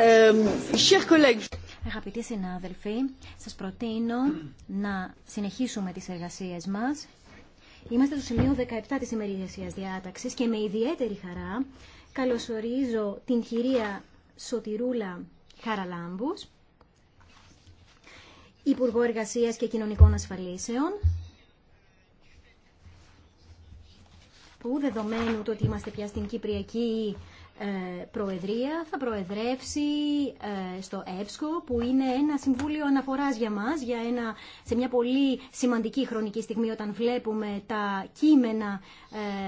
Ε, Αγαπητοί συνάδελφοι, σας προτείνω να συνεχίσουμε τις εργασίες μας. Είμαστε στο σημείο 17 της ημερήσιας διάταξης και με ιδιαίτερη χαρά καλωσορίζω την κυρία Σωτηρούλα Χαραλάμπους, Υπουργό Εργασίας και Κοινωνικών Ασφαλίσεων, που δεδομένου το ότι είμαστε πια στην Κυπριακή ε, προεδρία θα προεδρεύσει ε, στο ΕΠΣΚΟ που είναι ένα συμβούλιο αναφοράς για μας για ένα, σε μια πολύ σημαντική χρονική στιγμή όταν βλέπουμε τα κείμενα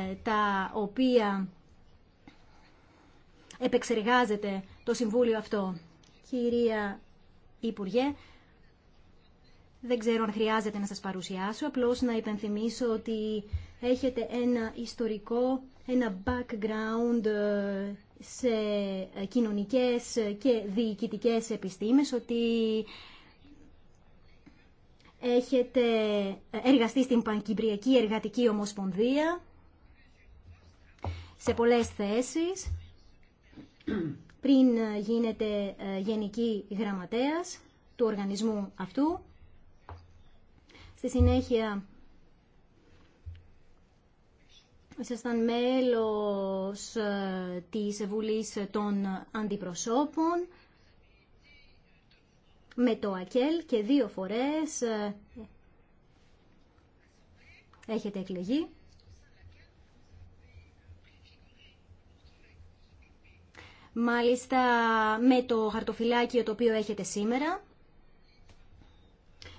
ε, τα οποία επεξεργάζεται το συμβούλιο αυτό. Κυρία Υπουργέ, δεν ξέρω αν χρειάζεται να σας παρουσιάσω, απλώς να υπενθυμίσω ότι έχετε ένα ιστορικό, ένα background ε, σε ε, κοινωνικές και διοικητικές επιστήμες, ότι έχετε εργαστεί στην Πανκυπριακή Εργατική Ομοσπονδία σε πολλές θέσεις πριν γίνετε ε, γενική γραμματέας του οργανισμού αυτού. Στη συνέχεια ήσασταν μέλος ε, της Βουλής των Αντιπροσώπων με το ΑΚΕΛ και δύο φορές ε, έχετε εκλεγεί. Μάλιστα με το χαρτοφυλάκιο το οποίο έχετε σήμερα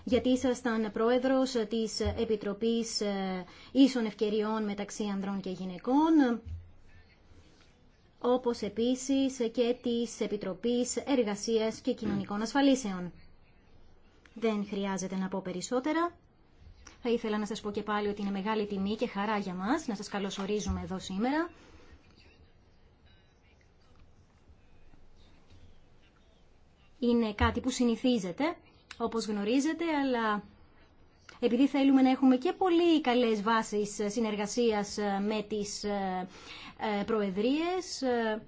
γιατί ήσασταν πρόεδρος της Επιτροπής ε, Ίσων Ευκαιριών μεταξύ ανδρών και γυναικών, όπως επίσης και της Επιτροπής Εργασίας και Κοινωνικών Ασφαλίσεων. Δεν χρειάζεται να πω περισσότερα. Θα ήθελα να σας πω και πάλι ότι είναι μεγάλη τιμή και χαρά για μας να σας καλωσορίζουμε εδώ σήμερα. Είναι κάτι που συνηθίζεται όπως γνωρίζετε, αλλά επειδή θέλουμε να έχουμε και πολύ καλές βάσεις συνεργασίας με τις ε, ε, προεδρίες, ε,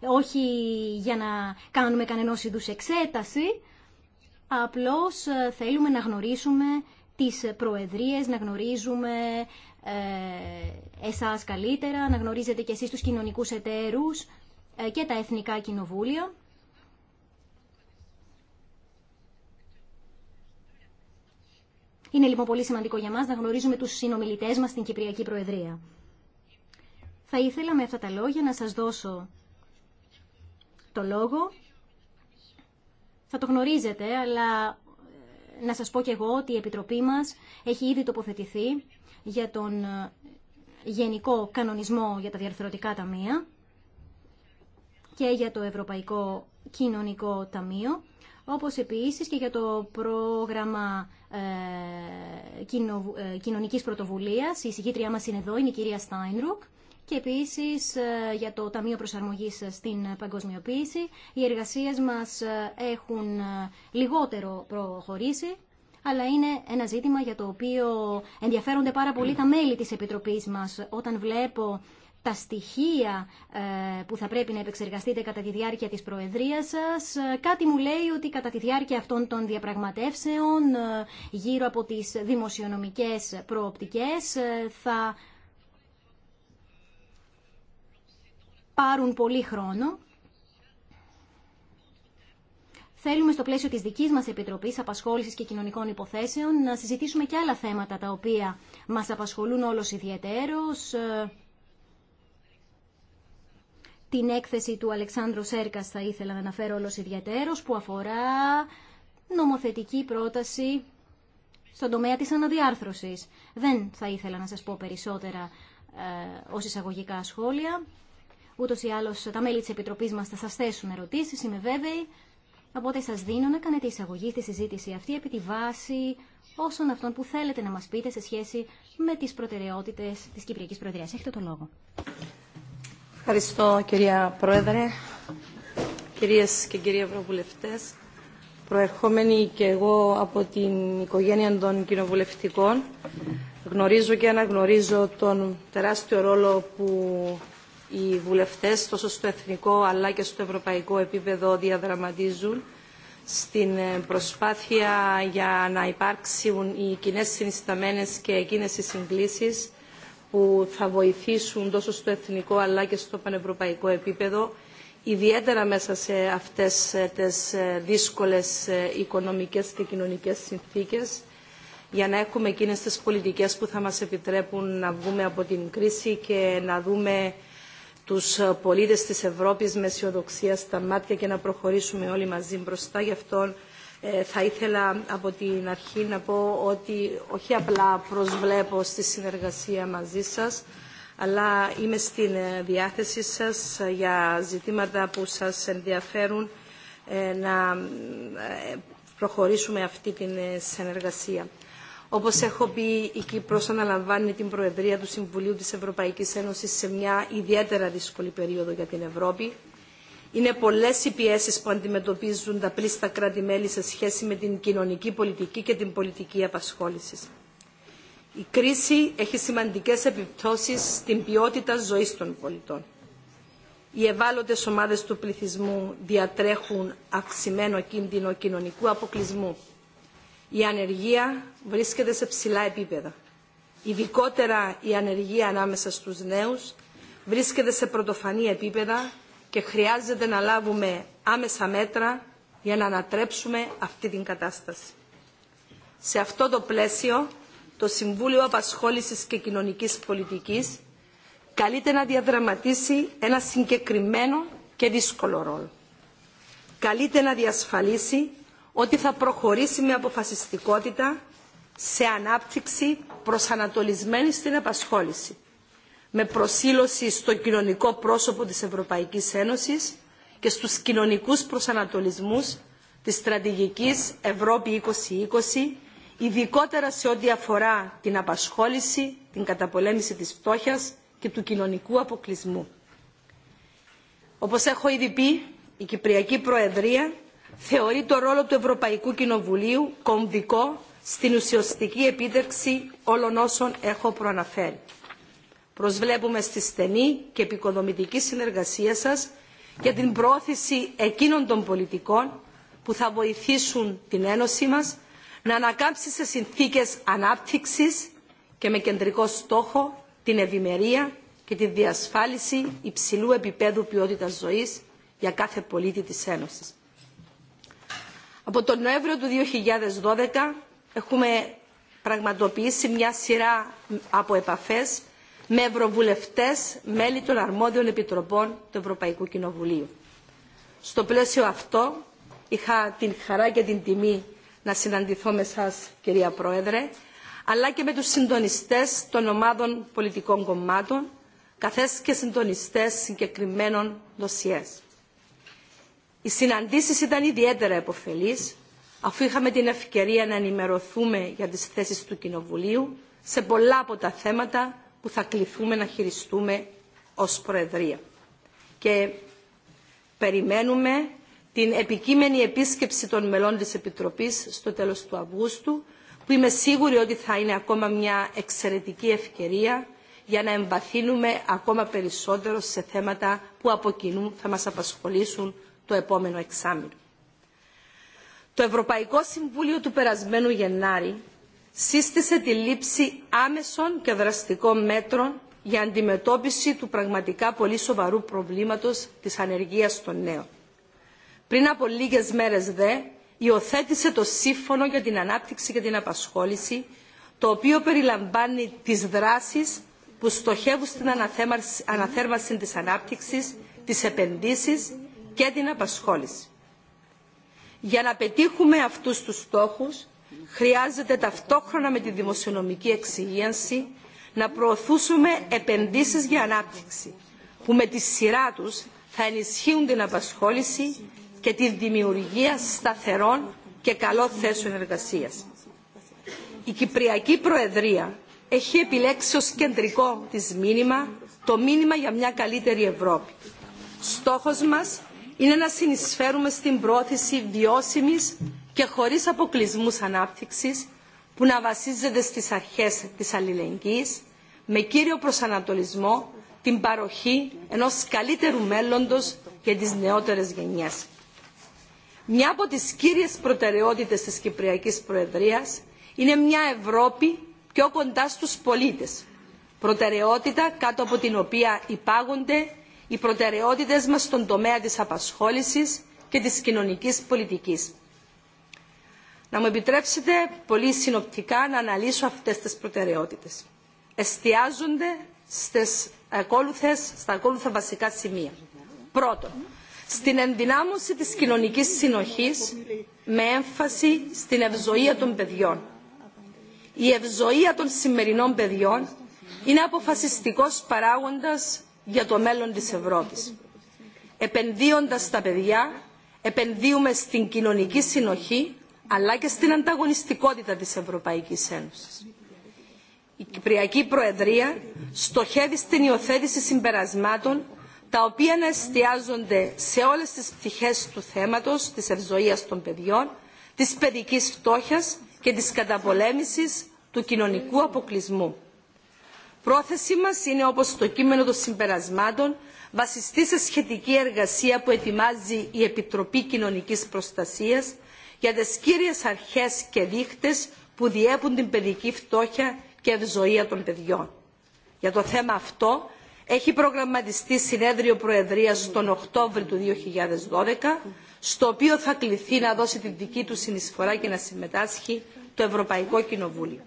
όχι για να κάνουμε κανένας είδους εξέταση, απλώς θέλουμε να γνωρίσουμε τις προεδρίες, να γνωρίζουμε εσά εσάς καλύτερα, να γνωρίζετε και εσείς τους κοινωνικούς εταίρους. Ε, και τα Εθνικά Κοινοβούλια. Είναι λοιπόν πολύ σημαντικό για μας να γνωρίζουμε τους συνομιλητές μας στην Κυπριακή Προεδρία. Θα ήθελα με αυτά τα λόγια να σας δώσω το λόγο. Θα το γνωρίζετε, αλλά ε, να σας πω και εγώ ότι η Επιτροπή μας έχει ήδη τοποθετηθεί για τον ε, Γενικό Κανονισμό για τα Διαρθρωτικά Ταμεία και για το Ευρωπαϊκό Κοινωνικό Ταμείο, όπως επίσης και για το πρόγραμμα ε, ε, κοινωνικής πρωτοβουλίας. Η συγκήτριά μας είναι εδώ, είναι η κυρία Στάινρουκ και επίσης ε, για το Ταμείο Προσαρμογής στην Παγκοσμιοποίηση. Οι εργασίες μας έχουν λιγότερο προχωρήσει, αλλά είναι ένα ζήτημα για το οποίο ενδιαφέρονται πάρα πολύ τα μέλη της Επιτροπής μας. Όταν βλέπω τα στοιχεία ε, που θα πρέπει να επεξεργαστείτε κατά τη διάρκεια της Προεδρίας σας. Ε, κάτι μου λέει ότι κατά τη διάρκεια αυτών των διαπραγματεύσεων ε, γύρω από τις δημοσιονομικές προοπτικές θα πάρουν πολύ χρόνο. Θέλουμε στο πλαίσιο της δικής μας Επιτροπής Απασχόλησης και Κοινωνικών Υποθέσεων να συζητήσουμε και άλλα θέματα τα οποία μας απασχολούν όλος ιδιαίτερος την έκθεση του Αλεξάνδρου Σέρκας θα ήθελα να αναφέρω όλος ιδιαίτερος που αφορά νομοθετική πρόταση στον τομέα της αναδιάρθρωσης. Δεν θα ήθελα να σας πω περισσότερα ε, ως εισαγωγικά σχόλια. Ούτως ή άλλως τα μέλη της Επιτροπής μας θα σας θέσουν ερωτήσεις, είμαι βέβαιη. Οπότε σας δίνω να κάνετε εισαγωγή στη συζήτηση αυτή επί τη βάση όσων αυτών που θέλετε να μας πείτε σε σχέση με τις προτεραιότητες της Κυπριακής Προεδρίας. Έχετε το λόγο. Ευχαριστώ κυρία Πρόεδρε, κυρίες και κύριοι Ευρωβουλευτές. Προερχόμενοι και εγώ από την οικογένεια των κοινοβουλευτικών, γνωρίζω και αναγνωρίζω τον τεράστιο ρόλο που οι βουλευτές τόσο στο εθνικό αλλά και στο ευρωπαϊκό επίπεδο διαδραματίζουν στην ε, προσπάθεια για να υπάρξουν οι κοινέ συνισταμένες και εκείνες οι συγκλήσεις που θα βοηθήσουν τόσο στο εθνικό αλλά και στο πανευρωπαϊκό επίπεδο, ιδιαίτερα μέσα σε αυτές τις ε, δύσκολες ε, οικονομικές και κοινωνικές συνθήκες, για να έχουμε εκείνες τις πολιτικές που θα μας επιτρέπουν να βγούμε από την κρίση και να δούμε τους πολίτες της Ευρώπης με αισιοδοξία στα μάτια και να προχωρήσουμε όλοι μαζί μπροστά. Γι' αυτό ε, θα ήθελα από την αρχή να πω ότι όχι απλά προσβλέπω στη συνεργασία μαζί σας, αλλά είμαι στην ε, διάθεσή σας ε, για ζητήματα που σας ενδιαφέρουν να προχωρήσουμε αυτή τη συνεργασία. Όπως έχω πει, η Κύπρος αναλαμβάνει την Προεδρία του Συμβουλίου της Ευρωπαϊκής Ένωσης σε μια ιδιαίτερα δύσκολη περίοδο για την Ευρώπη είναι πολλέ οι πιέσει που αντιμετωπίζουν τα πλήστα κράτη-μέλη σε σχέση με την κοινωνική πολιτική και την πολιτική απασχόληση. Η κρίση έχει σημαντικές επιπτώσει στην ποιότητα ζωή των πολιτών. Οι ευάλωτε ομάδε του πληθυσμού διατρέχουν αυξημένο κίνδυνο κοινωνικού αποκλεισμού. Η ανεργία βρίσκεται σε ψηλά επίπεδα. Ειδικότερα η ανεργία ανάμεσα στους νέους βρίσκεται σε πρωτοφανή επίπεδα και χρειάζεται να λάβουμε άμεσα μέτρα για να ανατρέψουμε αυτή την κατάσταση. Σε αυτό το πλαίσιο, το Συμβούλιο Απασχόλησης και Κοινωνικής Πολιτικής καλείται να διαδραματίσει ένα συγκεκριμένο και δύσκολο ρόλο. Καλείται να διασφαλίσει ότι θα προχωρήσει με αποφασιστικότητα σε ανάπτυξη προσανατολισμένη στην απασχόληση με προσήλωση στο κοινωνικό πρόσωπο της Ευρωπαϊκής Ένωσης και στους κοινωνικούς προσανατολισμούς της στρατηγικής Ευρώπη 2020, ειδικότερα σε ό,τι αφορά την απασχόληση, την καταπολέμηση της φτώχειας και του κοινωνικού αποκλεισμού. Όπως έχω ήδη πει, η Κυπριακή Προεδρία θεωρεί το ρόλο του Ευρωπαϊκού Κοινοβουλίου κομβικό στην ουσιαστική επίτευξη όλων όσων έχω προαναφέρει. Προσβλέπουμε στη στενή και επικοδομητική συνεργασία σας για την πρόθεση εκείνων των πολιτικών που θα βοηθήσουν την Ένωση μας να ανακάμψει σε συνθήκες ανάπτυξης και με κεντρικό στόχο την ευημερία και τη διασφάλιση υψηλού επίπεδου ποιότητας ζωής για κάθε πολίτη της Ένωσης. Από τον Νοέμβριο του 2012 έχουμε πραγματοποιήσει μια σειρά από επαφές με ευρωβουλευτέ μέλη των αρμόδιων επιτροπών του Ευρωπαϊκού Κοινοβουλίου. Στο πλαίσιο αυτό είχα την χαρά και την τιμή να συναντηθώ με σας, κυρία Πρόεδρε, αλλά και με τους συντονιστές των ομάδων πολιτικών κομμάτων, καθές και συντονιστές συγκεκριμένων δοσιές. Οι συναντήσεις ήταν ιδιαίτερα επωφελείς, αφού είχαμε την ευκαιρία να ενημερωθούμε για τις θέσεις του Κοινοβουλίου σε πολλά από τα θέματα που θα κληθούμε να χειριστούμε ως Προεδρία. Και περιμένουμε την επικείμενη επίσκεψη των μελών της Επιτροπής στο τέλος του Αυγούστου, που είμαι σίγουρη ότι θα είναι ακόμα μια εξαιρετική ευκαιρία για να εμβαθύνουμε ακόμα περισσότερο σε θέματα που από κοινού θα μας απασχολήσουν το επόμενο εξάμεινο. Το Ευρωπαϊκό Συμβούλιο του περασμένου Γενάρη σύστησε τη λήψη άμεσων και δραστικών μέτρων για αντιμετώπιση του πραγματικά πολύ σοβαρού προβλήματος της ανεργίας των νέων. Πριν από λίγες μέρες δε, υιοθέτησε το Σύμφωνο για την Ανάπτυξη και την Απασχόληση, το οποίο περιλαμβάνει τις δράσεις που στοχεύουν στην αναθέρμανση της ανάπτυξης, τις επενδύσεις και την απασχόληση. Για να πετύχουμε αυτούς τους στόχους, χρειάζεται ταυτόχρονα με τη δημοσιονομική εξυγίανση να προωθούσουμε επενδύσεις για ανάπτυξη, που με τη σειρά τους θα ενισχύουν την απασχόληση και τη δημιουργία σταθερών και καλών θέσεων εργασίας. Η Κυπριακή Προεδρία έχει επιλέξει ως κεντρικό της μήνυμα το μήνυμα για μια καλύτερη Ευρώπη. Στόχος μας είναι να συνεισφέρουμε στην πρόθεση βιώσιμης και χωρίς αποκλεισμούς ανάπτυξης που να βασίζεται στις αρχές της αλληλεγγύης με κύριο προσανατολισμό την παροχή ενός καλύτερου μέλλοντος για τις νεότερες γενιές. Μια από τις κύριες προτεραιότητες της Κυπριακής Προεδρίας είναι μια Ευρώπη πιο κοντά στους πολίτες. Προτεραιότητα κάτω από την οποία υπάγονται οι προτεραιότητες μας στον τομέα της απασχόλησης και της κοινωνικής πολιτικής. Να μου επιτρέψετε πολύ συνοπτικά να αναλύσω αυτές τις προτεραιότητες. Εστιάζονται στις ακόλουθες, στα ακόλουθα βασικά σημεία. Πρώτον, στην ενδυνάμωση της κοινωνικής συνοχής με έμφαση στην ευζοία των παιδιών. Η ευζοία των σημερινών παιδιών είναι αποφασιστικός παράγοντας για το μέλλον της Ευρώπης. Επενδύοντας στα παιδιά, επενδύουμε στην κοινωνική συνοχή αλλά και στην ανταγωνιστικότητα της Ευρωπαϊκής Ένωσης. Η Κυπριακή Προεδρία στοχεύει στην υιοθέτηση συμπερασμάτων τα οποία να εστιάζονται σε όλες τις πτυχές του θέματος της ευζοίας των παιδιών, της παιδικής φτώχειας και της καταπολέμησης του κοινωνικού αποκλεισμού. Πρόθεσή μας είναι όπως το κείμενο των συμπερασμάτων βασιστεί σε σχετική εργασία που ετοιμάζει η Επιτροπή Κοινωνικής Προστασίας για τις κύριες αρχές και δείχτες που διέπουν την παιδική φτώχεια και ευζοία των παιδιών. Για το θέμα αυτό έχει προγραμματιστεί συνέδριο Προεδρίας τον Οκτώβριο του 2012, στο οποίο θα κληθεί να δώσει την δική του συνεισφορά και να συμμετάσχει το Ευρωπαϊκό Κοινοβούλιο.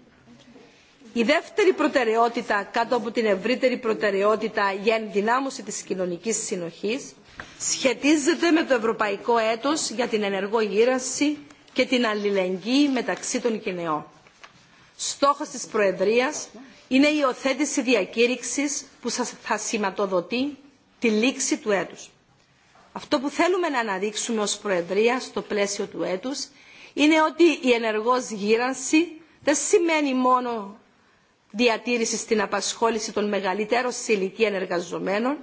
Η δεύτερη προτεραιότητα κάτω από την ευρύτερη προτεραιότητα για ενδυνάμωση της κοινωνικής συνοχής σχετίζεται με το Ευρωπαϊκό Έτος για την ενεργό γύρανση και την αλληλεγγύη μεταξύ των γενεών. Στόχος της Προεδρίας είναι η οθέτηση διακήρυξης που θα σηματοδοτεί τη λήξη του έτους. Αυτό που θέλουμε να αναδείξουμε ως Προεδρία στο πλαίσιο του έτους είναι ότι η ενεργός γύρανση δεν σημαίνει μόνο διατήρηση στην απασχόληση των μεγαλύτερων σε ηλικία εργαζομένων,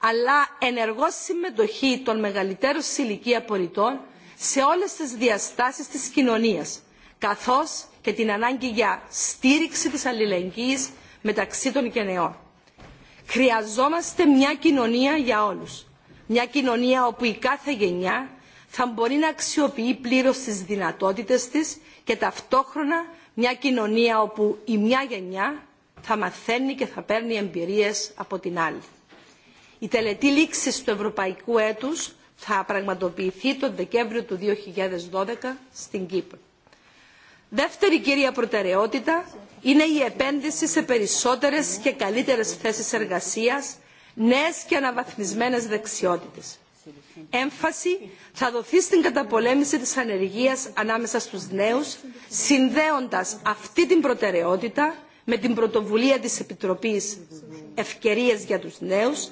αλλά ενεργό συμμετοχή των μεγαλύτερων σε ηλικία πολιτών σε όλες τις διαστάσεις της κοινωνίας, καθώς και την ανάγκη για στήριξη της αλληλεγγύης μεταξύ των γενεών. Χρειαζόμαστε μια κοινωνία για όλους. Μια κοινωνία όπου η κάθε γενιά θα μπορεί να αξιοποιεί πλήρως τις δυνατότητες της και ταυτόχρονα μια κοινωνία όπου η μια γενιά θα μαθαίνει και θα παίρνει εμπειρίες από την άλλη. Η τελετή λήξη του Ευρωπαϊκού έτους θα πραγματοποιηθεί τον Δεκέμβριο του 2012 στην Κύπρο. Δεύτερη κυρία προτεραιότητα είναι η επένδυση σε περισσότερες και καλύτερες θέσεις εργασίας, νέες και αναβαθμισμένες δεξιότητες. Έμφαση θα δοθεί στην καταπολέμηση της ανεργίας ανάμεσα στους νέους, συνδέοντας αυτή την προτεραιότητα με την πρωτοβουλία της Επιτροπής Ευκαιρίες για τους Νέους,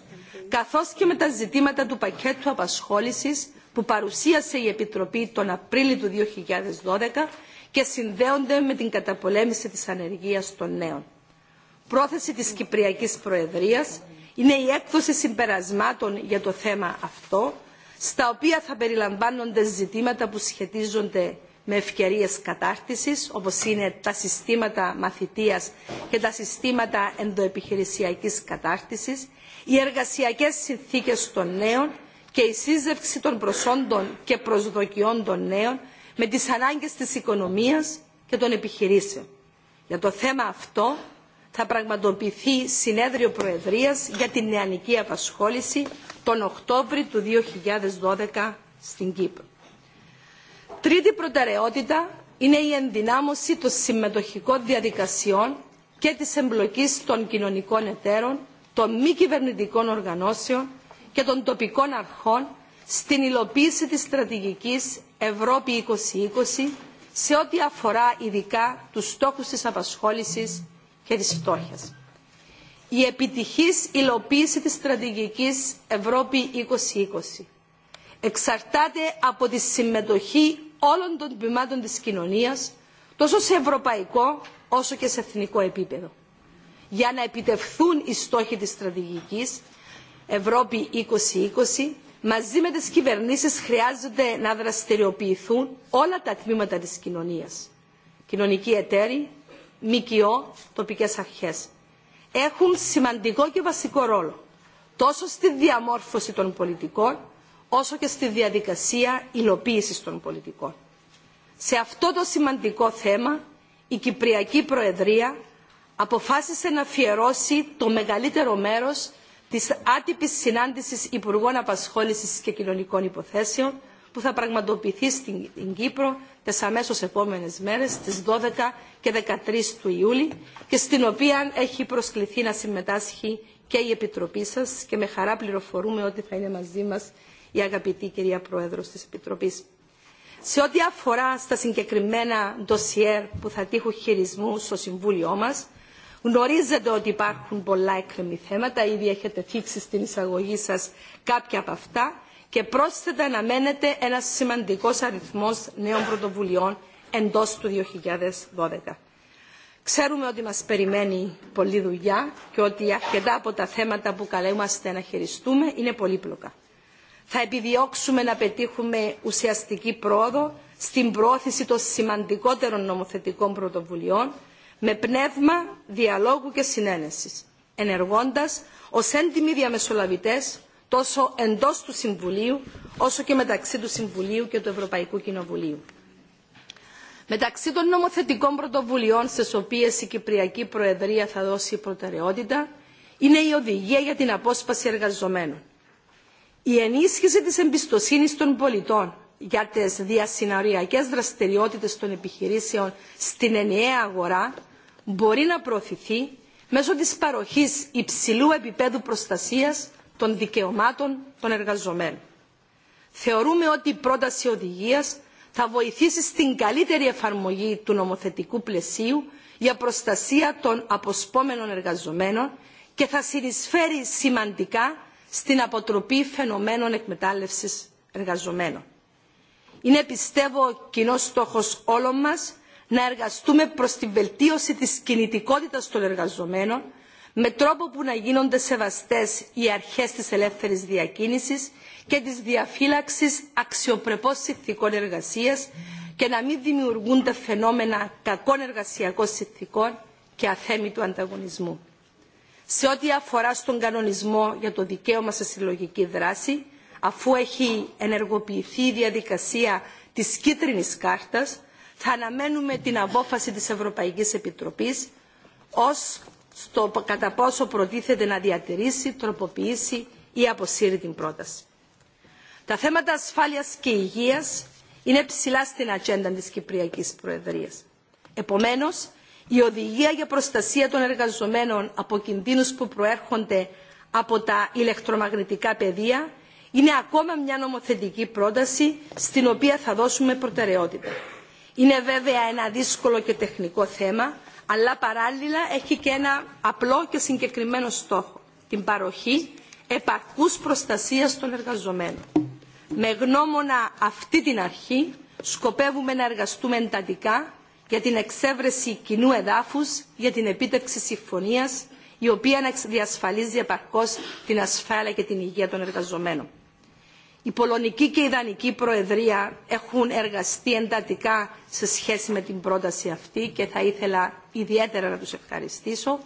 καθώς και με τα ζητήματα του πακέτου απασχόλησης που παρουσίασε η Επιτροπή τον Απρίλιο του 2012 και συνδέονται με την καταπολέμηση της ανεργίας των νέων. Πρόθεση της Κυπριακής Προεδρίας είναι η έκδοση συμπερασμάτων για το θέμα αυτό, στα οποία θα περιλαμβάνονται ζητήματα που σχετίζονται με ευκαιρίες κατάρτισης, όπως είναι τα συστήματα μαθητείας και τα συστήματα ενδοεπιχειρησιακής κατάρτισης, οι εργασιακές συνθήκες των νέων και η σύζευξη των προσόντων και προσδοκιών των νέων με τις ανάγκες της οικονομίας και των επιχειρήσεων. Για το θέμα αυτό θα πραγματοποιηθεί συνέδριο Προεδρίας για την νεανική απασχόληση τον Οκτώβριο του 2012 στην Κύπρο. Τρίτη προτεραιότητα είναι η ενδυνάμωση των συμμετοχικών διαδικασιών και της εμπλοκής των κοινωνικών εταίρων των μη κυβερνητικών οργανώσεων και των τοπικών αρχών στην υλοποίηση της στρατηγικής Ευρώπη 2020 σε ό,τι αφορά ειδικά τους στόχους της απασχόλησης και της φτώχειας. Η επιτυχής υλοποίηση της στρατηγικής Ευρώπη 2020 εξαρτάται από τη συμμετοχή όλων των τμήματων της κοινωνίας τόσο σε ευρωπαϊκό όσο και σε εθνικό επίπεδο για να επιτευχθούν οι στόχοι της στρατηγικής Ευρώπη 2020, μαζί με τις κυβερνήσεις χρειάζονται να δραστηριοποιηθούν όλα τα τμήματα της κοινωνίας. Κοινωνική εταίροι, ΜΚΟ, τοπικές αρχές. Έχουν σημαντικό και βασικό ρόλο τόσο στη διαμόρφωση των πολιτικών, όσο και στη διαδικασία υλοποίησης των πολιτικών. Σε αυτό το σημαντικό θέμα, η Κυπριακή Προεδρία αποφάσισε να αφιερώσει το μεγαλύτερο μέρος της άτυπης συνάντησης Υπουργών Απασχόλησης και Κοινωνικών Υποθέσεων που θα πραγματοποιηθεί στην Κύπρο τις αμέσως επόμενες μέρες, τις 12 και 13 του Ιούλη και στην οποία έχει προσκληθεί να συμμετάσχει και η Επιτροπή σας και με χαρά πληροφορούμε ότι θα είναι μαζί μας η αγαπητή κυρία Πρόεδρος της Επιτροπής. Σε ό,τι αφορά στα συγκεκριμένα ντοσιέρ που θα τύχουν χειρισμού στο Συμβούλιο μας, Γνωρίζετε ότι υπάρχουν πολλά έκρημη θέματα, ήδη έχετε θίξει στην εισαγωγή σας κάποια από αυτά και πρόσθετα αναμένεται ένας σημαντικός αριθμός νέων πρωτοβουλειών εντός του 2012. Ξέρουμε ότι μας περιμένει πολλή δουλειά και ότι αρκετά από τα θέματα που καλέμαστε να χειριστούμε είναι πολύπλοκα. Θα επιδιώξουμε να πετύχουμε ουσιαστική πρόοδο στην πρόθεση των σημαντικότερων νομοθετικών πρωτοβουλειών με πνεύμα διαλόγου και συνένεσης, ενεργώντας ως έντιμοι διαμεσολαβητές τόσο εντός του Συμβουλίου όσο και μεταξύ του Συμβουλίου και του Ευρωπαϊκού Κοινοβουλίου. Μεταξύ των νομοθετικών πρωτοβουλειών στις οποίες η Κυπριακή Προεδρία θα δώσει προτεραιότητα είναι η οδηγία για την απόσπαση εργαζομένων. Η ενίσχυση της εμπιστοσύνης των πολιτών για τις διασυναριακές δραστηριότητες των επιχειρήσεων στην ενιαία αγορά μπορεί να προωθηθεί μέσω της παροχής υψηλού επίπεδου προστασίας των δικαιωμάτων των εργαζομένων. Θεωρούμε ότι η πρόταση οδηγίας θα βοηθήσει στην καλύτερη εφαρμογή του νομοθετικού πλαισίου για προστασία των αποσπόμενων εργαζομένων και θα συνεισφέρει σημαντικά στην αποτροπή φαινομένων εκμετάλλευσης εργαζομένων. Είναι πιστεύω κοινός στόχος όλων μας να εργαστούμε προς τη βελτίωση της κινητικότητας των εργαζομένων με τρόπο που να γίνονται σεβαστές οι αρχές της ελεύθερης διακίνησης και της διαφύλαξης αξιοπρεπώς συνθηκών εργασίας και να μην δημιουργούνται φαινόμενα κακών εργασιακών συνθηκών και του ανταγωνισμού. Σε ό,τι αφορά στον κανονισμό για το δικαίωμα σε συλλογική δράση, αφού έχει ενεργοποιηθεί η διαδικασία της κίτρινης κάρτας, θα αναμένουμε την απόφαση της Ευρωπαϊκής Επιτροπής ως στο κατά πόσο προτίθεται να διατηρήσει, τροποποιήσει ή αποσύρει την πρόταση. Τα θέματα ασφάλειας και υγείας είναι ψηλά στην ατζέντα της Κυπριακής Προεδρίας. Επομένως, η οδηγία για προστασία των εργαζομένων από κινδύνους που προέρχονται από τα ηλεκτρομαγνητικά πεδία είναι ακόμα μια νομοθετική πρόταση στην οποία θα δώσουμε προτεραιότητα. Είναι βέβαια ένα δύσκολο και τεχνικό θέμα, αλλά παράλληλα έχει και ένα απλό και συγκεκριμένο στόχο, την παροχή επαρκούς προστασίας των εργαζομένων. Με γνώμονα αυτή την αρχή σκοπεύουμε να εργαστούμε εντατικά για την εξέβρεση κοινού εδάφους για την επίτευξη συμφωνίας η οποία να διασφαλίζει επαρκώς την ασφάλεια και την υγεία των εργαζομένων. Η Πολωνική και η Δανική Προεδρία έχουν εργαστεί εντατικά σε σχέση με την πρόταση αυτή και θα ήθελα ιδιαίτερα να τους ευχαριστήσω.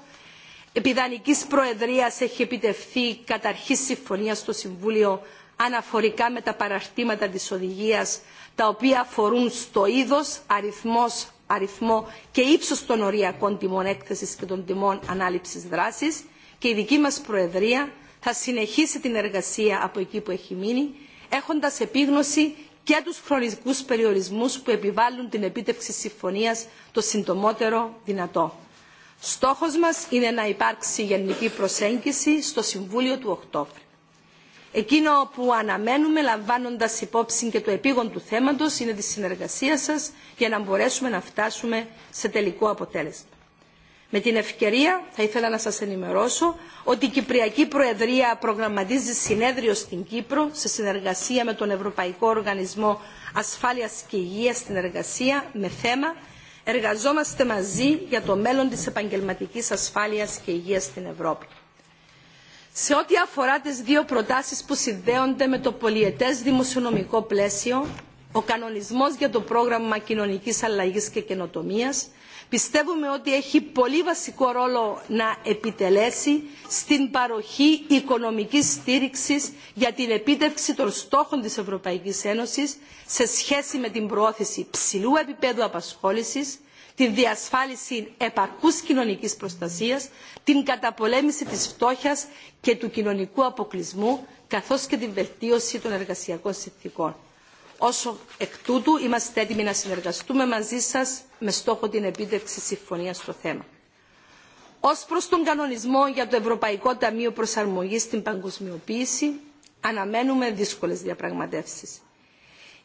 Επί Δανικής Προεδρίας έχει επιτευχθεί καταρχή συμφωνία στο Συμβούλιο αναφορικά με τα παραρτήματα της οδηγίας τα οποία αφορούν στο είδος, αριθμός, αριθμό και ύψος των οριακών τιμών έκθεσης και των τιμών ανάληψης δράσης και η δική μας Προεδρία θα συνεχίσει την εργασία από εκεί που έχει μείνει έχοντας επίγνωση και τους χρονικούς περιορισμούς που επιβάλλουν την επίτευξη συμφωνίας το συντομότερο δυνατό. Στόχος μας είναι να υπάρξει γενική προσέγγιση στο Συμβούλιο του Οκτώβρη. Εκείνο που αναμένουμε λαμβάνοντας υπόψη και το επίγον του θέματος είναι τη συνεργασία σας για να μπορέσουμε να φτάσουμε σε τελικό αποτέλεσμα. Με την ευκαιρία θα ήθελα να σας ενημερώσω ότι η Κυπριακή Προεδρία προγραμματίζει συνέδριο στην Κύπρο σε συνεργασία με τον Ευρωπαϊκό Οργανισμό Ασφάλειας και Υγείας στην Εργασία με θέμα «Εργαζόμαστε μαζί για το μέλλον της επαγγελματικής ασφάλειας και υγείας στην Ευρώπη». Σε ό,τι αφορά τις δύο προτάσεις που συνδέονται με το πολιετές δημοσιονομικό πλαίσιο, ο κανονισμός για το πρόγραμμα κοινωνικής αλλαγής και καινοτομίας, πιστεύουμε ότι έχει πολύ βασικό ρόλο να επιτελέσει στην παροχή οικονομικής στήριξης για την επίτευξη των στόχων της Ευρωπαϊκής Ένωσης σε σχέση με την προώθηση ψηλού επίπεδου απασχόλησης, τη διασφάλιση επαρκούς κοινωνικής προστασίας, την καταπολέμηση της φτώχειας και του κοινωνικού αποκλεισμού, καθώς και την βελτίωση των εργασιακών συνθήκων. Όσο εκ τούτου είμαστε έτοιμοι να συνεργαστούμε μαζί σας με στόχο την επίτευξη συμφωνία στο θέμα. Ως προς τον κανονισμό για το Ευρωπαϊκό Ταμείο Προσαρμογής στην Παγκοσμιοποίηση, αναμένουμε δύσκολες διαπραγματεύσεις.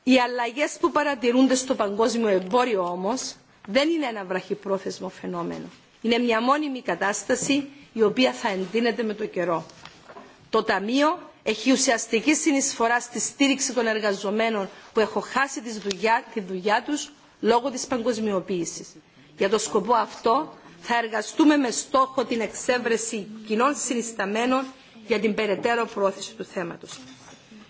Οι αλλαγές που παρατηρούνται στο παγκόσμιο εμπόριο όμως δεν είναι ένα βραχυπρόθεσμο φαινόμενο. Είναι μια μόνιμη κατάσταση η οποία θα εντείνεται με το καιρό. Το Ταμείο έχει ουσιαστική συνεισφορά στη στήριξη των εργαζομένων που έχουν χάσει τη δουλειά τους λόγω της παγκοσμιοποίησης. Για το σκοπό αυτό θα εργαστούμε με στόχο την εξέβρεση κοινών συνισταμένων για την περαιτέρω πρόθεση του θέματος.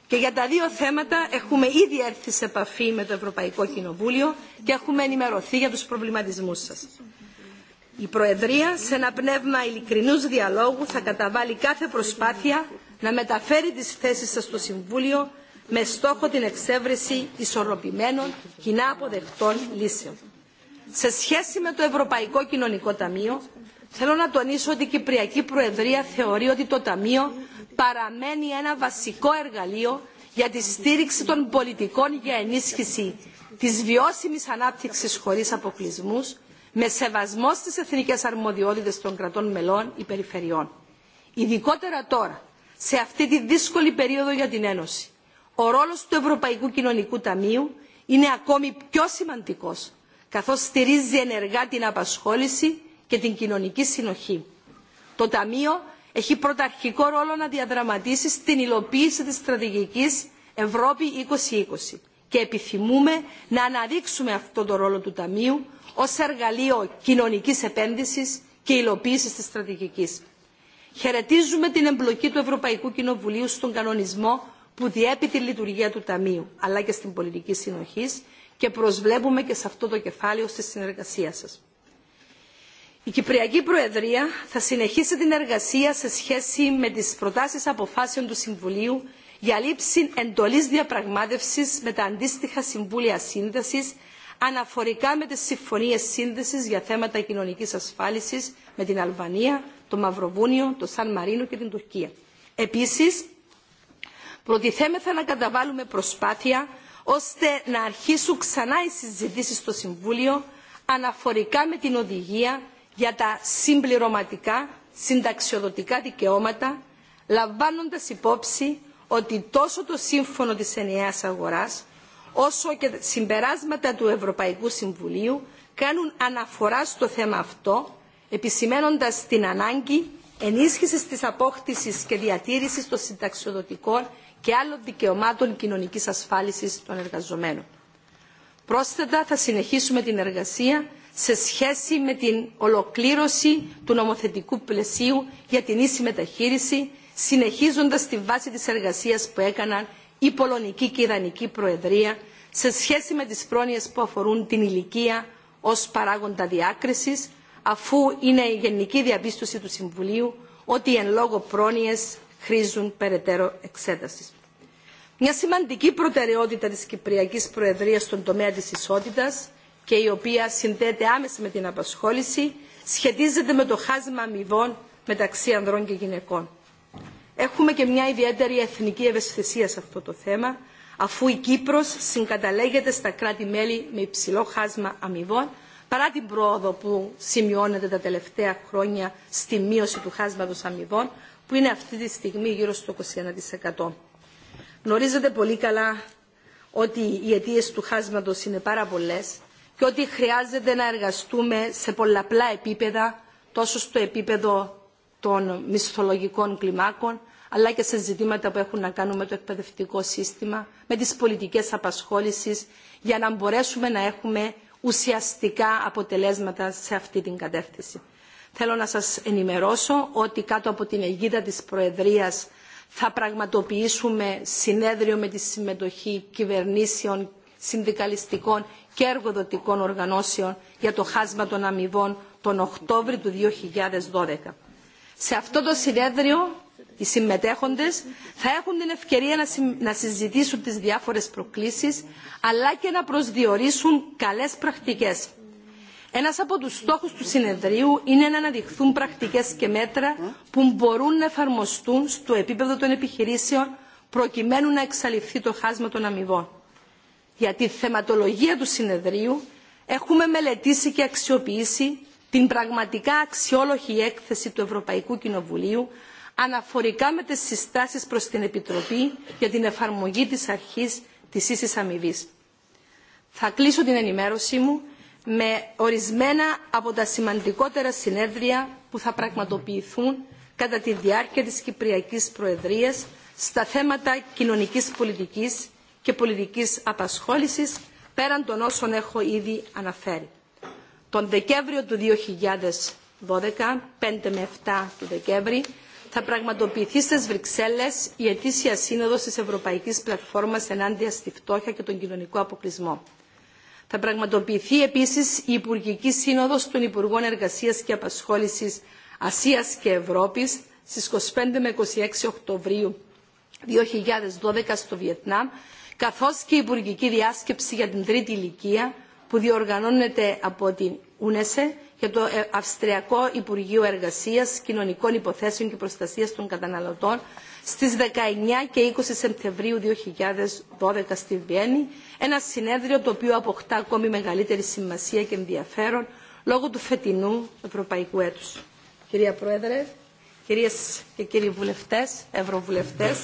Και για τα δύο θέματα έχουμε ήδη έρθει σε επαφή με το Ευρωπαϊκό Κοινοβούλιο και έχουμε ενημερωθεί για τους προβληματισμούς σας. Η Προεδρία, σε ένα πνεύμα ειλικρινούς διαλόγου, θα καταβάλει κάθε προσπάθεια να μεταφέρει τις θέσεις σας στο Συμβούλιο με στόχο την εξέβρεση ισορροπημένων κοινά αποδεκτών λύσεων. Σε σχέση με το Ευρωπαϊκό Κοινωνικό Ταμείο, θέλω να τονίσω ότι η Κυπριακή Προεδρία θεωρεί ότι το Ταμείο παραμένει ένα βασικό εργαλείο για τη στήριξη των πολιτικών για ενίσχυση της βιώσιμης ανάπτυξης χωρίς αποκλεισμούς, με σεβασμό στις εθνικές αρμοδιότητες των κρατών μελών ή περιφερειών. Ειδικότερα τώρα, σε αυτή τη δύσκολη περίοδο για την Ένωση. Ο ρόλος του Ευρωπαϊκού Κοινωνικού Ταμείου είναι ακόμη πιο σημαντικός, καθώς στηρίζει ενεργά την απασχόληση και την κοινωνική συνοχή. Το Ταμείο έχει πρωταρχικό ρόλο να διαδραματίσει στην υλοποίηση της στρατηγικής Ευρώπη 2020 και επιθυμούμε να αναδείξουμε αυτό το ρόλο του Ταμείου ως εργαλείο κοινωνικής επένδυσης και υλοποίησης της στρατηγικής. Χαιρετίζουμε την εμπλοκή του Ευρωπαϊκού Κοινοβουλίου στον κανονισμό που διέπει τη λειτουργία του Ταμείου, αλλά και στην πολιτική συνοχή και προσβλέπουμε και σε αυτό το κεφάλαιο στη συνεργασία σα. Η Κυπριακή Προεδρία θα συνεχίσει την εργασία σε σχέση με τις προτάσεις αποφάσεων του Συμβουλίου για λήψη εντολής διαπραγμάτευσης με τα αντίστοιχα Συμβούλια Σύνδεσης αναφορικά με τις συμφωνίες σύνδεσης για θέματα κοινωνική ασφάλισης με την Αλβανία, το Μαυροβούνιο, το Σαν Μαρίνο και την Τουρκία. Επίσης, προτιθέμεθα να καταβάλουμε προσπάθεια ώστε να αρχίσουν ξανά οι συζητήσεις στο Συμβούλιο αναφορικά με την οδηγία για τα συμπληρωματικά συνταξιοδοτικά δικαιώματα, λαμβάνοντας υπόψη ότι τόσο το σύμφωνο της ενιαίας αγοράς, όσο και συμπεράσματα του Ευρωπαϊκού Συμβουλίου κάνουν αναφορά στο θέμα αυτό επισημένοντας την ανάγκη ενίσχυσης της απόκτησης και διατήρησης των συνταξιοδοτικών και άλλων δικαιωμάτων κοινωνικής ασφάλισης των εργαζομένων. Πρόσθετα θα συνεχίσουμε την εργασία σε σχέση με την ολοκλήρωση του νομοθετικού πλαισίου για την ίση μεταχείριση, συνεχίζοντας τη βάση της εργασίας που έκαναν η Πολωνική και η Ιδανική Προεδρία σε σχέση με τις πρόνοιες που αφορούν την ηλικία ως παράγοντα διάκρισης, αφού είναι η γενική διαπίστωση του Συμβουλίου ότι εν λόγω πρόνοιες χρήζουν περαιτέρω εξέτασης. Μια σημαντική προτεραιότητα της Κυπριακής Προεδρίας στον τομέα της ισότητας και η οποία συνδέεται άμεσα με την απασχόληση σχετίζεται με το χάσμα αμοιβών μεταξύ ανδρών και γυναικών. Έχουμε και μια ιδιαίτερη εθνική ευαισθησία σε αυτό το θέμα, αφού η Κύπρος συγκαταλέγεται στα κράτη-μέλη με υψηλό χάσμα αμοιβών, παρά την πρόοδο που σημειώνεται τα τελευταία χρόνια στη μείωση του χάσματος αμοιβών, που είναι αυτή τη στιγμή γύρω στο 21%. Γνωρίζετε πολύ καλά ότι οι αιτίε του χάσματος είναι πάρα πολλέ και ότι χρειάζεται να εργαστούμε σε πολλαπλά επίπεδα, τόσο στο επίπεδο των μισθολογικών κλιμάκων, αλλά και σε ζητήματα που έχουν να κάνουν με το εκπαιδευτικό σύστημα, με τις πολιτικές απασχόλησεις, για να μπορέσουμε να έχουμε ουσιαστικά αποτελέσματα σε αυτή την κατεύθυνση. Θέλω να σας ενημερώσω ότι κάτω από την αιγίδα της Προεδρίας θα πραγματοποιήσουμε συνέδριο με τη συμμετοχή κυβερνήσεων, συνδικαλιστικών και εργοδοτικών οργανώσεων για το χάσμα των αμοιβών τον Οκτώβριο του 2012. Σε αυτό το συνέδριο οι συμμετέχοντες θα έχουν την ευκαιρία να συζητήσουν τις διάφορες προκλήσεις αλλά και να προσδιορίσουν καλές πρακτικές. Ένας από τους στόχους του συνεδρίου είναι να αναδειχθούν πρακτικές και μέτρα που μπορούν να εφαρμοστούν στο επίπεδο των επιχειρήσεων προκειμένου να εξαλειφθεί το χάσμα των αμοιβών. Για τη θεματολογία του συνεδρίου έχουμε μελετήσει και αξιοποιήσει την πραγματικά αξιόλογη έκθεση του Ευρωπαϊκού Κοινοβουλίου αναφορικά με τις συστάσεις προς την Επιτροπή για την εφαρμογή της αρχής της ίσης αμοιβή. Θα κλείσω την ενημέρωσή μου με ορισμένα από τα σημαντικότερα συνέδρια που θα πραγματοποιηθούν κατά τη διάρκεια της Κυπριακής Προεδρίας στα θέματα κοινωνικής πολιτικής και πολιτικής απασχόλησης πέραν των όσων έχω ήδη αναφέρει. Τον Δεκέμβριο του 2012, 5 με 7 του Δεκέμβρη, θα πραγματοποιηθεί στι Βρυξέλλες η ετήσια σύνοδο τη Ευρωπαϊκή Πλατφόρμα ενάντια στη φτώχεια και τον κοινωνικό αποκλεισμό. Θα πραγματοποιηθεί επίση η Υπουργική Σύνοδο των Υπουργών Εργασία και Απασχόληση Ασία και Ευρώπη στι 25 με 26 Οκτωβρίου 2012 στο Βιετνάμ, καθώ και η Υπουργική Διάσκεψη για την Τρίτη Ηλικία που διοργανώνεται από την UNESCO και το ε, Αυστριακό Υπουργείο Εργασίας, Κοινωνικών Υποθέσεων και Προστασίας των Καταναλωτών στις 19 και 20 Σεπτεμβρίου 2012 στη Βιέννη, ένα συνέδριο το οποίο αποκτά ακόμη μεγαλύτερη σημασία και ενδιαφέρον λόγω του φετινού Ευρωπαϊκού Έτους. Κυρία Πρόεδρε, κυρίες και κύριοι βουλευτές, ευρωβουλευτές,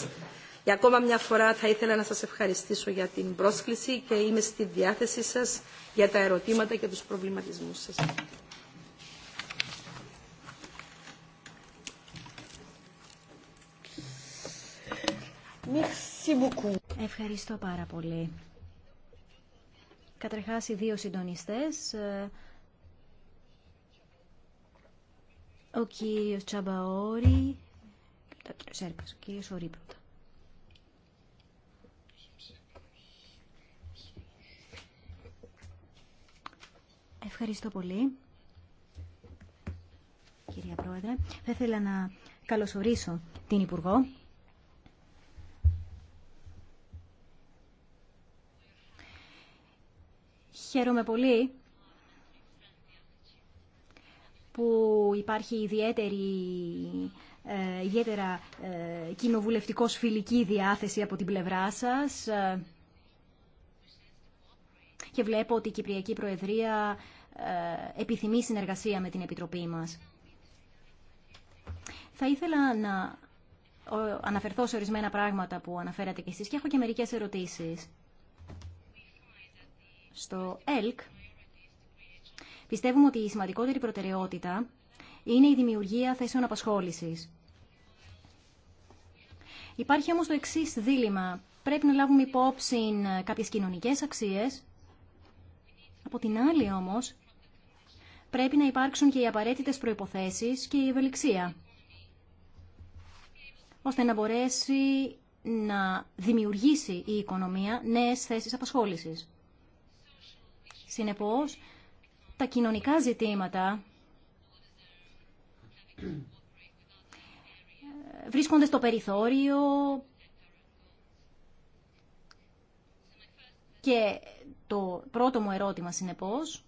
για ακόμα μια φορά θα ήθελα να σας ευχαριστήσω για την πρόσκληση και είμαι στη διάθεσή σας για τα ερωτήματα και τους προβληματισμούς σας. Ευχαριστώ πάρα πολύ. Καταρχάς οι δύο συντονιστές, ο κύριος Τσαμπαόρη, ο ο κύριος Ορύπρωτα. Ευχαριστώ πολύ, κυρία Πρόεδρε. Θα ήθελα να καλωσορίσω την Υπουργό Χαίρομαι πολύ που υπάρχει ιδιαίτερη, ε, ιδιαίτερα ε, κοινοβουλευτικός φιλική διάθεση από την πλευρά σας ε, και βλέπω ότι η Κυπριακή Προεδρία ε, επιθυμεί συνεργασία με την Επιτροπή μας. Θα ήθελα να αναφερθώ σε ορισμένα πράγματα που αναφέρατε και εσείς και έχω και μερικές ερωτήσεις. Στο ΕΛΚ πιστεύουμε ότι η σημαντικότερη προτεραιότητα είναι η δημιουργία θέσεων απασχόλησης. Υπάρχει όμως το εξής δίλημα. Πρέπει να λάβουμε υπόψη κάποιες κοινωνικές αξίες. Από την άλλη όμως, πρέπει να υπάρξουν και οι απαραίτητες προϋποθέσεις και η ευελιξία, ώστε να μπορέσει να δημιουργήσει η οικονομία νέες θέσεις απασχόλησης. Συνεπώς, τα κοινωνικά ζητήματα βρίσκονται στο περιθώριο και το πρώτο μου ερώτημα συνεπώς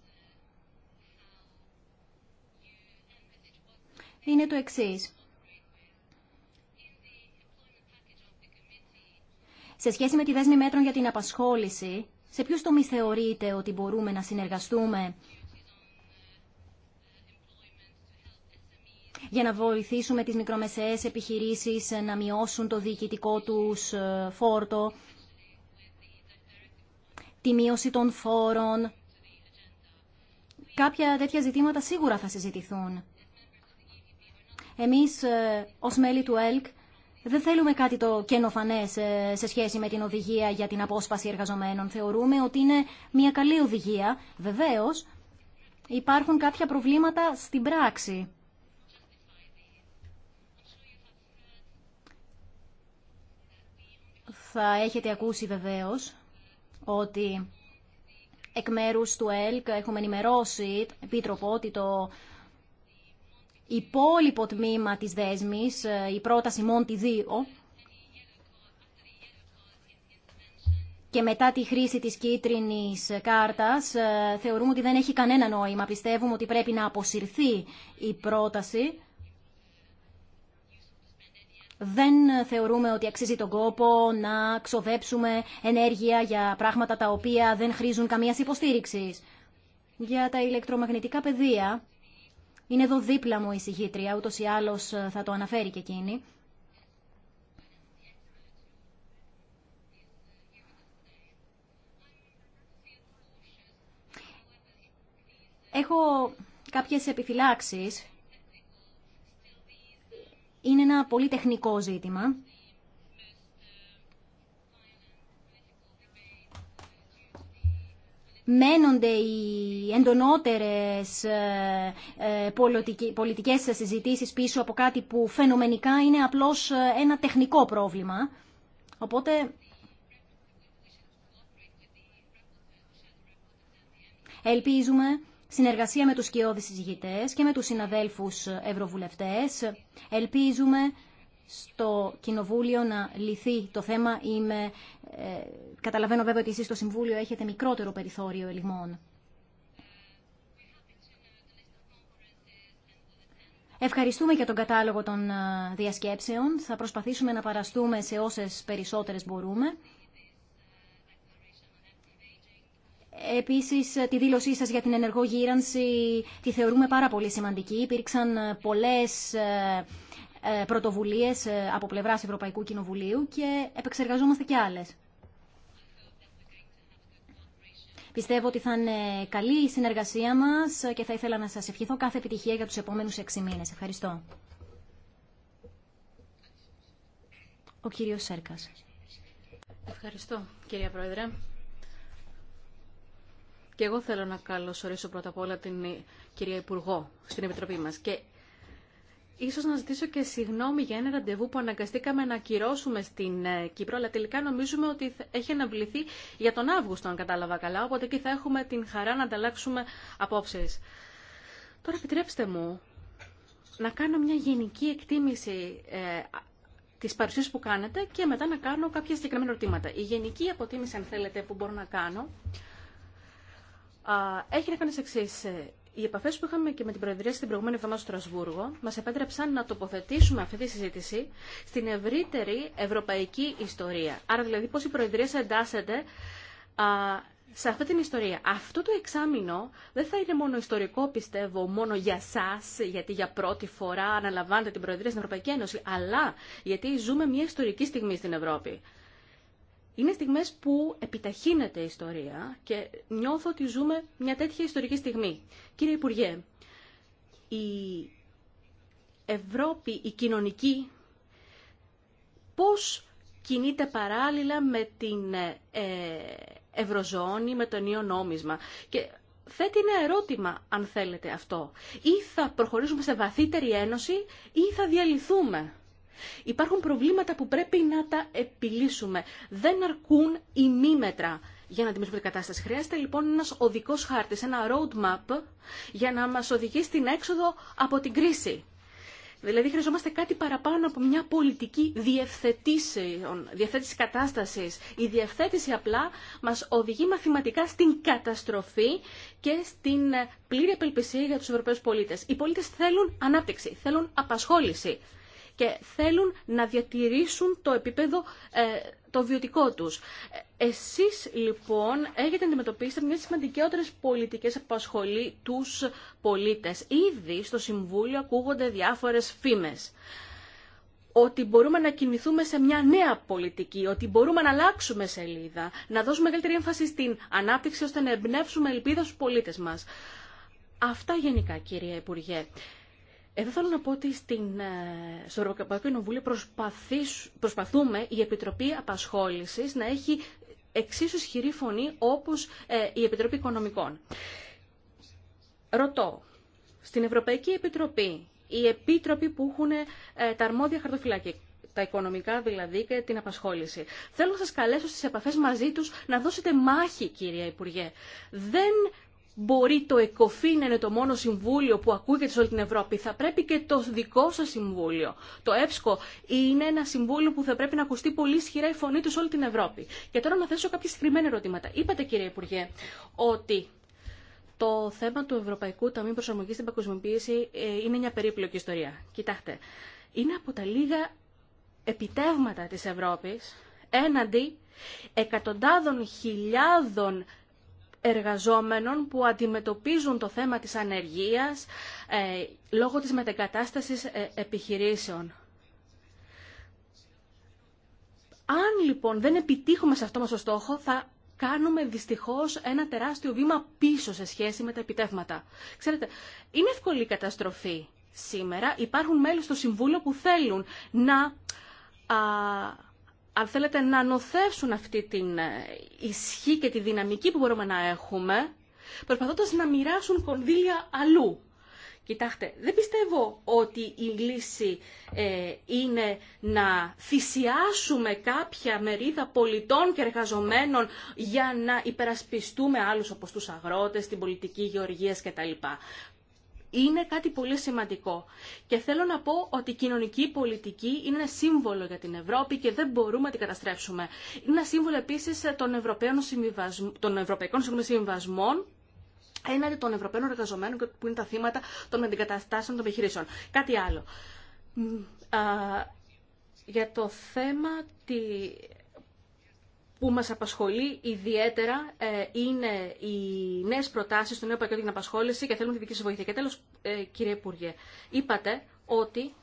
είναι το εξής. Σε σχέση με τη δέσμη μέτρων για την απασχόληση, σε ποιους τομείς θεωρείτε ότι μπορούμε να συνεργαστούμε για να βοηθήσουμε τις μικρομεσαίες επιχειρήσεις να μειώσουν το διοικητικό τους ε, φόρτο, τη μείωση των φόρων. Κάποια τέτοια ζητήματα σίγουρα θα συζητηθούν. Εμείς ε, ως μέλη του ΕΛΚ δεν θέλουμε κάτι το καινοφανέ ε, σε σχέση με την οδηγία για την απόσπαση εργαζομένων. Θεωρούμε ότι είναι μια καλή οδηγία. Βεβαίω, υπάρχουν κάποια προβλήματα στην πράξη. Θα έχετε ακούσει βεβαίω ότι εκ μέρου του ΕΛΚ έχουμε ενημερώσει, Επίτροπο, ότι το υπόλοιπο τμήμα της δέσμης, ε, η πρόταση Μόντι δύο και μετά τη χρήση της κίτρινης κάρτας ε, θεωρούμε ότι δεν έχει κανένα νόημα. Πιστεύουμε ότι πρέπει να αποσυρθεί η πρόταση. Δεν θεωρούμε ότι αξίζει τον κόπο να ξοδέψουμε ενέργεια για πράγματα τα οποία δεν χρήζουν καμίας υποστήριξης. Για τα ηλεκτρομαγνητικά πεδία είναι εδώ δίπλα μου η συγχύτρια, ούτως ή άλλως ε, θα το αναφέρει και εκείνη. Έχω κάποιες επιφυλάξεις. Είναι ένα πολύ τεχνικό ζήτημα. μένονται οι εντονότερες ε, ε, πολιτικές συζητήσεις πίσω από κάτι που φαινομενικά είναι απλώς ε, ένα τεχνικό πρόβλημα. Οπότε ελπίζουμε συνεργασία με τους κοιόδης συζητητές και με τους συναδέλφους ευρωβουλευτές. Ελπίζουμε στο Κοινοβούλιο να λυθεί το θέμα. Είμαι, ε, καταλαβαίνω βέβαια ότι εσείς στο Συμβούλιο έχετε μικρότερο περιθώριο ελιγμών. Ευχαριστούμε για τον κατάλογο των ε, διασκέψεων. Θα προσπαθήσουμε να παραστούμε σε όσες περισσότερες μπορούμε. Επίσης, ε, τη δήλωσή σας για την ενεργό γύρανση τη θεωρούμε πάρα πολύ σημαντική. Υπήρξαν πολλές ε, Πρωτοβουλίε ε, από πλευράς Ευρωπαϊκού Κοινοβουλίου και επεξεργαζόμαστε και άλλες. Πιστεύω ότι θα είναι καλή η συνεργασία μας και θα ήθελα να σας ευχηθώ κάθε επιτυχία για τους επόμενους έξι μήνε. Ευχαριστώ. Ο κύριος Σέρκας. Ευχαριστώ, κυρία Πρόεδρε. Και εγώ θέλω να καλωσορίσω πρώτα απ' όλα την κυρία Υπουργό στην Επιτροπή μας. Και Ίσως να ζητήσω και συγγνώμη για ένα ραντεβού που αναγκαστήκαμε να ακυρώσουμε στην ε, Κύπρο, αλλά τελικά νομίζουμε ότι έχει αναβληθεί για τον Αύγουστο, αν κατάλαβα καλά, οπότε εκεί θα έχουμε την χαρά να ανταλλάξουμε απόψεις. Τώρα επιτρέψτε μου να κάνω μια γενική εκτίμηση ε, της παρουσίας που κάνετε και μετά να κάνω κάποια συγκεκριμένα ερωτήματα. Η γενική αποτίμηση, αν θέλετε, που μπορώ να κάνω, έχει να κάνει εξή. Οι επαφέ που είχαμε και με την Προεδρία στην προηγούμενη εβδομάδα στο Στρασβούργο μα επέτρεψαν να τοποθετήσουμε αυτή τη συζήτηση στην ευρύτερη ευρωπαϊκή ιστορία. Άρα, δηλαδή, πώ η Προεδρία εντάσσεται α, σε αυτή την ιστορία. Αυτό το εξάμεινο δεν θα είναι μόνο ιστορικό, πιστεύω, μόνο για εσά, γιατί για πρώτη φορά αναλαμβάνετε την Προεδρία στην Ευρωπαϊκή Ένωση, αλλά γιατί ζούμε μια ιστορική στιγμή στην Ευρώπη. Είναι στιγμές που επιταχύνεται η ιστορία και νιώθω ότι ζούμε μια τέτοια ιστορική στιγμή. Κύριε Υπουργέ, η Ευρώπη, η κοινωνική, πώς κινείται παράλληλα με την ε, Ευρωζώνη, με το νέο νόμισμα. Και θέτει ένα ερώτημα, αν θέλετε αυτό. Ή θα προχωρήσουμε σε βαθύτερη ένωση ή θα διαλυθούμε. Υπάρχουν προβλήματα που πρέπει να τα επιλύσουμε. Δεν αρκούν οι μη για να αντιμετωπίσουμε την κατάσταση. Χρειάζεται λοιπόν ένας οδικός χάρτης, ένα roadmap για να μα οδηγεί στην έξοδο από την κρίση. Δηλαδή χρειαζόμαστε κάτι παραπάνω από μια πολιτική διευθέτηση κατάσταση. Η διευθέτηση απλά μα οδηγεί μαθηματικά στην καταστροφή και στην ε, πλήρη απελπισία για τους Ευρωπαίους πολίτες. Οι πολίτες θέλουν ανάπτυξη, θέλουν απασχόληση και θέλουν να διατηρήσουν το επίπεδο ε, το βιωτικό τους. Εσείς λοιπόν έχετε αντιμετωπίσει μια σημαντικότερες πολιτικές απασχολεί τους πολίτες. Ήδη στο Συμβούλιο ακούγονται διάφορες φήμες ότι μπορούμε να κινηθούμε σε μια νέα πολιτική, ότι μπορούμε να αλλάξουμε σελίδα, να δώσουμε μεγαλύτερη έμφαση στην ανάπτυξη ώστε να εμπνεύσουμε ελπίδα στους πολίτες μας. Αυτά γενικά κύριε Υπουργέ. Εδώ θέλω να πω ότι στην, ε, στο Ευρωπαϊκό Κοινοβούλιο προσπαθούμε η Επιτροπή Απασχόλησης να έχει εξίσου ισχυρή φωνή όπως ε, η Επιτροπή Οικονομικών. Ρωτώ, στην Ευρωπαϊκή Επιτροπή, οι επίτροποι που έχουν ε, τα αρμόδια χαρτοφυλάκια, τα οικονομικά δηλαδή και την απασχόληση. Θέλω να σας καλέσω στις επαφές μαζί τους να δώσετε μάχη, κύριε Υπουργέ. Δεν μπορεί το ΕΚΟΦΗ να είναι το μόνο συμβούλιο που ακούγεται σε όλη την Ευρώπη. Θα πρέπει και το δικό σας συμβούλιο, το ΕΠΣΚΟ, είναι ένα συμβούλιο που θα πρέπει να ακουστεί πολύ ισχυρά η φωνή του σε όλη την Ευρώπη. Και τώρα να θέσω κάποια συγκεκριμένα ερωτήματα. Είπατε κύριε Υπουργέ ότι το θέμα του Ευρωπαϊκού Ταμείου Προσαρμογής στην Παγκοσμιοποίηση ε, είναι μια περίπλοκη ιστορία. Κοιτάξτε, είναι από τα λίγα επιτεύγματα της Ευρώπης έναντι εκατοντάδων χιλιάδων εργαζόμενων που αντιμετωπίζουν το θέμα της ανεργίας ε, λόγω της μετεγκατάστασης ε, επιχειρήσεων. Αν λοιπόν δεν επιτύχουμε σε αυτό μας το στόχο, θα κάνουμε δυστυχώς ένα τεράστιο βήμα πίσω σε σχέση με τα επιτεύγματα. Ξέρετε, είναι ευκολή η καταστροφή σήμερα. Υπάρχουν μέλη στο Συμβούλιο που θέλουν να αν θέλετε, να νοθεύσουν αυτή την ε, ισχύ και τη δυναμική που μπορούμε να έχουμε, προσπαθώντας να μοιράσουν κονδύλια αλλού. Κοιτάξτε, δεν πιστεύω ότι η λύση ε, είναι να θυσιάσουμε κάποια μερίδα πολιτών και εργαζομένων για να υπερασπιστούμε άλλους όπως τους αγρότες, την πολιτική γεωργίας κτλ είναι κάτι πολύ σημαντικό. Και θέλω να πω ότι η κοινωνική πολιτική είναι ένα σύμβολο για την Ευρώπη και δεν μπορούμε να την καταστρέψουμε. Είναι ένα σύμβολο επίσης των, των Ευρωπαϊκών Συμβασμών έναντι των Ευρωπαίων εργαζομένων που είναι τα θύματα των αντικαταστάσεων των επιχειρήσεων. Κάτι άλλο. Για το θέμα που μας απασχολεί ιδιαίτερα ε, είναι οι νέες προτάσεις του νέου πακέτου για την απασχόληση και θέλουμε τη δική σας βοήθεια. Και τέλος, ε, κύριε Υπουργέ, είπατε ότι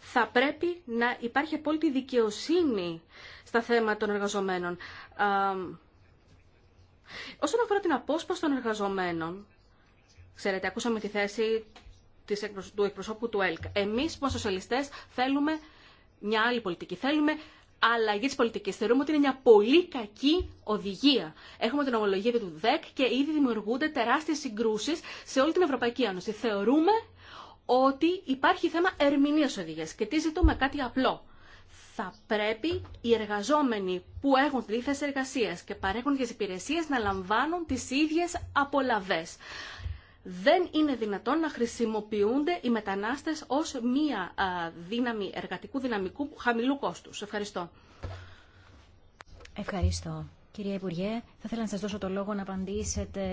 θα πρέπει να υπάρχει απόλυτη δικαιοσύνη στα θέματα των εργαζομένων. Όσον αφορά την απόσπαση των εργαζομένων, ξέρετε, ακούσαμε τη θέση του εκπροσώπου του ΕΛΚ. Εμείς, που σοσιαλιστές, θέλουμε μια άλλη πολιτική. Θέλουμε αλλαγή τη πολιτική. Θεωρούμε ότι είναι μια πολύ κακή οδηγία. Έχουμε την ομολογία του ΔΕΚ και ήδη δημιουργούνται τεράστιε συγκρούσει σε όλη την Ευρωπαϊκή Ένωση. Θεωρούμε ότι υπάρχει θέμα ερμηνεία οδηγία και τι ζητούμε κάτι απλό. Θα πρέπει οι εργαζόμενοι που έχουν τη θέση εργασία και παρέχουν τι υπηρεσίε να λαμβάνουν τι ίδιε απολαυέ δεν είναι δυνατόν να χρησιμοποιούνται οι μετανάστες ως μία δύναμη εργατικού δυναμικού χαμηλού κόστους. Ευχαριστώ. Ευχαριστώ. Κυρία Υπουργέ, θα ήθελα να σας δώσω το λόγο να απαντήσετε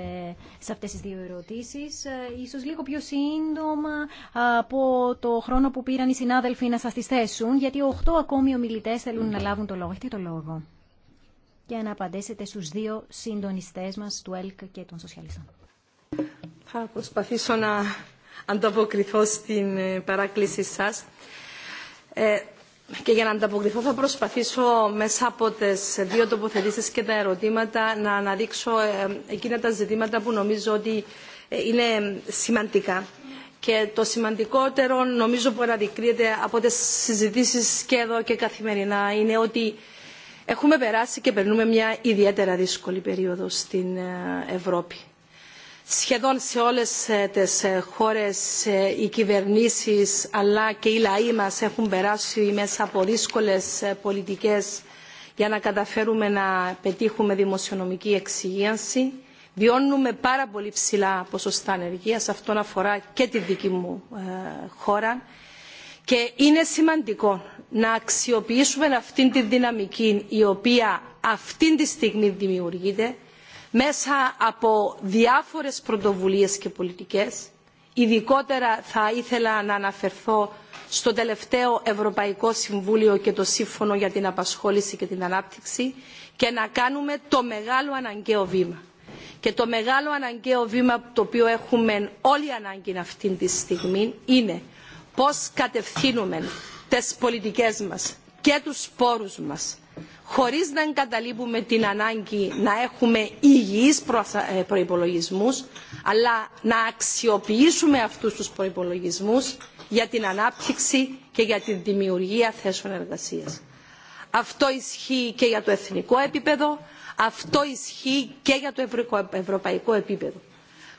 σε αυτές τις δύο ερωτήσεις. Ε, ίσως λίγο πιο σύντομα από το χρόνο που πήραν οι συνάδελφοι να σας τις θέσουν, γιατί οχτώ ακόμη ομιλητές θέλουν να λάβουν το λόγο. Έχετε το λόγο. για να απαντήσετε στους δύο συντονιστές μας του ΕΛΚ και των Σοσιαλιστών. Θα προσπαθήσω να ανταποκριθώ στην ε, παράκλησή σας. Ε, και για να ανταποκριθώ θα προσπαθήσω μέσα από τις δύο τοποθετήσεις και τα ερωτήματα να αναδείξω ε, εκείνα τα ζητήματα που νομίζω ότι είναι σημαντικά. Και το σημαντικότερο νομίζω που αναδεικνύεται από τις συζητήσεις και εδώ και καθημερινά είναι ότι έχουμε περάσει και περνούμε μια ιδιαίτερα δύσκολη περίοδο στην Ευρώπη σχεδόν σε όλες ε, τις ε, χώρες ε, οι κυβερνήσεις αλλά και οι λαοί μας έχουν περάσει μέσα από δύσκολες πολιτικές για να καταφέρουμε να πετύχουμε δημοσιονομική εξυγίανση. Βιώνουμε πάρα πολύ ψηλά ποσοστά ανεργίας, αυτό αφορά και τη δική μου χώρα. Και είναι σημαντικό να αξιοποιήσουμε αυτή τη δυναμική η οποία αυτή τη στιγμή δημιουργείται μέσα από διάφορες πρωτοβουλίες και πολιτικές. Ειδικότερα θα ήθελα να αναφερθώ στο τελευταίο Ευρωπαϊκό Συμβούλιο και το Σύμφωνο για την Απασχόληση και την Ανάπτυξη και να κάνουμε το μεγάλο αναγκαίο βήμα. Και το μεγάλο αναγκαίο βήμα το οποίο έχουμε όλοι ανάγκη αυτή τη στιγμή είναι πώς κατευθύνουμε τις πολιτικές μας και τους πόρους μας χωρίς να εγκαταλείπουμε την ανάγκη να έχουμε υγιείς ε, προϋπολογισμούς, αλλά να αξιοποιήσουμε αυτούς τους προϋπολογισμούς για την ανάπτυξη και για την δημιουργία θέσεων εργασίας. Αυτό ισχύει και για το εθνικό επίπεδο, αυτό ισχύει και για το ευρωπαϊκό επίπεδο.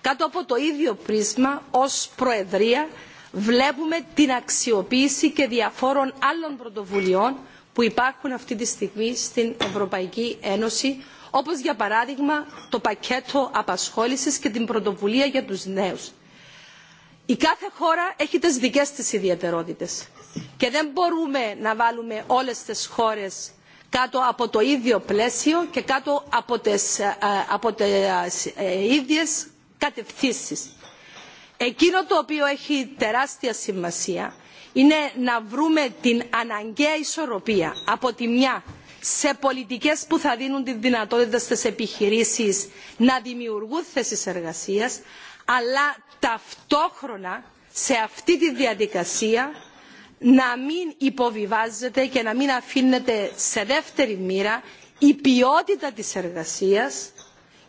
Κάτω από το ίδιο πρίσμα, ως Προεδρία, βλέπουμε την αξιοποίηση και διαφόρων άλλων πρωτοβουλειών που υπάρχουν αυτή τη στιγμή στην Ευρωπαϊκή Ένωση, όπως για παράδειγμα το πακέτο απασχόλησης και την πρωτοβουλία για τους νέους. Η κάθε χώρα έχει τις δικές της ιδιαιτερότητες και δεν μπορούμε να βάλουμε όλες τις χώρες κάτω από το ίδιο πλαίσιο και κάτω από τις, ε, ε, ίδιες κατευθύνσεις. Εκείνο το οποίο έχει τεράστια σημασία είναι να βρούμε την αναγκαία ισορροπία από τη μια σε πολιτικές που θα δίνουν τη δυνατότητα στις επιχειρήσεις να δημιουργούν θέσεις εργασίας, αλλά ταυτόχρονα σε αυτή τη διαδικασία να μην υποβιβάζεται και να μην αφήνεται σε δεύτερη μοίρα η ποιότητα της εργασίας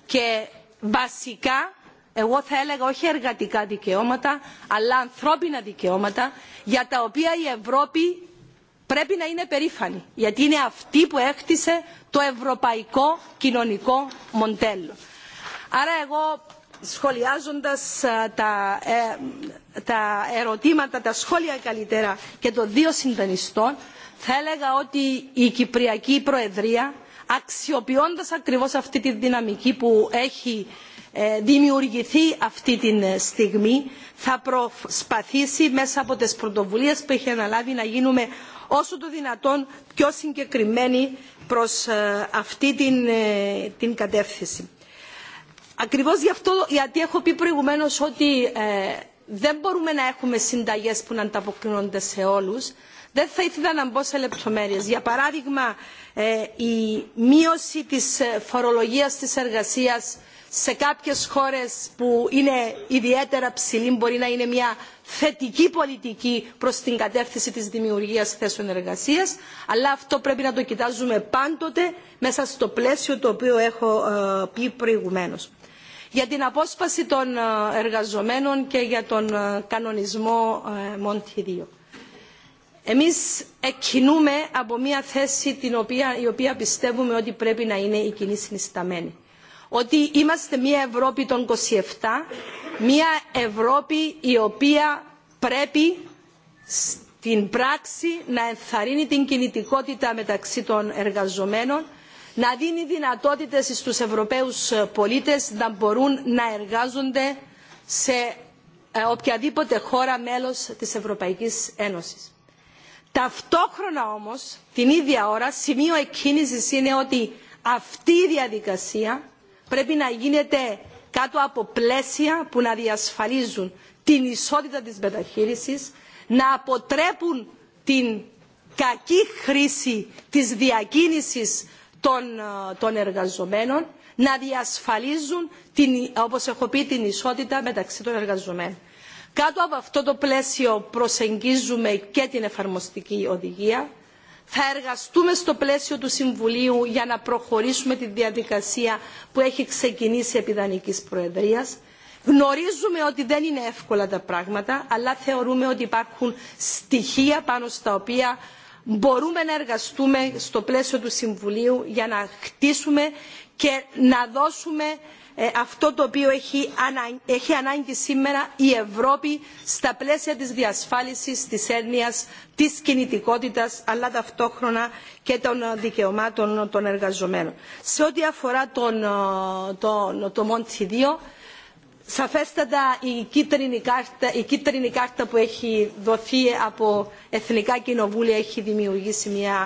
και βασικά εγώ θα έλεγα όχι εργατικά δικαιώματα, αλλά ανθρώπινα δικαιώματα, για τα οποία η Ευρώπη πρέπει να είναι περήφανη, γιατί είναι αυτή που έκτισε το ευρωπαϊκό κοινωνικό μοντέλο. Άρα εγώ σχολιάζοντας ε, ε, τα, ερωτήματα, τα σχόλια καλύτερα και των δύο συντονιστών, θα έλεγα ότι η Κυπριακή Προεδρία, αξιοποιώντας ακριβώς αυτή τη δυναμική που έχει ε, δημιουργηθεί αυτή τη ε, στιγμή θα προσπαθήσει μέσα από τις πρωτοβουλίες που έχει αναλάβει να γίνουμε όσο το δυνατόν πιο συγκεκριμένοι προς ε, αυτή την, κατεύθυνση. Ακριβώς γι' αυτό γιατί έχω πει προηγουμένως ότι δεν μπορούμε να έχουμε συνταγές που να ανταποκρίνονται σε όλους. Δεν θα ήθελα να μπω σε λεπτομέρειες. Για παράδειγμα, η μείωση της φορολογίας της εργασίας σε κάποιες χώρες που είναι ιδιαίτερα ψηλή μπορεί να είναι μια θετική πολιτική προς την κατεύθυνση της δημιουργίας θέσεων εργασίας αλλά αυτό πρέπει να το κοιτάζουμε πάντοτε μέσα στο πλαίσιο το οποίο έχω ε, πει προηγουμένως. Για την απόσπαση των ε, εργαζομένων και για τον ε, κανονισμό Μοντιδίου. Εμείς εκκινούμε από μια θέση οποία, η οποία πιστεύουμε ότι πρέπει να είναι η κοινή συνισταμένη ότι είμαστε μια Ευρώπη των 27, μια Ευρώπη η οποία πρέπει στην πράξη να ενθαρρύνει την κινητικότητα μεταξύ των εργαζομένων, να δίνει δυνατότητες στους Ευρωπαίους πολίτες να μπορούν να εργάζονται σε ε, οποιαδήποτε χώρα μέλος της Ευρωπαϊκής Ένωσης. Ταυτόχρονα όμως, την ίδια ώρα, σημείο εκκίνησης είναι ότι αυτή η διαδικασία πρέπει να γίνεται κάτω από πλαίσια που να διασφαλίζουν την ισότητα της μεταχείρισης, να αποτρέπουν την κακή χρήση της διακίνησης των, ε, των εργαζομένων, να διασφαλίζουν, την, όπως έχω πει, την ισότητα μεταξύ των εργαζομένων. Κάτω από αυτό το πλαίσιο προσεγγίζουμε και την εφαρμοστική οδηγία θα εργαστούμε στο πλαίσιο του Συμβουλίου για να προχωρήσουμε τη διαδικασία που έχει ξεκινήσει επί Δανικής Προεδρίας. Γνωρίζουμε ότι δεν είναι εύκολα τα πράγματα, αλλά θεωρούμε ότι υπάρχουν στοιχεία πάνω στα οποία μπορούμε να εργαστούμε στο πλαίσιο του Συμβουλίου για να χτίσουμε και να δώσουμε ε, αυτό το οποίο έχει ανάγκη σήμερα η Ευρώπη στα πλαίσια της διασφάλισης της έννοιας, της κινητικότητας αλλά ταυτόχρονα και των ε, δικαιωμάτων των εργαζομένων. Σε ό,τι αφορά ε, το Μοντιδίο, σαφέστατα η κίτρινη, κάρτα, η κίτρινη κάρτα που έχει δοθεί από εθνικά κοινοβούλια έχει δημιουργήσει μια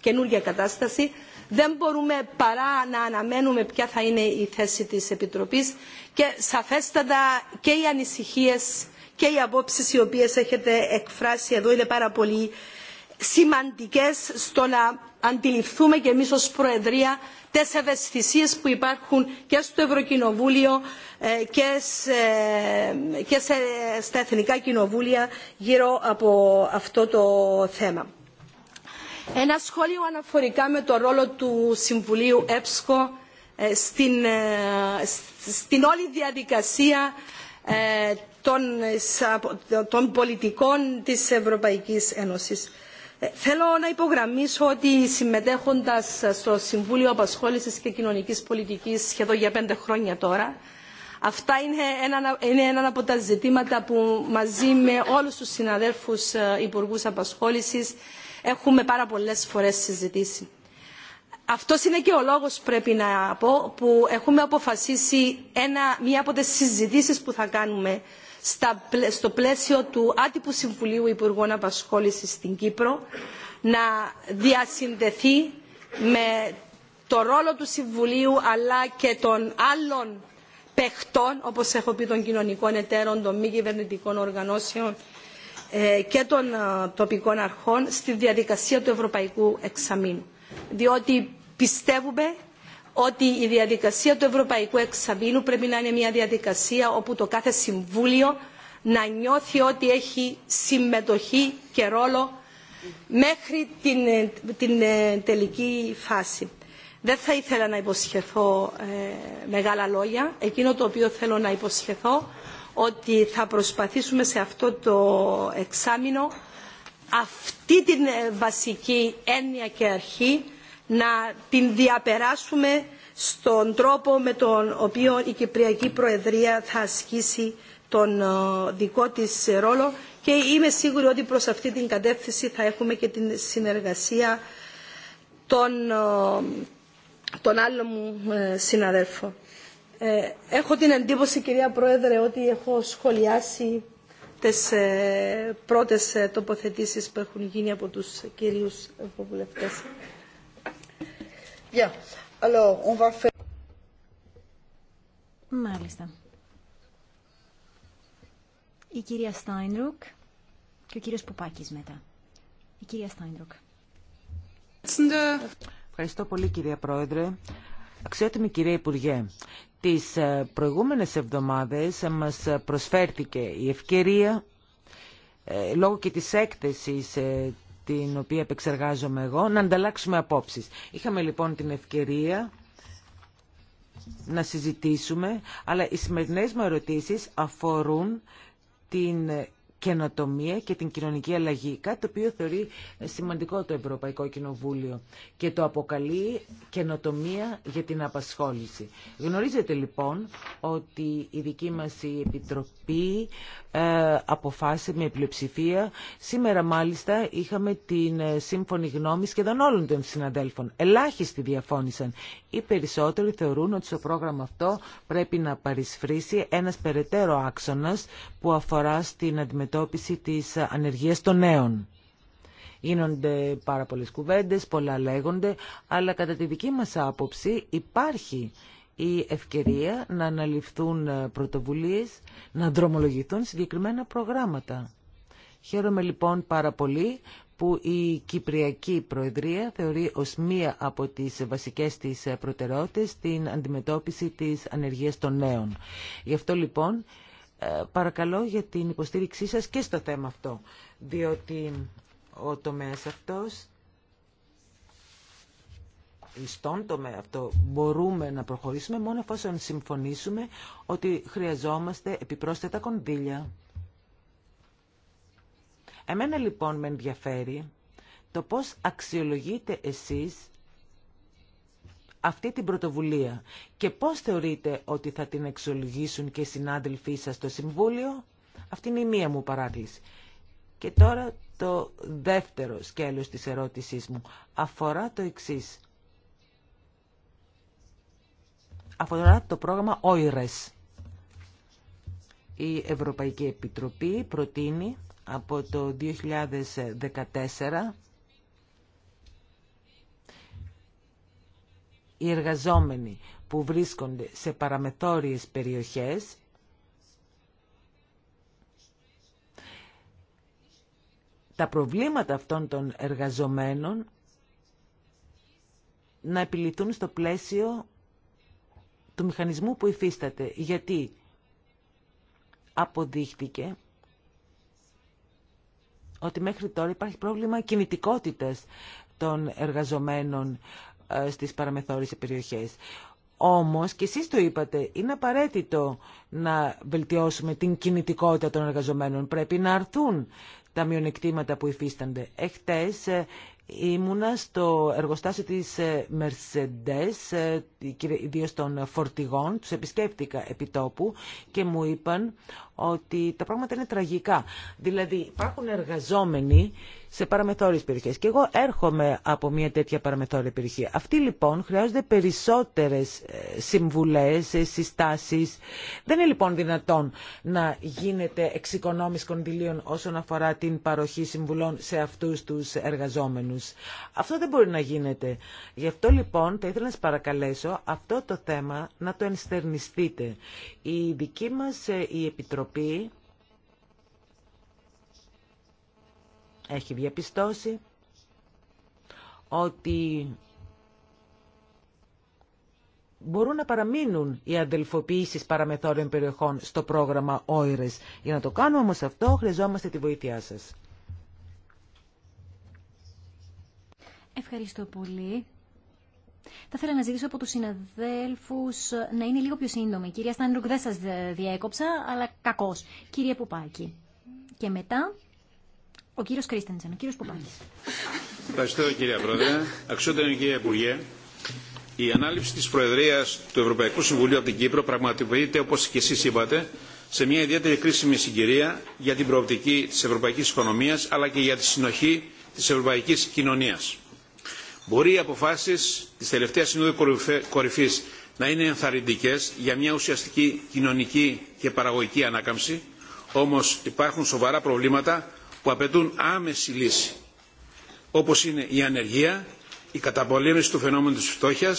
καινούργια κατάσταση δεν μπορούμε παρά να αναμένουμε ποια θα είναι η θέση της Επιτροπής και σαφέστατα και οι ανησυχίες και οι απόψεις οι οποίες έχετε εκφράσει εδώ είναι πάρα πολύ σημαντικές στο να αντιληφθούμε και εμείς ως Προεδρία τις ευαισθησίες που υπάρχουν και στο Ευρωκοινοβούλιο ε, και, ε, και σε, στα Εθνικά Κοινοβούλια γύρω από αυτό το θέμα. Ένα σχόλιο αναφορικά με το ρόλο του Συμβουλίου ΕΠΣΚΟ ε, ε, στην, όλη διαδικασία ε, των, πολιτικών της Ευρωπαϊκής Ένωσης. Θέλω να υπογραμμίσω ότι συμμετέχοντας στο Συμβούλιο Απασχόλησης και Κοινωνικής Πολιτικής σχεδόν για πέντε χρόνια τώρα, αυτά είναι ένα, είναι ένα από τα ζητήματα που μαζί με όλους τους συναδέλφους Υπουργούς Απασχόλησης έχουμε πάρα πολλές φορές συζητήσει. Αυτό είναι και ο λόγος πρέπει να πω που έχουμε αποφασίσει ένα, μία από τις συζητήσεις που θα κάνουμε στο πλαίσιο του Άτυπου Συμβουλίου Υπουργών Απασχόλησης στην Κύπρο να διασυνδεθεί με το ρόλο του Συμβουλίου αλλά και των άλλων παιχτών, όπως έχω πει των κοινωνικών εταίρων, των μη κυβερνητικών οργανώσεων ε, και των ε, τοπικών αρχών στη διαδικασία του Ευρωπαϊκού Εξαμήνου. Διότι πιστεύουμε ότι η διαδικασία του Ευρωπαϊκού Εξαμήνου πρέπει να είναι μια διαδικασία όπου το κάθε Συμβούλιο να νιώθει ότι έχει συμμετοχή και ρόλο μέχρι την, ε, τελική φάση. Δεν θα ήθελα να υποσχεθώ μεγάλα λόγια. Εκείνο το οποίο θέλω να υποσχεθώ ότι θα προσπαθήσουμε σε αυτό το εξάμεινο αυτή την ε, βασική έννοια και αρχή να την διαπεράσουμε στον τρόπο με τον οποίο η Κυπριακή Προεδρία θα ασκήσει τον ε, δικό της ρόλο και είμαι σίγουρη ότι προς αυτή την κατεύθυνση θα έχουμε και την συνεργασία των, ε, των άλλων μου συναδέλφων. Ε, έχω την εντύπωση, κυρία Πρόεδρε, ότι έχω σχολιάσει τις ε, πρώτες ε, τοποθετήσεις που έχουν γίνει από τους κυρίους ευρωβουλευτές. Yeah. Alors, on va faire... Μάλιστα. Η κυρία Στάινρουκ και ο κύριος Πουπάκης μετά. Η κυρία Στάινρουκ. Ευχαριστώ πολύ κυρία Πρόεδρε. Αξιότιμη κυρία Υπουργέ, Τις ε, προηγούμενες εβδομάδες μας προσφέρθηκε η ευκαιρία, ε, λόγω και της έκθεσης ε, την οποία επεξεργάζομαι εγώ, να ανταλλάξουμε απόψεις. Είχαμε λοιπόν την ευκαιρία να συζητήσουμε, αλλά οι σημερινές μου ερωτήσεις αφορούν την καινοτομία και την κοινωνική αλλαγή, κάτι το οποίο θεωρεί σημαντικό το Ευρωπαϊκό Κοινοβούλιο και το αποκαλεί καινοτομία για την απασχόληση. Γνωρίζετε λοιπόν ότι η δική μας η Επιτροπή ε, αποφάσισε με πλειοψηφία. Σήμερα μάλιστα είχαμε την ε, σύμφωνη γνώμη σχεδόν όλων των συναδέλφων. Ελάχιστοι διαφώνησαν. Οι περισσότεροι θεωρούν ότι στο πρόγραμμα αυτό πρέπει να παρισφρήσει ένας περαιτέρω άξονας που αφορά στην αντιμετώπιση αντιμετώπιση της ανεργίας των νέων. Γίνονται πάρα πολλές κουβέντες, πολλά λέγονται, αλλά κατά τη δική μας άποψη υπάρχει η ευκαιρία να αναλυφθούν πρωτοβουλίες, να δρομολογηθούν συγκεκριμένα προγράμματα. Χαίρομαι λοιπόν πάρα πολύ που η Κυπριακή Προεδρία θεωρεί ως μία από τις βασικές της προτεραιότητες την αντιμετώπιση της ανεργίας των νέων. Γι' αυτό λοιπόν ε, παρακαλώ για την υποστήριξή σας και στο θέμα αυτό, διότι ο τομέας αυτός, στον τομέα αυτό μπορούμε να προχωρήσουμε μόνο εφόσον συμφωνήσουμε ότι χρειαζόμαστε επιπρόσθετα κονδύλια. Εμένα λοιπόν με ενδιαφέρει το πώς αξιολογείτε εσείς αυτή την πρωτοβουλία και πώς θεωρείτε ότι θα την εξολογήσουν και οι συνάδελφοί σας στο Συμβούλιο. Αυτή είναι η μία μου παράκληση. Και τώρα το δεύτερο σκέλος της ερώτησής μου αφορά το εξής. Αφορά το πρόγραμμα OIRES. Η Ευρωπαϊκή Επιτροπή προτείνει από το 2014 οι εργαζόμενοι που βρίσκονται σε παραμεθόριες περιοχές τα προβλήματα αυτών των εργαζομένων να επιληθούν στο πλαίσιο του μηχανισμού που υφίσταται. Γιατί αποδείχθηκε ότι μέχρι τώρα υπάρχει πρόβλημα κινητικότητας των εργαζομένων ε, στις παραμεθόριες περιοχές. Όμως, και εσείς το είπατε, είναι απαραίτητο να βελτιώσουμε την κινητικότητα των εργαζομένων. Πρέπει να αρθούν τα μειονεκτήματα που υφίστανται. Εχθές ε, ήμουνα στο εργοστάσιο της ε, Mercedes, ιδίω των φορτηγών, τους επισκέπτηκα επιτόπου και μου είπαν ότι τα πράγματα είναι τραγικά. Δηλαδή υπάρχουν εργαζόμενοι σε παραμεθόριες περιοχές και εγώ έρχομαι από μια τέτοια παραμεθόρια περιοχή. Αυτοί λοιπόν χρειάζονται περισσότερες ε, συμβουλές, ε, συστάσεις. Δεν είναι λοιπόν δυνατόν να γίνεται εξοικονόμηση κονδυλίων όσον αφορά την παροχή συμβουλών σε αυτούς τους εργαζόμενους. Αυτό δεν μπορεί να γίνεται. Γι' αυτό λοιπόν θα ήθελα να σας παρακαλέσω αυτό το θέμα να το ενστερνιστείτε. Η δική ε, Επιτροπή Επιτροπή έχει διαπιστώσει ότι μπορούν να παραμείνουν οι αδελφοποιήσεις παραμεθόρων περιοχών στο πρόγραμμα ΟΙΡΕΣ. Για να το κάνουμε όμως αυτό χρειαζόμαστε τη βοήθειά σας. Ευχαριστώ πολύ. Θα ήθελα να ζητήσω από του συναδέλφου να είναι λίγο πιο σύντομοι. Κυρία Στάνιρουκ, δεν σα διέκοψα, αλλά κακώ. Κύριε Πουπάκη. Και μετά, ο κύριο Κρίστενσεν, ο κύριο Ευχαριστώ κυρία Πρόεδρε. Αξιότιμη κύριε Υπουργέ. Η ανάληψη τη Προεδρία του Ευρωπαϊκού Συμβουλίου από την Κύπρο πραγματοποιείται, όπω και εσεί είπατε, σε μια ιδιαίτερη κρίσιμη συγκυρία για την προοπτική τη Ευρωπαϊκή Οικονομία, αλλά και για τη συνοχή τη Ευρωπαϊκή κοινωνία. Μπορεί οι αποφάσει τη τελευταία Συνόδου Κορυφή να είναι ενθαρρυντικέ για μια ουσιαστική κοινωνική και παραγωγική ανάκαμψη, όμω υπάρχουν σοβαρά προβλήματα που απαιτούν άμεση λύση, όπω είναι η ανεργία, η καταπολέμηση του φαινόμενου τη φτώχεια,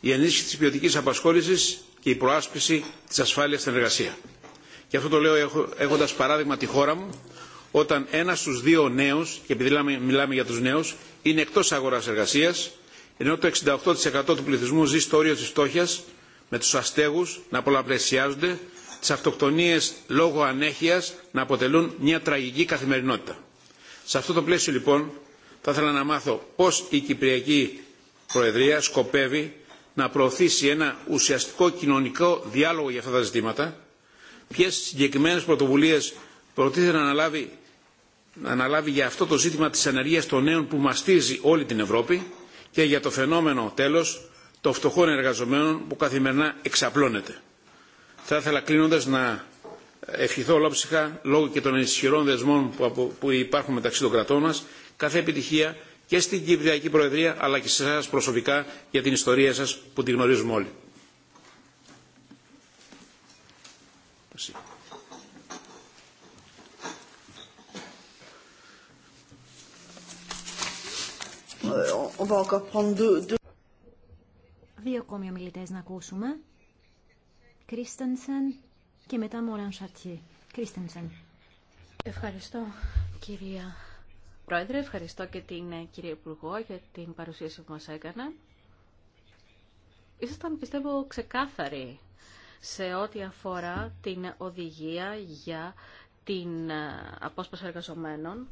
η ενίσχυση τη ποιοτική απασχόληση και η προάσπιση τη ασφάλεια στην εργασία. Και αυτό το λέω έχοντα παράδειγμα τη χώρα μου, όταν ένα στου δύο νέου, και επειδή μιλάμε για του νέου, είναι εκτός αγοράς εργασίας, ενώ το 68% του πληθυσμού ζει στο όριο της φτώχειας, με τους αστέγους να πολλαπλασιάζονται, τις αυτοκτονίες λόγω ανέχειας να αποτελούν μια τραγική καθημερινότητα. Σε αυτό το πλαίσιο λοιπόν θα ήθελα να μάθω πώς η Κυπριακή Προεδρία σκοπεύει να προωθήσει ένα ουσιαστικό κοινωνικό διάλογο για αυτά τα ζητήματα, ποιες συγκεκριμένες πρωτοβουλίες προτίθεται να αναλάβει να αναλάβει για αυτό το ζήτημα της ανεργίας των νέων που μαστίζει όλη την Ευρώπη και για το φαινόμενο τέλος των φτωχών εργαζομένων που καθημερινά εξαπλώνεται. Θα ήθελα κλείνοντας να ευχηθώ ολόψυχα λόγω και των ισχυρών δεσμών που υπάρχουν μεταξύ των κρατών μας κάθε επιτυχία και στην Κυπριακή Προεδρία αλλά και σε εσάς προσωπικά για την ιστορία σας που τη γνωρίζουμε όλοι. On va encore prendre deux. Δύο ακόμη ομιλητές να ακούσουμε. Κρίστενσεν και μετά Μόραν Σαρτιέ. Κρίστενσεν. Ευχαριστώ κυρία Πρόεδρε, ευχαριστώ και την ε, κυρία Υπουργό για την παρουσίαση που μας έκανα. Ήσασταν πιστεύω ξεκάθαροι σε ό,τι αφορά την οδηγία για την ε, απόσπαση εργαζομένων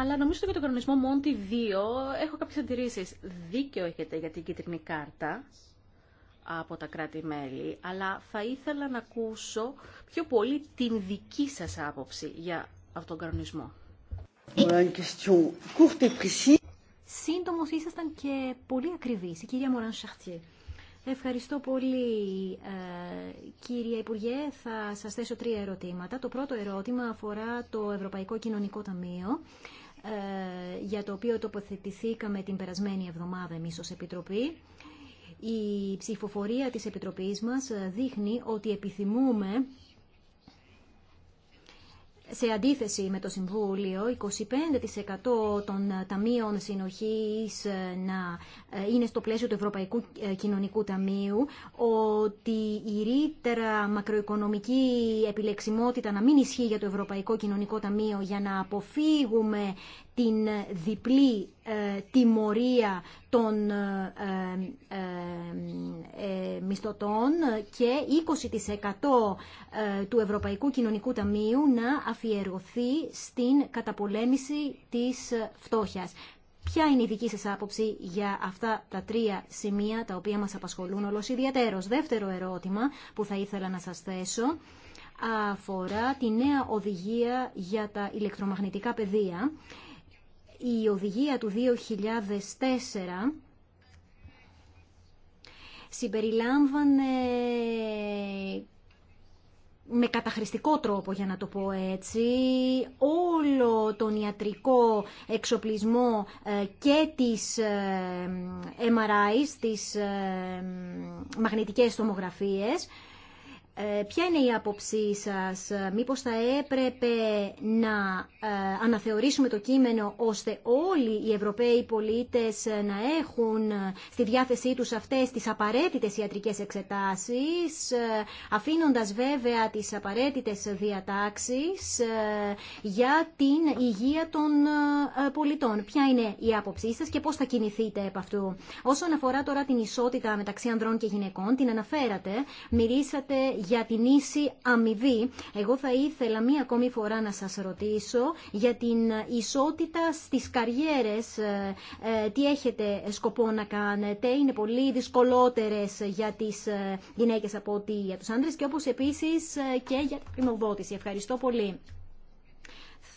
Αλλά νομίζω ότι για τον κανονισμό Μόντι 2 έχω κάποιες αντιρρήσεις. Δίκαιο έχετε για την κίτρινη κάρτα από τα κράτη-μέλη, αλλά θα ήθελα να ακούσω πιο πολύ την δική σας άποψη για αυτόν τον κανονισμό. Σύντομο ήσασταν και πολύ ακριβής, η κυρία Μωράν Σαχτιέ. Ευχαριστώ πολύ, ε, κύριε Υπουργέ. Θα σας θέσω τρία ερωτήματα. Το πρώτο ερώτημα αφορά το Ευρωπαϊκό Κοινωνικό Ταμείο. Ε, για το οποίο τοποθετηθήκαμε την περασμένη εβδομάδα εμείς ως Επιτροπή. Η ψηφοφορία της Επιτροπής μας ε, δείχνει ότι επιθυμούμε σε αντίθεση με το Συμβούλιο, 25% των ε, ταμείων συνοχής ε, να ε, είναι στο πλαίσιο του Ευρωπαϊκού Κοινωνικού Ταμείου, ότι η ρήτερα μακροοικονομική επιλεξιμότητα να μην ισχύει για το Ευρωπαϊκό Κοινωνικό Ταμείο για να αποφύγουμε την ε, διπλή ε, τιμωρία των ε, μισθωτών και 20% του Ευρωπαϊκού Κοινωνικού Ταμείου να αφιερωθεί στην καταπολέμηση της φτώχειας. Ποια είναι η δική σας άποψη για αυτά τα τρία σημεία τα οποία μας απασχολούν όλος ιδιαίτερος. Δεύτερο ερώτημα που θα ήθελα να σας θέσω αφορά τη νέα οδηγία για τα ηλεκτρομαγνητικά πεδία η οδηγία του 2004 συμπεριλάμβανε με καταχρηστικό τρόπο για να το πω έτσι, όλο τον ιατρικό εξοπλισμό και τις MRI, τις μαγνητικές τομογραφίες, ε, ποια είναι η άποψή σας, μήπως θα έπρεπε να ε, αναθεωρήσουμε το κείμενο ώστε όλοι οι Ευρωπαίοι πολίτες να έχουν ε, στη διάθεσή τους αυτές τις απαραίτητες ιατρικές εξετάσεις, αφήνοντας βέβαια τις απαραίτητες διατάξεις για την υγεία των πολιτών. Ποια είναι η άποψή σας και πώς θα κινηθείτε επ' αυτού. Όσον αφορά τώρα την ισότητα μεταξύ ανδρών και γυναικών, την αναφέρατε, μυρίσατε για την ίση αμοιβή. Εγώ θα ήθελα μία ακόμη φορά να σας ρωτήσω για την ισότητα στις καριέρες. Ε, ε, τι έχετε σκοπό να κάνετε. Είναι πολύ δυσκολότερες για τις ε, γυναίκες από ό,τι για τους άντρες και όπως επίσης και για την κοινοβότηση. Ευχαριστώ πολύ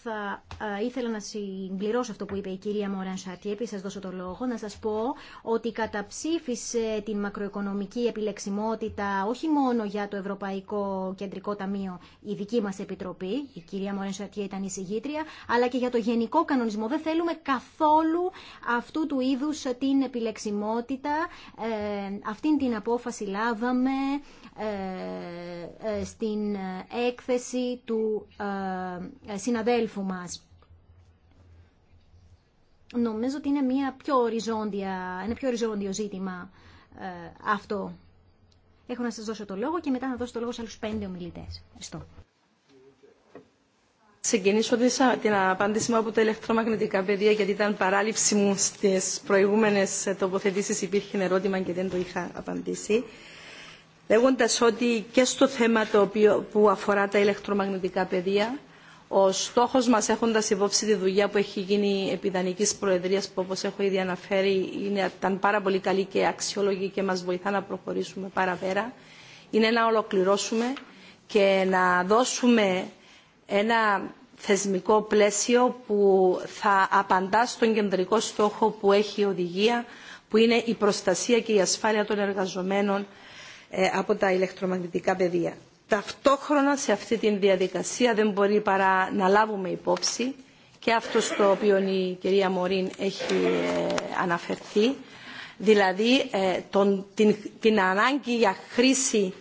θα ήθελα να συμπληρώσω αυτό που είπε η κυρία Μωράν Σάτι, επειδή σας δώσω το λόγο, να σας πω ότι καταψήφισε την μακροοικονομική επιλεξιμότητα όχι μόνο για το Ευρωπαϊκό Κεντρικό Ταμείο η δική μας Επιτροπή, η κυρία Μωράν Σάτι ήταν η συγγήτρια, αλλά και για το γενικό κανονισμό. Δεν θέλουμε καθόλου αυτού του είδους την επιλεξιμότητα. Ε, την απόφαση λάβαμε ε, ε στην έκθεση του ε, συναδέλφου συναδέλφου μας. Νομίζω ότι είναι μια πιο οριζόντια, ένα πιο οριζόντιο ζήτημα ε, αυτό. Έχω να σας δώσω το λόγο και μετά να δώσω το λόγο σε άλλους πέντε ομιλητές. Ευχαριστώ. Ξεκινήσω την απάντηση μου από τα ηλεκτρομαγνητικά πεδία, γιατί ήταν παράληψη μου στις προηγούμενες τοποθετήσεις υπήρχε ερώτημα και δεν το είχα απαντήσει. Λέγοντας ότι και στο θέμα το οποίο, που αφορά τα ηλεκτρομαγνητικά πεδία, ο στόχος μας έχοντας υπόψη τη δουλειά που έχει γίνει επί Δανική προεδρία, που όπως έχω ήδη αναφέρει είναι, ήταν πάρα πολύ καλή και αξιόλογη και μα βοηθά να προχωρήσουμε παραπέρα είναι να ολοκληρώσουμε και να δώσουμε ένα θεσμικό πλαίσιο που θα απαντά στον κεντρικό στόχο που έχει η οδηγία που είναι η προστασία και η ασφάλεια των εργαζομένων ε, από τα ηλεκτρομαγνητικά πεδία. Ταυτόχρονα σε αυτή τη διαδικασία δεν μπορεί παρά να λάβουμε υπόψη και αυτό στο οποίο η κυρία Μωρίν έχει ε, αναφερθεί, δηλαδή ε, την, ανάγκη για χρήση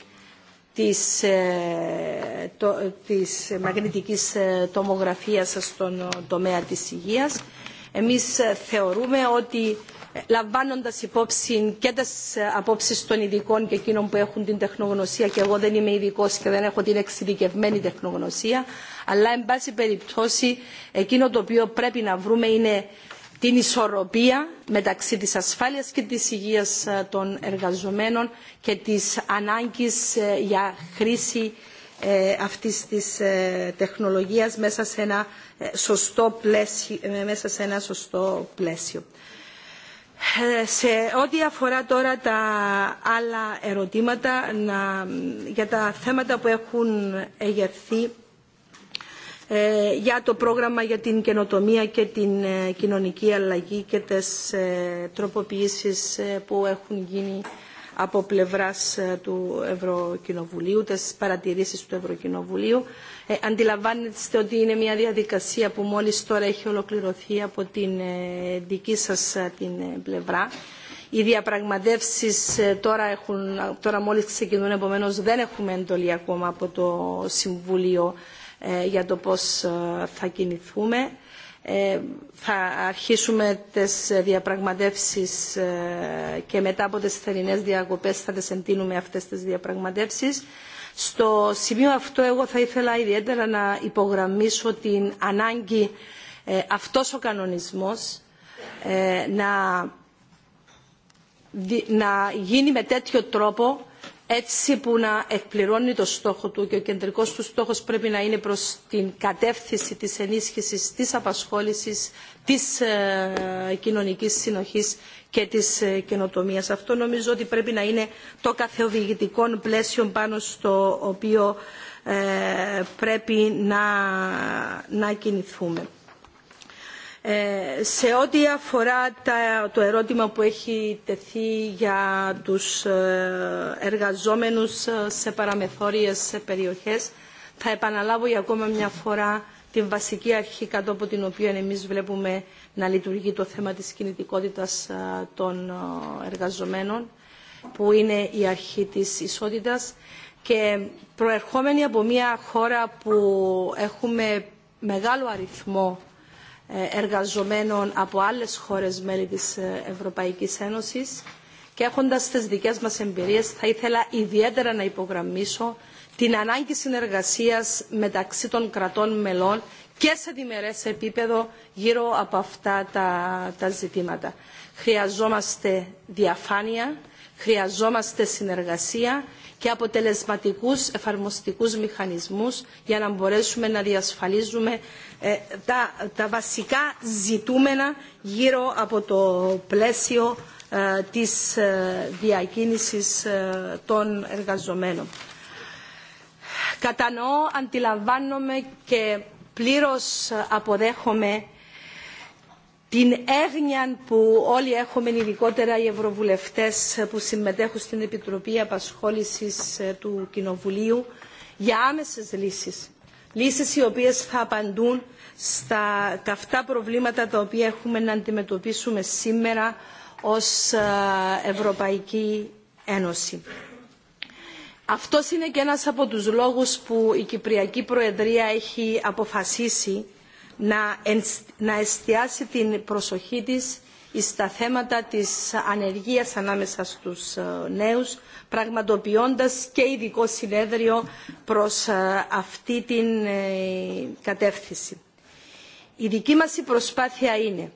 της, ε, το, της μαγνητικής τομογραφίας στον τομέα της υγείας. Εμείς θεωρούμε ότι λαμβάνοντα υπόψη και τι ε, απόψει των ειδικών και εκείνων που έχουν την τεχνογνωσία και εγώ δεν είμαι ειδικό και δεν έχω την εξειδικευμένη τεχνογνωσία αλλά εν πάση περιπτώσει εκείνο το οποίο πρέπει να βρούμε είναι την ισορροπία μεταξύ της ασφάλειας και της υγείας ε, των εργαζομένων και της ανάγκης ε, για χρήση αυτής της τεχνολογίας Μέσα σε ένα σωστό πλαίσιο. Ε, σε ό,τι αφορά τώρα τα άλλα ερωτήματα να, για τα θέματα που έχουν εγερθεί ε, για το πρόγραμμα για την καινοτομία και την ε, κοινωνική αλλαγή και τις τροποποιήσεις που έχουν γίνει από πλευράς του Ευρωκοινοβουλίου, τις παρατηρήσεις του Ευρωκοινοβουλίου. Ε, αντιλαμβάνεστε ότι είναι μια διαδικασία που μόλις τώρα έχει ολοκληρωθεί από την ε, δική σας ε, την πλευρά. Οι διαπραγματεύσεις τώρα, έχουν, τώρα μόλις ξεκινούν, επομένως δεν έχουμε εντολή ακόμα από το Συμβούλιο για το πώς θα κινηθούμε. Θα αρχίσουμε τις διαπραγματεύσεις και μετά από τις θερινές διακοπές θα τις εντείνουμε αυτές τις διαπραγματεύσεις. Στο σημείο αυτό εγώ θα ήθελα ιδιαίτερα να υπογραμμίσω την ανάγκη ε, αυτός ο κανονισμός ε, να γίνει με τέτοιο τρόπο έτσι που να εκπληρώνει το στόχο του και ο κεντρικός του στόχος πρέπει να είναι προς την κατεύθυνση της ενίσχυσης, της απασχόλησης, της ε, κοινωνικής συνοχής και της ε, καινοτομίας. Αυτό νομίζω ότι πρέπει να είναι το καθοδηγητικό πλαίσιο πάνω στο οποίο ε, πρέπει να, να κινηθούμε. Ε, σε ό,τι αφορά το ερώτημα που έχει τεθεί για τους ε, εργαζόμενους ε, σε παραμεθόριες περιοχές, θα επαναλάβω για ακόμα μια φορά την βασική αρχή κάτω από την οποία εμείς βλέπουμε να λειτουργεί το θέμα της κινητικότητας των εργαζομένων, που είναι η αρχή της ισότητας. Και προερχόμενοι από μια χώρα που έχουμε μεγάλο αριθμό ε, εργαζομένων από άλλες χώρες μέλη της ε, Ευρωπαϊκής Ένωσης και έχοντας τις δικές μας εμπειρίες θα ήθελα ιδιαίτερα να υπογραμμίσω την ανάγκη συνεργασίας μεταξύ των κρατών μελών και σε διμερές επίπεδο γύρω από αυτά τα, τα ζητήματα. Χρειαζόμαστε διαφάνεια, χρειαζόμαστε συνεργασία και αποτελεσματικούς εφαρμοστικούς μηχανισμούς για να μπορέσουμε να διασφαλίζουμε ε, τα, τα βασικά ζητούμενα γύρω από το πλαίσιο ε, της ε, διακίνησης των εργαζομένων. Κατανοώ, αντιλαμβάνομαι και πλήρως αποδέχομαι την έγνοια που όλοι έχουμε ειδικότερα οι ευρωβουλευτές που συμμετέχουν στην Επιτροπή Απασχόλησης ε, του Κοινοβουλίου για άμεσες λύσεις. Λύσεις οι οποίες θα απαντούν στα καυτά προβλήματα τα οποία έχουμε να αντιμετωπίσουμε σήμερα ως ε, Ευρωπαϊκή Ένωση. Αυτός είναι και ένας από τους λόγους που η Κυπριακή Προεδρία έχει αποφασίσει να εστιάσει την προσοχή της στα θέματα της ανεργίας ανάμεσα στους ε, νέους, πραγματοποιώντας και ειδικό συνέδριο προς ε, αυτή την ε, κατεύθυνση. Η δική μας η προσπάθεια είναι,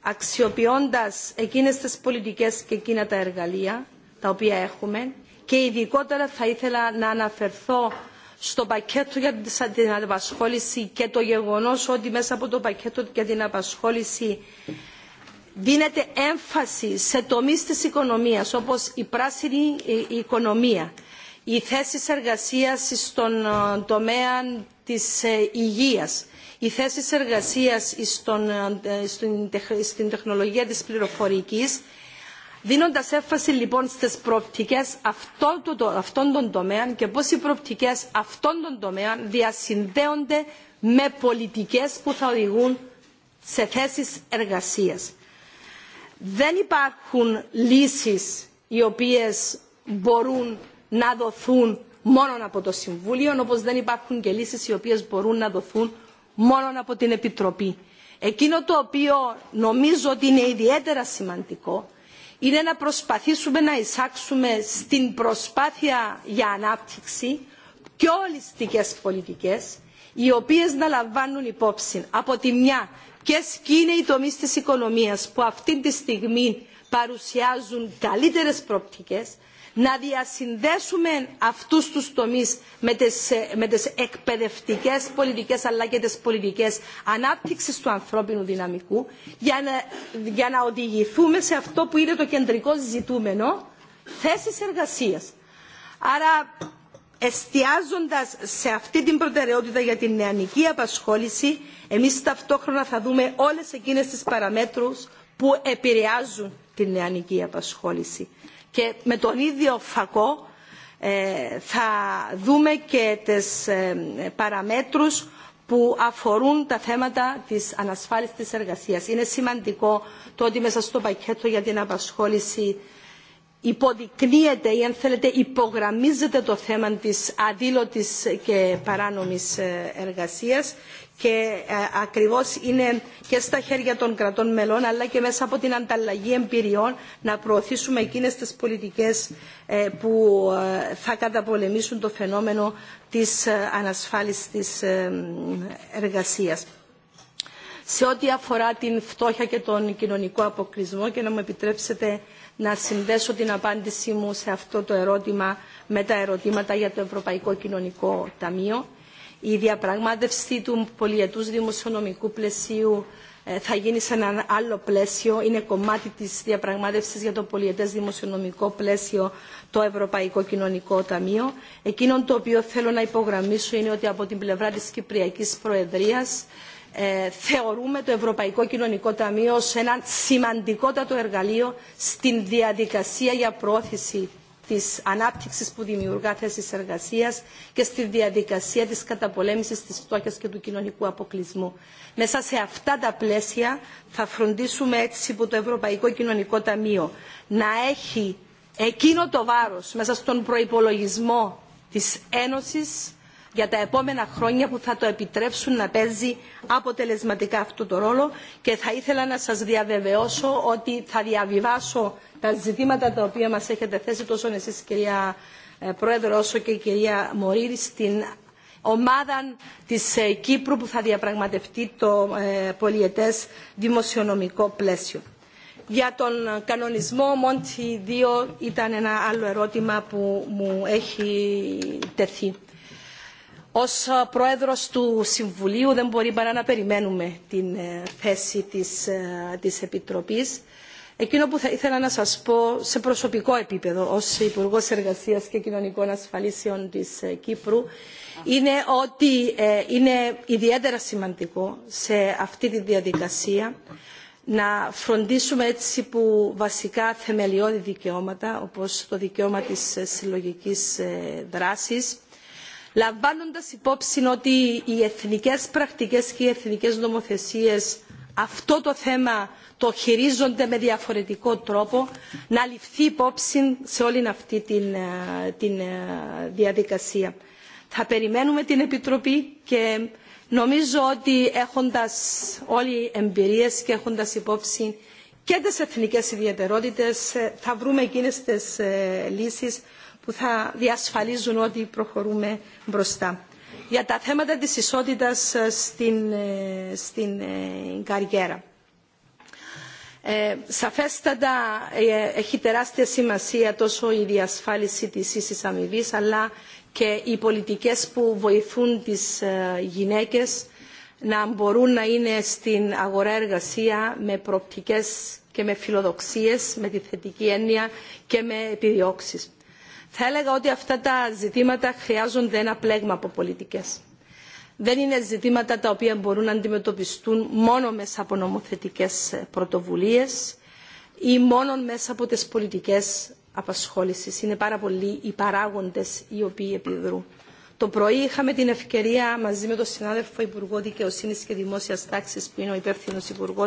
αξιοποιώντας εκείνες τις πολιτικές και εκείνα τα εργαλεία τα οποία έχουμε, και ειδικότερα θα ήθελα να αναφερθώ στο πακέτο για την απασχόληση και το γεγονός ότι μέσα από το πακέτο για την απασχόληση δίνεται έμφαση σε τομείς της οικονομίας όπως η πράσινη ε, οικονομία, οι θέσεις εργασίας στον ε, τομέα της ε, υγείας, οι θέσεις εργασίας στην τεχνολογία της πληροφορικής δίνοντας έφαση λοιπόν στις προοπτικές αυτών των τομέων και πώς οι προοπτικές αυτών των τομέων διασυνδέονται με πολιτικές που θα οδηγούν σε θέσεις εργασίας. Δεν υπάρχουν λύσεις οι οποίες μπορούν να δοθούν μόνο από το Συμβούλιο, όπως δεν υπάρχουν και λύσεις οι οποίες μπορούν να δοθούν μόνο από την Επιτροπή. Εκείνο το οποίο νομίζω ότι είναι ιδιαίτερα σημαντικό είναι να προσπαθήσουμε να εισάξουμε στην προσπάθεια για ανάπτυξη και ολιστικές πολιτικές οι οποίες να λαμβάνουν υπόψη από τη μια και είναι οι τομείς της οικονομίας που αυτή τη στιγμή παρουσιάζουν καλύτερες προοπτικές να διασυνδέσουμε αυτούς τους τομείς με τις, με τις εκπαιδευτικές πολιτικές αλλά και τις πολιτικές ανάπτυξης του ανθρώπινου δυναμικού για να, για οδηγηθούμε σε αυτό που είναι το κεντρικό ζητούμενο θέσεις εργασίας. Άρα εστιάζοντας σε αυτή την προτεραιότητα για την νεανική απασχόληση εμείς ταυτόχρονα θα δούμε όλες εκείνες τις παραμέτρους που επηρεάζουν την νεανική απασχόληση και με τον ίδιο φακό ε, θα δούμε και τις ε, παραμέτρους που αφορούν τα θέματα της ανασφάλισης της εργασίας. Είναι σημαντικό το ότι μέσα στο πακέτο για την απασχόληση υποδεικνύεται ή αν θέλετε υπογραμμίζεται το θέμα της αδήλωτης και παράνομης ε, εργασίας και ε, ακριβώς είναι και στα χέρια των κρατών μελών αλλά και μέσα από την ανταλλαγή εμπειριών να προωθήσουμε εκείνες τις πολιτικές ε, που ε, θα καταπολεμήσουν το φαινόμενο της ανασφάλισης της εργασίας. Σε ό,τι αφορά την φτώχεια και τον κοινωνικό αποκλεισμό και να μου επιτρέψετε να συνδέσω την απάντησή μου σε αυτό το ερώτημα με τα ερωτήματα για το Ευρωπαϊκό Κοινωνικό Ταμείο η διαπραγμάτευση του πολιετούς δημοσιονομικού πλαισίου ε, θα γίνει σε ένα άλλο πλαίσιο. Είναι κομμάτι της διαπραγμάτευσης για το πολιετές δημοσιονομικό πλαίσιο το Ευρωπαϊκό Κοινωνικό Ταμείο. Εκείνο το οποίο θέλω να υπογραμμίσω είναι ότι από την πλευρά της Κυπριακής Προεδρίας ε, θεωρούμε το Ευρωπαϊκό Κοινωνικό Ταμείο ω ένα σημαντικότατο εργαλείο στην διαδικασία για πρόθεση της ανάπτυξης που δημιουργά θέσεις εργασίας και στη διαδικασία της καταπολέμησης της φτώχειας και του κοινωνικού αποκλεισμού. Μέσα σε αυτά τα πλαίσια θα φροντίσουμε έτσι που το Ευρωπαϊκό Κοινωνικό Ταμείο να έχει εκείνο το βάρος μέσα στον προϋπολογισμό της Ένωσης για τα επόμενα χρόνια που θα το επιτρέψουν να παίζει αποτελεσματικά αυτό το ρόλο και θα ήθελα να σας διαβεβαιώσω ότι θα διαβιβάσω τα ζητήματα τα οποία μας έχετε θέσει τόσο εσείς κυρία ε, Πρόεδρο όσο και η κυρία Μωρήρη στην ομάδα της ε, Κύπρου που θα διαπραγματευτεί το ε, πολιετές δημοσιονομικό πλαίσιο. Για τον κανονισμό Μόντι 2 ήταν ένα άλλο ερώτημα που μου έχει τεθεί ως ε, πρόεδρος του Συμβουλίου δεν μπορεί παρά να περιμένουμε την ε, θέση της, ε, της Επιτροπής. Εκείνο που θα ήθελα να σας πω σε προσωπικό επίπεδο ως Υπουργό Εργασίας και Κοινωνικών Ασφαλίσεων της Κύπρου είναι ότι είναι ιδιαίτερα σημαντικό σε αυτή τη διαδικασία να φροντίσουμε έτσι που βασικά θεμελιώδη δικαιώματα όπως το δικαίωμα της συλλογικής δράσης λαμβάνοντα υπόψη ότι οι εθνικέ πρακτικές και οι εθνικέ νομοθεσίε αυτό το θέμα το χειρίζονται με διαφορετικό τρόπο να ληφθεί υπόψη σε όλη αυτή την, ε, ε, διαδικασία. Θα περιμένουμε την Επιτροπή και νομίζω ότι έχοντας όλοι εμπειρίες και έχοντας υπόψη και τις εθνικές ιδιαιτερότητες ε, θα βρούμε εκείνες τις λύσεις που θα διασφαλίζουν ότι προχωρούμε μπροστά. Για τα θέματα της ισότητας ε, στην, ε, ε, καριέρα. σαφέστατα έχει τεράστια σημασία τόσο η διασφάλιση της ίσης αμοιβή, αλλά και οι πολιτικές που βοηθούν τις ε, γυναίκες να μπορούν να είναι στην αγορά εργασία με προοπτικές και με φιλοδοξίες, με τη θετική έννοια και με επιδιώξεις. Θα έλεγα ότι αυτά τα ζητήματα χρειάζονται ένα πλέγμα από πολιτικές. Δεν είναι ζητήματα τα οποία μπορούν να αντιμετωπιστούν μόνο μέσα από νομοθετικές πρωτοβουλίες ή μόνο μέσα από τις πολιτικές απασχόλησει. Είναι πάρα πολλοί οι παράγοντες οι οποίοι επιδρούν. Το πρωί είχαμε την ευκαιρία μαζί με τον συνάδελφο Υπουργό Δικαιοσύνη και Δημόσια Τάξη, που είναι ο υπεύθυνο Υπουργό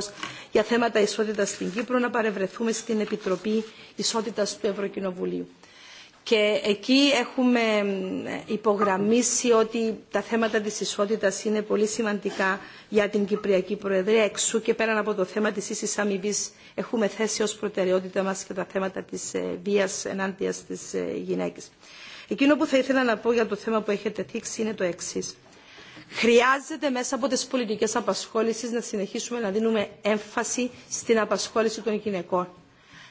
για θέματα ισότητα στην Κύπρο, να παρευρεθούμε στην Επιτροπή Ισότητα του Ευρωκοινοβουλίου και εκεί έχουμε υπογραμμίσει ότι τα θέματα της ισότητας είναι πολύ σημαντικά για την Κυπριακή Προεδρία. Εξού και πέραν από το θέμα της ίσης αμοιβή έχουμε θέσει ως προτεραιότητα μας και τα θέματα της ε, βίας ενάντια στις ε, γυναίκες. Εκείνο που θα ήθελα να πω για το θέμα που έχετε θίξει είναι το εξή. Χρειάζεται μέσα από τις πολιτικές απασχόλησεις να συνεχίσουμε να δίνουμε έμφαση στην απασχόληση των γυναικών.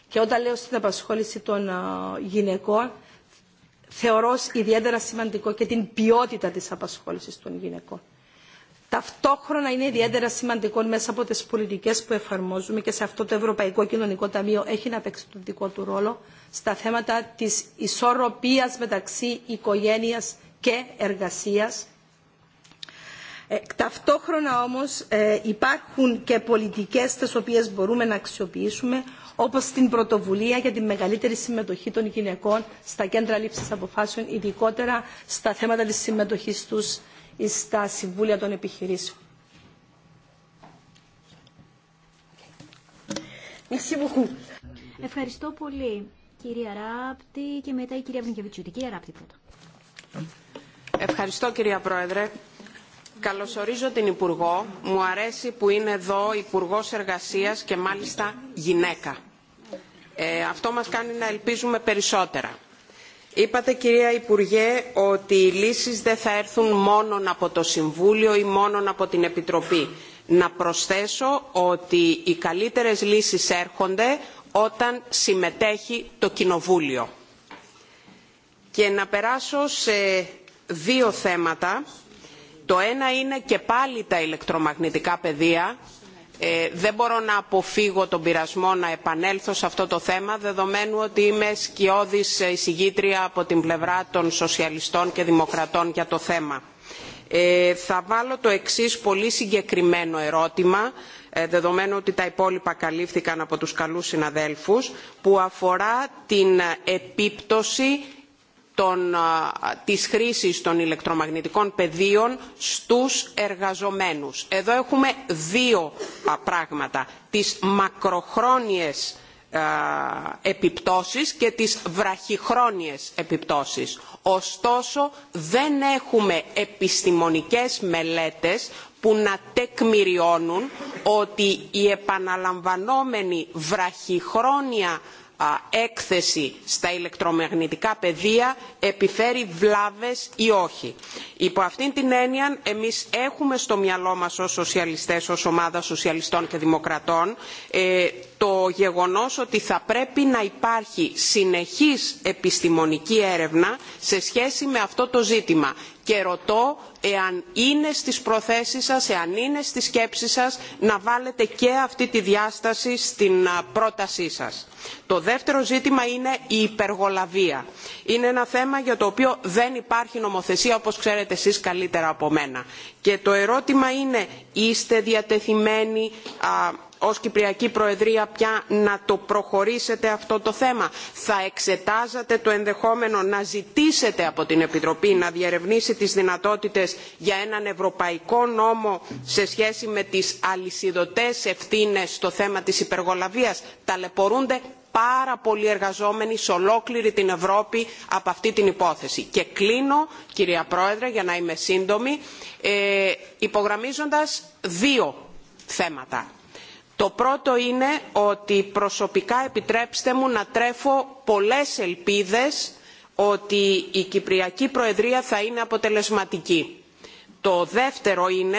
Και όταν λέω στην απασχόληση των ε, γυναικών, θεωρώ ιδιαίτερα σημαντικό και την ποιότητα της απασχόλησης των γυναικών. Ταυτόχρονα είναι ιδιαίτερα σημαντικό μέσα από τις πολιτικές που εφαρμόζουμε και σε αυτό το Ευρωπαϊκό Κοινωνικό Ταμείο έχει να παίξει τον δικό του ρόλο στα θέματα της ισορροπίας μεταξύ οικογένειας και εργασίας. Ε, ταυτόχρονα όμως ε, υπάρχουν και πολιτικές τις οποίες μπορούμε να αξιοποιήσουμε όπως την πρωτοβουλία για τη μεγαλύτερη συμμετοχή των γυναικών στα κέντρα λήψης αποφάσεων, ειδικότερα στα θέματα της συμμετοχής τους στα συμβούλια των επιχειρήσεων. Ευχαριστώ πολύ κυρία Ράπτη και μετά η κυρία Βνικεβιτσιούτη. Κυρία Ράπτη πρώτα. Ευχαριστώ κυρία Πρόεδρε. Καλωσορίζω την Υπουργό. Μου αρέσει που είναι εδώ Υπουργό Εργασίας και μάλιστα γυναίκα. Ε, αυτό μας κάνει να ελπίζουμε περισσότερα. Είπατε κυρία Υπουργέ ότι οι λύσεις δεν θα έρθουν μόνον από το Συμβούλιο ή μόνον από την Επιτροπή. Να προσθέσω ότι οι καλύτερες λύσεις έρχονται όταν συμμετέχει το Κοινοβούλιο. Και να περάσω σε δύο θέματα το ένα είναι και πάλι τα ηλεκτρομαγνητικά πεδία ε, δεν μπορώ να αποφύγω τον πειρασμό να επανέλθω σε αυτό το θέμα δεδομένου ότι είμαι σκιώδης εισηγήτρια από την πλευρά των σοσιαλιστών και δημοκρατών για το θέμα. Ε, θα βάλω το εξής πολύ συγκεκριμένο ερώτημα ε, δεδομένου ότι τα υπόλοιπα καλύφθηκαν από τους καλούς συναδέλφους που αφορά την επίπτωση της χρήσης των ηλεκτρομαγνητικών πεδίων στους εργαζομένους. Εδώ έχουμε δύο πράγματα. Τις μακροχρόνιες επιπτώσεις και τις βραχυχρόνιες επιπτώσεις. Ωστόσο δεν έχουμε επιστημονικές μελέτες που να τεκμηριώνουν ότι η επαναλαμβανόμενη βραχυχρόνια έκθεση στα ηλεκτρομαγνητικά πεδία επιφέρει βλάβες ή όχι. Υπό αυτήν την έννοια εμείς έχουμε στο μυαλό μας ως σοσιαλιστές, ως ομάδα σοσιαλιστών και δημοκρατών ε, το γεγονός ότι θα πρέπει να υπάρχει συνεχής επιστημονική έρευνα σε σχέση με αυτό το ζήτημα και ρωτώ εάν είναι στις προθέσεις σας, εάν είναι στις σκέψεις σας να βάλετε και αυτή τη διάσταση στην πρότασή σας. Το δεύτερο ζήτημα είναι η υπεργολαβία. Είναι ένα θέμα για το οποίο δεν υπάρχει νομοθεσία όπως ξέρετε εσείς καλύτερα από μένα. Και το ερώτημα είναι είστε διατεθειμένοι ως Κυπριακή Προεδρία πια να το προχωρήσετε αυτό το θέμα. Θα εξετάζατε το ενδεχόμενο να ζητήσετε από την Επιτροπή να διερευνήσει τις δυνατότητες για έναν ευρωπαϊκό νόμο σε σχέση με τις αλυσιδωτές ευθύνες στο θέμα της υπεργολαβίας. Ταλαιπωρούνται πάρα πολλοί εργαζόμενοι σε ολόκληρη την Ευρώπη από αυτή την υπόθεση. Και κλείνω, κυρία Πρόεδρε, για να είμαι σύντομη, ε, δύο θέματα το πρώτο είναι ότι προσωπικά επιτρέψτε μου να τρέφω πολλές ελπίδες ότι η κυπριακή προεδρία θα είναι αποτελεσματική. το δεύτερο είναι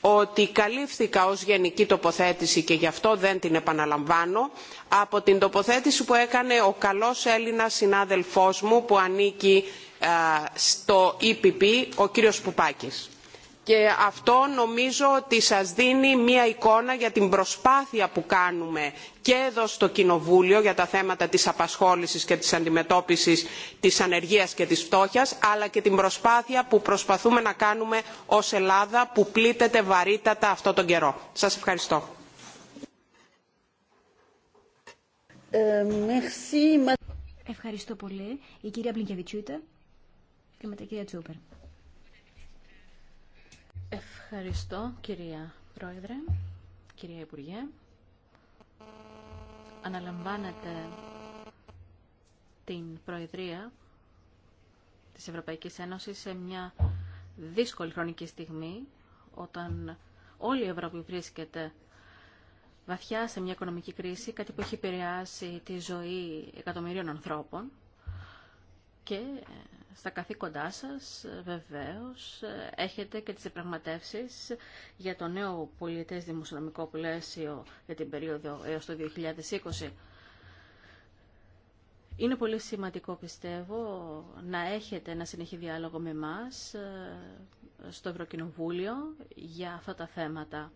ότι καλύφθηκα ως γενική τοποθέτηση και γι' αυτό δεν την επαναλαμβάνω από την τοποθέτηση που έκανε ο καλός έλληνας συνάδελφός μου που ανήκει ε, στο ΕΠΠ ο κύριος πουπάκης και αυτό νομίζω ότι σας δίνει μια εικόνα για την προσπάθεια που κάνουμε και εδώ στο κοινοβούλιο για τα θέματα της απασχόλησης και της αντιμετώπισης της ανεργίας και της φτώχειας αλλά και την προσπάθεια που προσπαθούμε να κάνουμε ως ελλάδα που πλήττεται βαρύτατα αυτό τον καιρό. σας ευχαριστώ. Ε, ευχαριστώ πολύ. Η κυρία και μετά η κυρία Ευχαριστώ, κυρία Πρόεδρε, κυρία Υπουργέ. Αναλαμβάνετε την Προεδρία της Ευρωπαϊκής Ένωσης σε μια δύσκολη χρονική στιγμή, όταν όλη η Ευρώπη βρίσκεται βαθιά σε μια οικονομική κρίση, κάτι που έχει επηρεάσει τη ζωή εκατομμυρίων ανθρώπων και στα καθήκοντά σας, βεβαίως, έχετε και τις επραγματεύσεις για το νέο πολιτές δημοσιονομικό πλαίσιο για την περίοδο έως το 2020. Είναι πολύ σημαντικό, πιστεύω, να έχετε ένα συνεχή διάλογο με μας ε, στο Ευρωκοινοβούλιο για αυτά τα θέματα.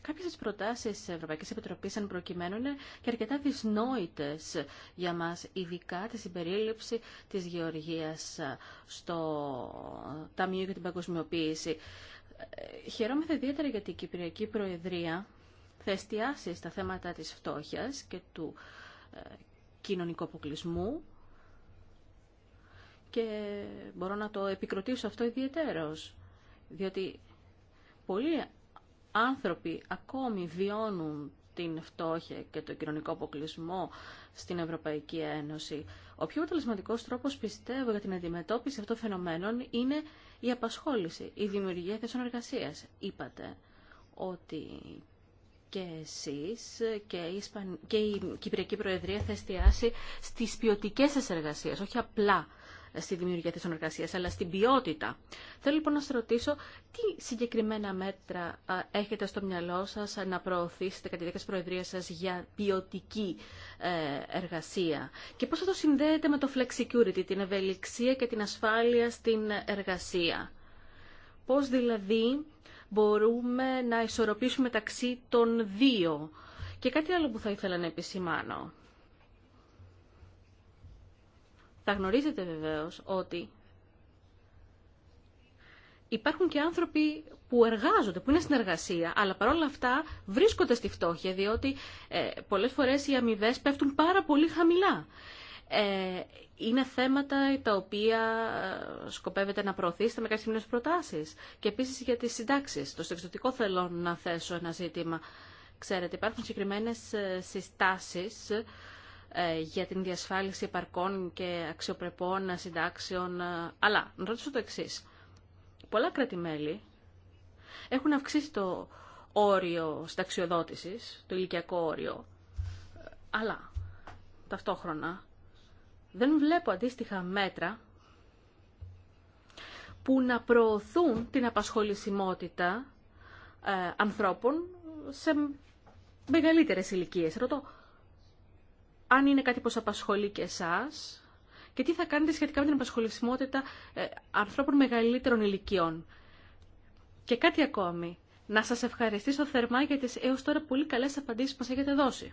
Κάποιες τις προτάσεις της Ευρωπαϊκής Επιτροπής αν προκειμένου είναι και αρκετά δυσνόητες για μας, ειδικά τη συμπερίληψη της γεωργίας στο Ταμείο για την Παγκοσμιοποίηση. Χαιρόμαστε ιδιαίτερα γιατί η Κυπριακή Προεδρία θα εστιάσει στα θέματα της φτώχειας και του ε, κοινωνικού αποκλεισμού και μπορώ να το επικροτήσω αυτό ιδιαίτερος, διότι πολλοί άνθρωποι ακόμη βιώνουν την φτώχεια και το κοινωνικό αποκλεισμό στην Ευρωπαϊκή Ένωση. Ο πιο αποτελεσματικό τρόπο, πιστεύω, για την αντιμετώπιση αυτών των φαινομένων είναι η απασχόληση, η δημιουργία θέσεων εργασία. Είπατε ότι και εσείς και η, Ισπαν... και η Κυπριακή Προεδρία θα εστιάσει στις ποιοτικές σας εργασίες, όχι απλά στη δημιουργία της εργασία, αλλά στην ποιότητα. Θέλω λοιπόν να σα ρωτήσω τι συγκεκριμένα μέτρα έχετε στο μυαλό σα να προωθήσετε κατά τη διάρκεια τη Προεδρία σα για ποιοτική ε, εργασία και πώ θα το συνδέετε με το flexicurity, την ευελιξία και την ασφάλεια στην εργασία. Πώς δηλαδή μπορούμε να ισορροπήσουμε μεταξύ των δύο. Και κάτι άλλο που θα ήθελα να επισημάνω. Θα γνωρίζετε βεβαίως ότι υπάρχουν και άνθρωποι που εργάζονται, που είναι στην εργασία, αλλά παρόλα αυτά βρίσκονται στη φτώχεια, διότι ε, πολλές φορές οι αμοιβέ πέφτουν πάρα πολύ χαμηλά. Ε, είναι θέματα τα οποία ε, σκοπεύετε να προωθήσετε με κάποιες προτάσεις. Και επίσης για τις συντάξεις. Το στεξιωτικό θέλω να θέσω ένα ζήτημα. Ξέρετε, υπάρχουν συγκεκριμένες ε, συστάσεις ε, για την διασφάλιση επαρκών και αξιοπρεπών συντάξεων. Ε, αλλά, να ρωτήσω το εξή. Πολλά κράτη-μέλη έχουν αυξήσει το όριο συνταξιοδότησης, το ηλικιακό όριο, ε, αλλά ταυτόχρονα δεν βλέπω αντίστοιχα μέτρα που να προωθούν την απασχολησιμότητα ανθρώπων σε μεγαλύτερες ηλικίες. Ρωτώ, αν είναι κάτι που σας απασχολεί και εσάς και τι θα κάνετε σχετικά με την απασχολησιμότητα ε, ανθρώπων μεγαλύτερων ηλικιών. Και κάτι ακόμη. Να σας ευχαριστήσω θερμά για τις έως τώρα πολύ καλές απαντήσεις που μας έχετε δώσει.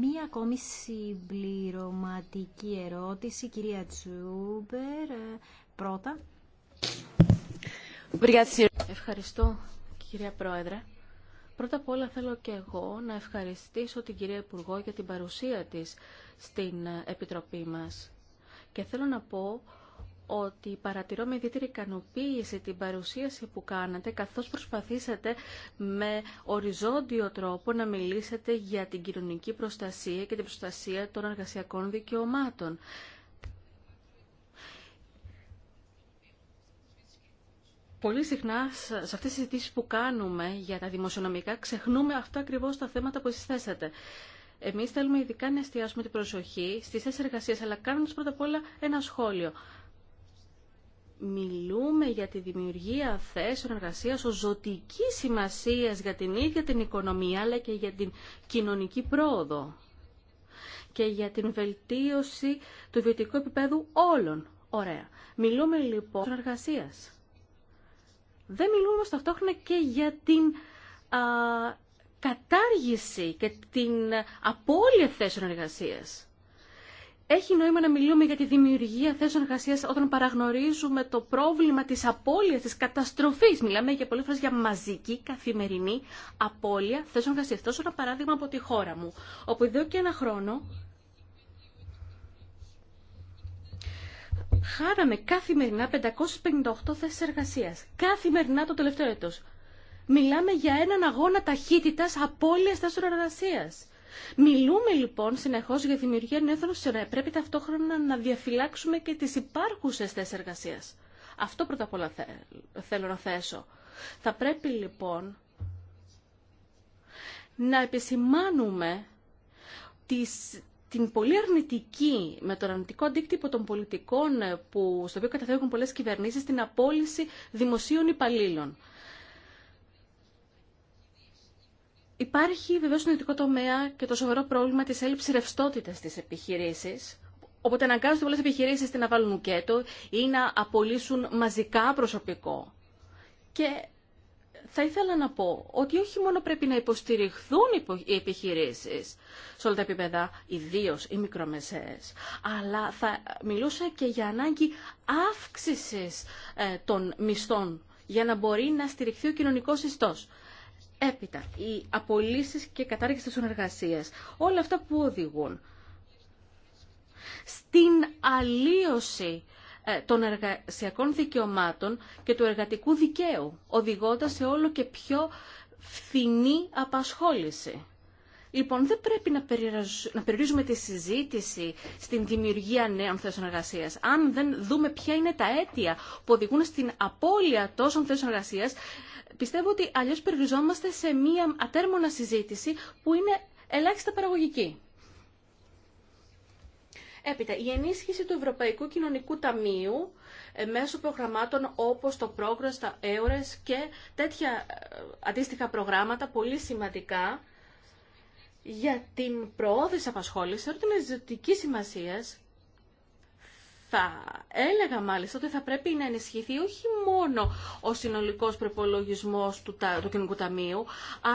Μία ακόμη συμπληρωματική ερώτηση, κυρία Τσούμπερ. Ε, πρώτα. Ευχαριστώ, κυρία Πρόεδρε. Πρώτα απ' όλα θέλω και εγώ να ευχαριστήσω την κυρία Υπουργό για την παρουσία της στην Επιτροπή μας. Και θέλω να πω ότι παρατηρώ με ιδιαίτερη ικανοποίηση την παρουσίαση που κάνατε καθώς προσπαθήσατε με οριζόντιο τρόπο να μιλήσετε για την κοινωνική προστασία και την προστασία των εργασιακών δικαιωμάτων. πολύ συχνά σε αυτές τις συζητήσεις που κάνουμε για τα δημοσιονομικά ξεχνούμε αυτά ακριβώς τα θέματα που εσείς θέσατε. Εμείς θέλουμε ειδικά να εστιάσουμε την προσοχή στις θέσεις εργασίας, αλλά κάνουμε πρώτα απ' όλα ένα σχόλιο. Μιλούμε για τη δημιουργία θέσεων εργασίας ως ζωτική σημασία για την ίδια την οικονομία, αλλά και για την κοινωνική πρόοδο και για την βελτίωση του βιωτικού επίπεδου όλων. Ωραία. Μιλούμε λοιπόν εργασία. Δεν μιλούμε όμως ταυτόχρονα και για την α, κατάργηση και την απώλεια θέσεων εργασίας. Έχει νόημα να μιλούμε για τη δημιουργία θέσεων εργασία όταν παραγνωρίζουμε το πρόβλημα της απώλειας, της καταστροφής. Μιλάμε για πολλές φορέ για μαζική καθημερινή απώλεια θέσεων εργασία. Τόσο ένα παράδειγμα από τη χώρα μου, όπου εδώ και ένα χρόνο Χάραμε καθημερινά 558 θέσει εργασία. Καθημερινά το τελευταίο έτος. Μιλάμε για έναν αγώνα ταχύτητας απώλεια θέσεων εργασία. Μιλούμε λοιπόν συνεχώς για δημιουργία νέων θέσεων. Ναι, πρέπει ταυτόχρονα να διαφυλάξουμε και τις υπάρχουσες θέσει εργασία. Αυτό πρώτα απ' όλα θέλω να θέσω. Θα πρέπει λοιπόν να επισημάνουμε τις την πολύ αρνητική, με τον αρνητικό αντίκτυπο των πολιτικών ε, που, στο οποίο καταθέτουν πολλές κυβερνήσεις, την απόλυση δημοσίων υπαλλήλων. Υπάρχει βεβαίως στον ειδικό τομέα και το σοβαρό πρόβλημα της έλλειψης ρευστότητας της επιχειρήσης, οπότε αναγκάζονται πολλές επιχειρήσεις να βάλουν κέτο ή να απολύσουν μαζικά προσωπικό. Και θα ήθελα να πω ότι όχι μόνο πρέπει να υποστηριχθούν οι επιχειρήσεις σε όλα τα επίπεδα, ιδίω οι μικρομεσαίες, αλλά θα μιλούσα και για ανάγκη αύξησης ε, των μισθών για να μπορεί να στηριχθεί ο κοινωνικός ιστός. Έπειτα, οι απολύσεις και κατάργηση τη εργασίας, όλα αυτά που οδηγούν στην αλλίωση ε, των εργασιακών δικαιωμάτων και του εργατικού δικαίου, οδηγώντας σε όλο και πιο φθηνή απασχόληση. Λοιπόν, δεν πρέπει να περιορίζουμε τη συζήτηση στην δημιουργία νέων θέσεων εργασία. Αν δεν δούμε ποια είναι τα αίτια που οδηγούν στην απώλεια τόσων θέσεων εργασία, πιστεύω ότι αλλιώ περιοριζόμαστε σε μία ατέρμονα συζήτηση που είναι ελάχιστα παραγωγική. Έπειτα, η ενίσχυση του Ευρωπαϊκού Κοινωνικού Ταμείου ε, μέσω προγραμμάτων όπως το πρόγραμμα τα EURES και τέτοια ε, αντίστοιχα προγράμματα πολύ σημαντικά για την προώθηση απασχόληση, ότι είναι ζωτική σημασία θα έλεγα μάλιστα ότι θα πρέπει να ενισχυθεί όχι μόνο ο συνολικός προπολογισμό του, του Κοινωνικού Ταμείου,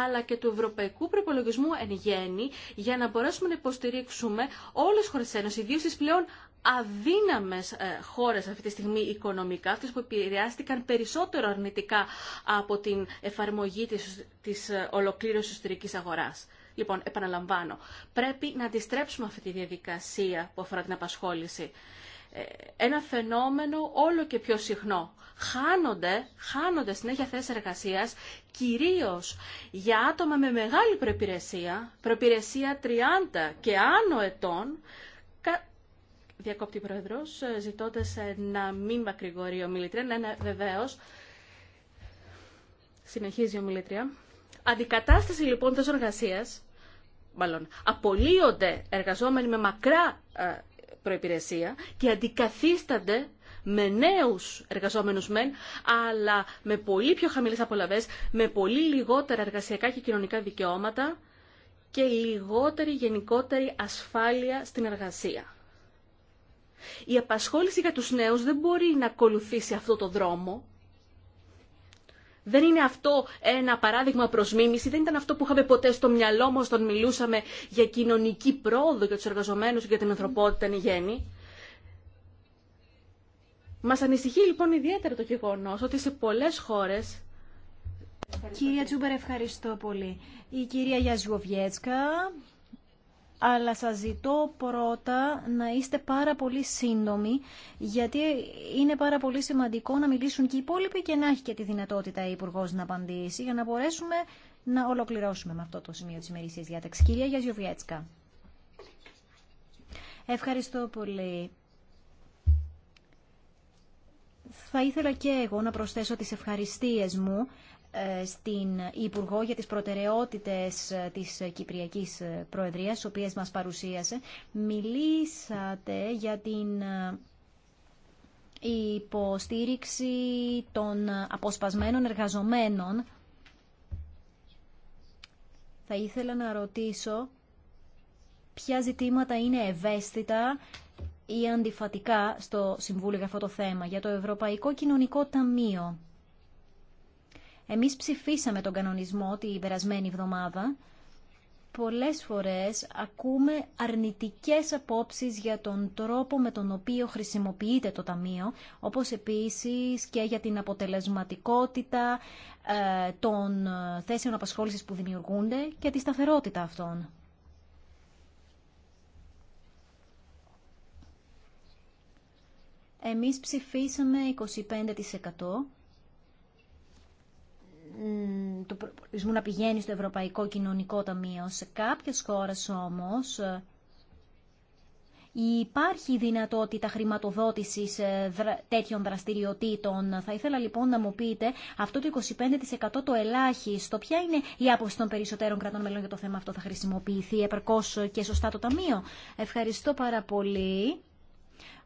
αλλά και του Ευρωπαϊκού Προπολογισμού εν γέννη, για να μπορέσουμε να υποστηρίξουμε όλες τις χώρες της Ένωσης, ιδίως τις πλέον αδύναμες ε, χώρες αυτή τη στιγμή οικονομικά, αυτές που επηρεάστηκαν περισσότερο αρνητικά από την εφαρμογή της, της ε, ολοκλήρωσης αγοράς. Λοιπόν, επαναλαμβάνω, πρέπει να αντιστρέψουμε αυτή τη διαδικασία που αφορά την απασχόληση ένα φαινόμενο όλο και πιο συχνό. Χάνονται, χάνονται συνέχεια θέσεις εργασίας, κυρίως για άτομα με μεγάλη προπηρεσία, προπηρεσία 30 και άνω ετών, Διακόπτη Πρόεδρος, ζητώντας ε, να μην μακρηγορεί ο Μιλήτρια. Ναι, ναι, βεβαίως. Συνεχίζει ο Μιλήτρια. Αντικατάσταση λοιπόν της εργασίας, μάλλον απολύονται εργαζόμενοι με μακρά ε, προϋπηρεσία και αντικαθίστανται με νέους εργαζόμενους μεν, αλλά με πολύ πιο χαμηλές απολαβές, με πολύ λιγότερα εργασιακά και κοινωνικά δικαιώματα και λιγότερη γενικότερη ασφάλεια στην εργασία. Η απασχόληση για τους νέους δεν μπορεί να ακολουθήσει αυτό το δρόμο δεν είναι αυτό ένα παράδειγμα προ μίμηση, δεν ήταν αυτό που είχαμε ποτέ στο μυαλό μα όταν μιλούσαμε για κοινωνική πρόοδο για του εργαζόμενου και για την ανθρωπότητα εν γέννη. Μας ανησυχεί λοιπόν ιδιαίτερα το γεγονό ότι σε πολλέ χώρες Κυρία Τσούμπερ, ευχαριστώ πολύ. Η κυρία Γιαζουοβιέτσκα αλλά σας ζητώ πρώτα να είστε πάρα πολύ σύντομοι, γιατί είναι πάρα πολύ σημαντικό να μιλήσουν και οι υπόλοιποι και να έχει και τη δυνατότητα η υπουργό να απαντήσει, για να μπορέσουμε να ολοκληρώσουμε με αυτό το σημείο της ημερήσιας διάταξης. Κυρία Γιαζιοβιέτσκα. Ευχαριστώ πολύ. Θα ήθελα και εγώ να προσθέσω τις ευχαριστίες μου ε, στην Υπουργό για τις προτεραιότητες ε, της Κυπριακής ε, Προεδρίας, τις οποίες μας παρουσίασε. Μιλήσατε για την υποστήριξη των αποσπασμένων εργαζομένων. Θα ήθελα να ρωτήσω ποια ζητήματα είναι ευαίσθητα ή αντιφατικά στο Συμβούλιο για αυτό το θέμα, για το Ευρωπαϊκό Κοινωνικό Ταμείο. Εμείς ψηφίσαμε τον κανονισμό την περασμένη εβδομάδα. Πολλές φορές ακούμε αρνητικές απόψεις για τον τρόπο με τον οποίο χρησιμοποιείται το Ταμείο, όπως επίσης και για την αποτελεσματικότητα ε, των θέσεων απασχόλησης που δημιουργούνται και τη σταθερότητα αυτών. Εμείς ψηφίσαμε 25% το προορισμού να πηγαίνει στο Ευρωπαϊκό Κοινωνικό Ταμείο. Σε κάποιες χώρες όμως ε, υπάρχει δυνατότητα χρηματοδότησης ε, τέτοιων δραστηριοτήτων. Θα ήθελα λοιπόν να μου πείτε αυτό το 25% το ελάχιστο. Ποια είναι η άποψη των περισσότερων κρατών μελών για το θέμα αυτό. Θα χρησιμοποιηθεί επαρκώς ε, και σωστά το Ταμείο. Ευχαριστώ πάρα πολύ.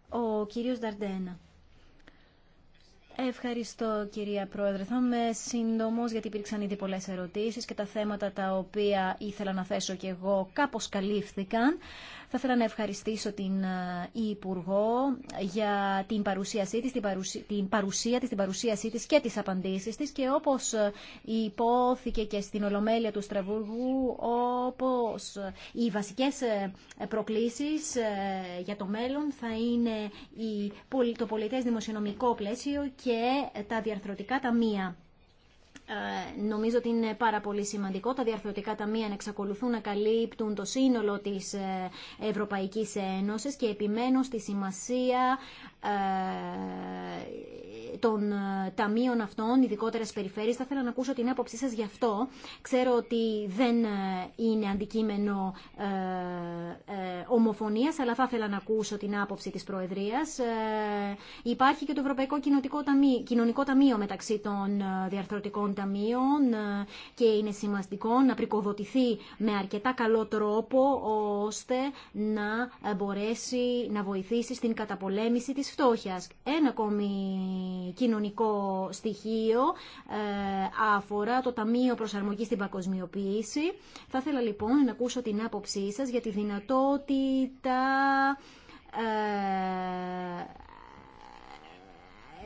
Ο κύριος Νταρντένα. Ευχαριστώ κυρία Πρόεδρε. Θα είμαι σύντομος γιατί υπήρξαν ήδη πολλές ερωτήσεις και τα θέματα τα οποία ήθελα να θέσω κι εγώ κάπως καλύφθηκαν. Θα ήθελα να ευχαριστήσω την ε, Υπουργό για την παρουσίασή της, την παρουσία, την της, την παρουσίασή της και τις απαντήσεις της και όπως ε, υπόθηκε και στην Ολομέλεια του Στραβούργου, όπως ε, οι βασικές προκλήσεις για το μέλλον θα είναι το πολιτές δημοσιονομικό πλαίσιο και τα διαρθρωτικά ταμεία. Ε, νομίζω ότι είναι πάρα πολύ σημαντικό. Τα διαρθρωτικά ταμεία να εξακολουθούν να καλύπτουν το σύνολο της ε, Ευρωπαϊκής Ένωσης και επιμένω στη σημασία ε, των ε, ταμείων αυτών, ειδικότερα στις περιφέρειες. Θα ήθελα να ακούσω την άποψή σας γι' αυτό. Ξέρω ότι δεν ε, είναι αντικείμενο ομοφωνίας, αλλά θα ήθελα να ακούσω την άποψη της Προεδρίας. Υπάρχει και το Ευρωπαϊκό Κοινωνικό Ταμείο μεταξύ των διαρθρωτικών ταμείων και είναι σημαντικό να πρικοδοτηθεί με αρκετά καλό τρόπο ώστε να μπορέσει να βοηθήσει στην καταπολέμηση της ένα ακόμη κοινωνικό στοιχείο ε, αφορά το Ταμείο Προσαρμογής στην Παγκοσμιοποίηση. Θα ήθελα λοιπόν να ακούσω την άποψή σας για τη δυνατότητα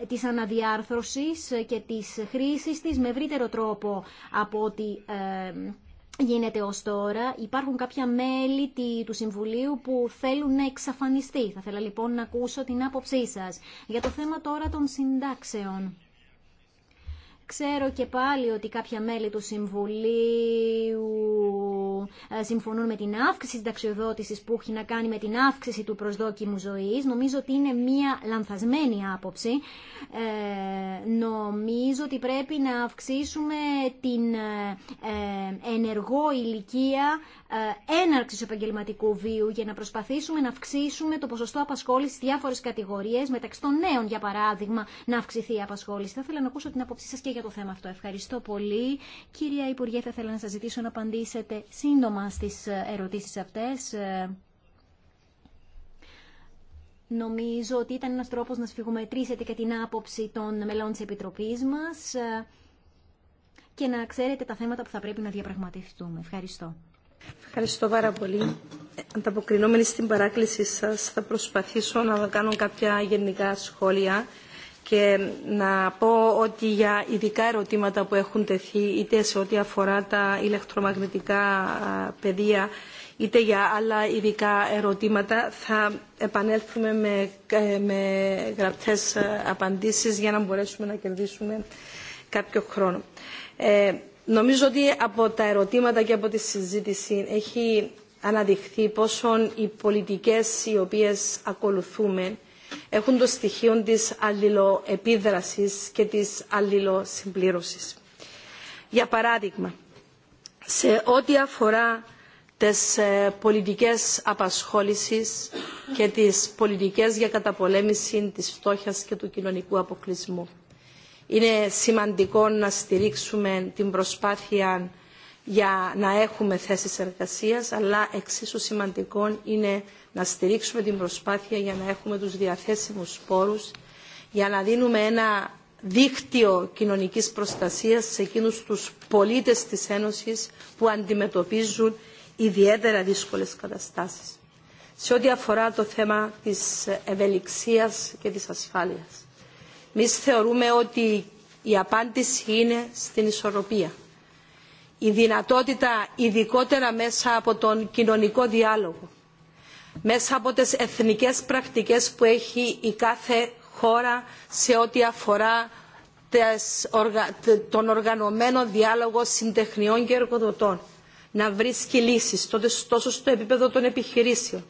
ε, της αναδιάρθρωσης και της χρήσης της με ευρύτερο τρόπο από ότι... Τη ε, γίνεται ως τώρα. Υπάρχουν κάποια μέλη του Συμβουλίου που θέλουν να εξαφανιστεί. Θα ήθελα λοιπόν να ακούσω την άποψή σας για το θέμα τώρα των συντάξεων. Ξέρω και πάλι ότι κάποια μέλη του Συμβουλίου ε, συμφωνούν με την αύξηση της ταξιοδότησης που έχει να κάνει με την αύξηση του προσδόκιμου ζωής. Νομίζω ότι είναι μία λανθασμένη άποψη. Ε, νομίζω ότι πρέπει να αυξήσουμε την ε, ε ενεργό ηλικία ε, έναρξης επαγγελματικού βίου για να προσπαθήσουμε να αυξήσουμε το ποσοστό απασχόλησης σε διάφορες κατηγορίες, μεταξύ των νέων για παράδειγμα, να αυξηθεί η απασχόληση. Θα ήθελα να ακούσω την άποψή σας και για το θέμα αυτό. Ευχαριστώ πολύ. Κυρία Υπουργέ, θα ήθελα να σας ζητήσω να απαντήσετε σύντομα στις ερωτήσεις αυτές. Νομίζω ότι ήταν ένας τρόπος να σφιγουμετρήσετε και την άποψη των μελών της Επιτροπής μας και να ξέρετε τα θέματα που θα πρέπει να διαπραγματευτούμε. Ευχαριστώ. Ευχαριστώ πάρα πολύ. Ανταποκρινόμενη στην παράκληση σας, θα προσπαθήσω να κάνω κάποια γενικά σχόλια και να πω ότι για ειδικά ερωτήματα που έχουν τεθεί είτε σε ό,τι αφορά τα ηλεκτρομαγνητικά πεδία είτε για άλλα ειδικά ερωτήματα θα επανέλθουμε με, ε, με γραπτές ε, απαντήσεις για να μπορέσουμε να κερδίσουμε κάποιο χρόνο. Ε, νομίζω ότι από τα ερωτήματα και από τη συζήτηση έχει αναδειχθεί πόσο οι πολιτικές οι οποίες ακολουθούμε έχουν το στοιχείο της αλληλοεπίδρασης και της αλληλοσυμπλήρωσης. Για παράδειγμα, σε ό,τι αφορά τις ε, πολιτικές απασχόλησης και τις πολιτικές για καταπολέμηση της φτώχειας και του κοινωνικού αποκλεισμού. Είναι σημαντικό να στηρίξουμε την προσπάθεια για να έχουμε θέσεις εργασίας, αλλά εξίσου σημαντικό είναι να στηρίξουμε την προσπάθεια για να έχουμε τους διαθέσιμους πόρους, για να δίνουμε ένα δίκτυο κοινωνικής προστασίας σε εκείνους τους πολίτες της Ένωσης που αντιμετωπίζουν ιδιαίτερα δύσκολες καταστάσεις. Σε ό,τι αφορά το θέμα της ευελιξίας και της ασφάλειας. Εμεί θεωρούμε ότι η απάντηση είναι στην ισορροπία. Η δυνατότητα ειδικότερα μέσα από τον κοινωνικό διάλογο μέσα από τις εθνικές πρακτικές που έχει η κάθε χώρα σε ό,τι αφορά τον οργανωμένο διάλογο συντεχνιών και εργοδοτών να βρίσκει λύσεις τόσο στο επίπεδο των επιχειρήσεων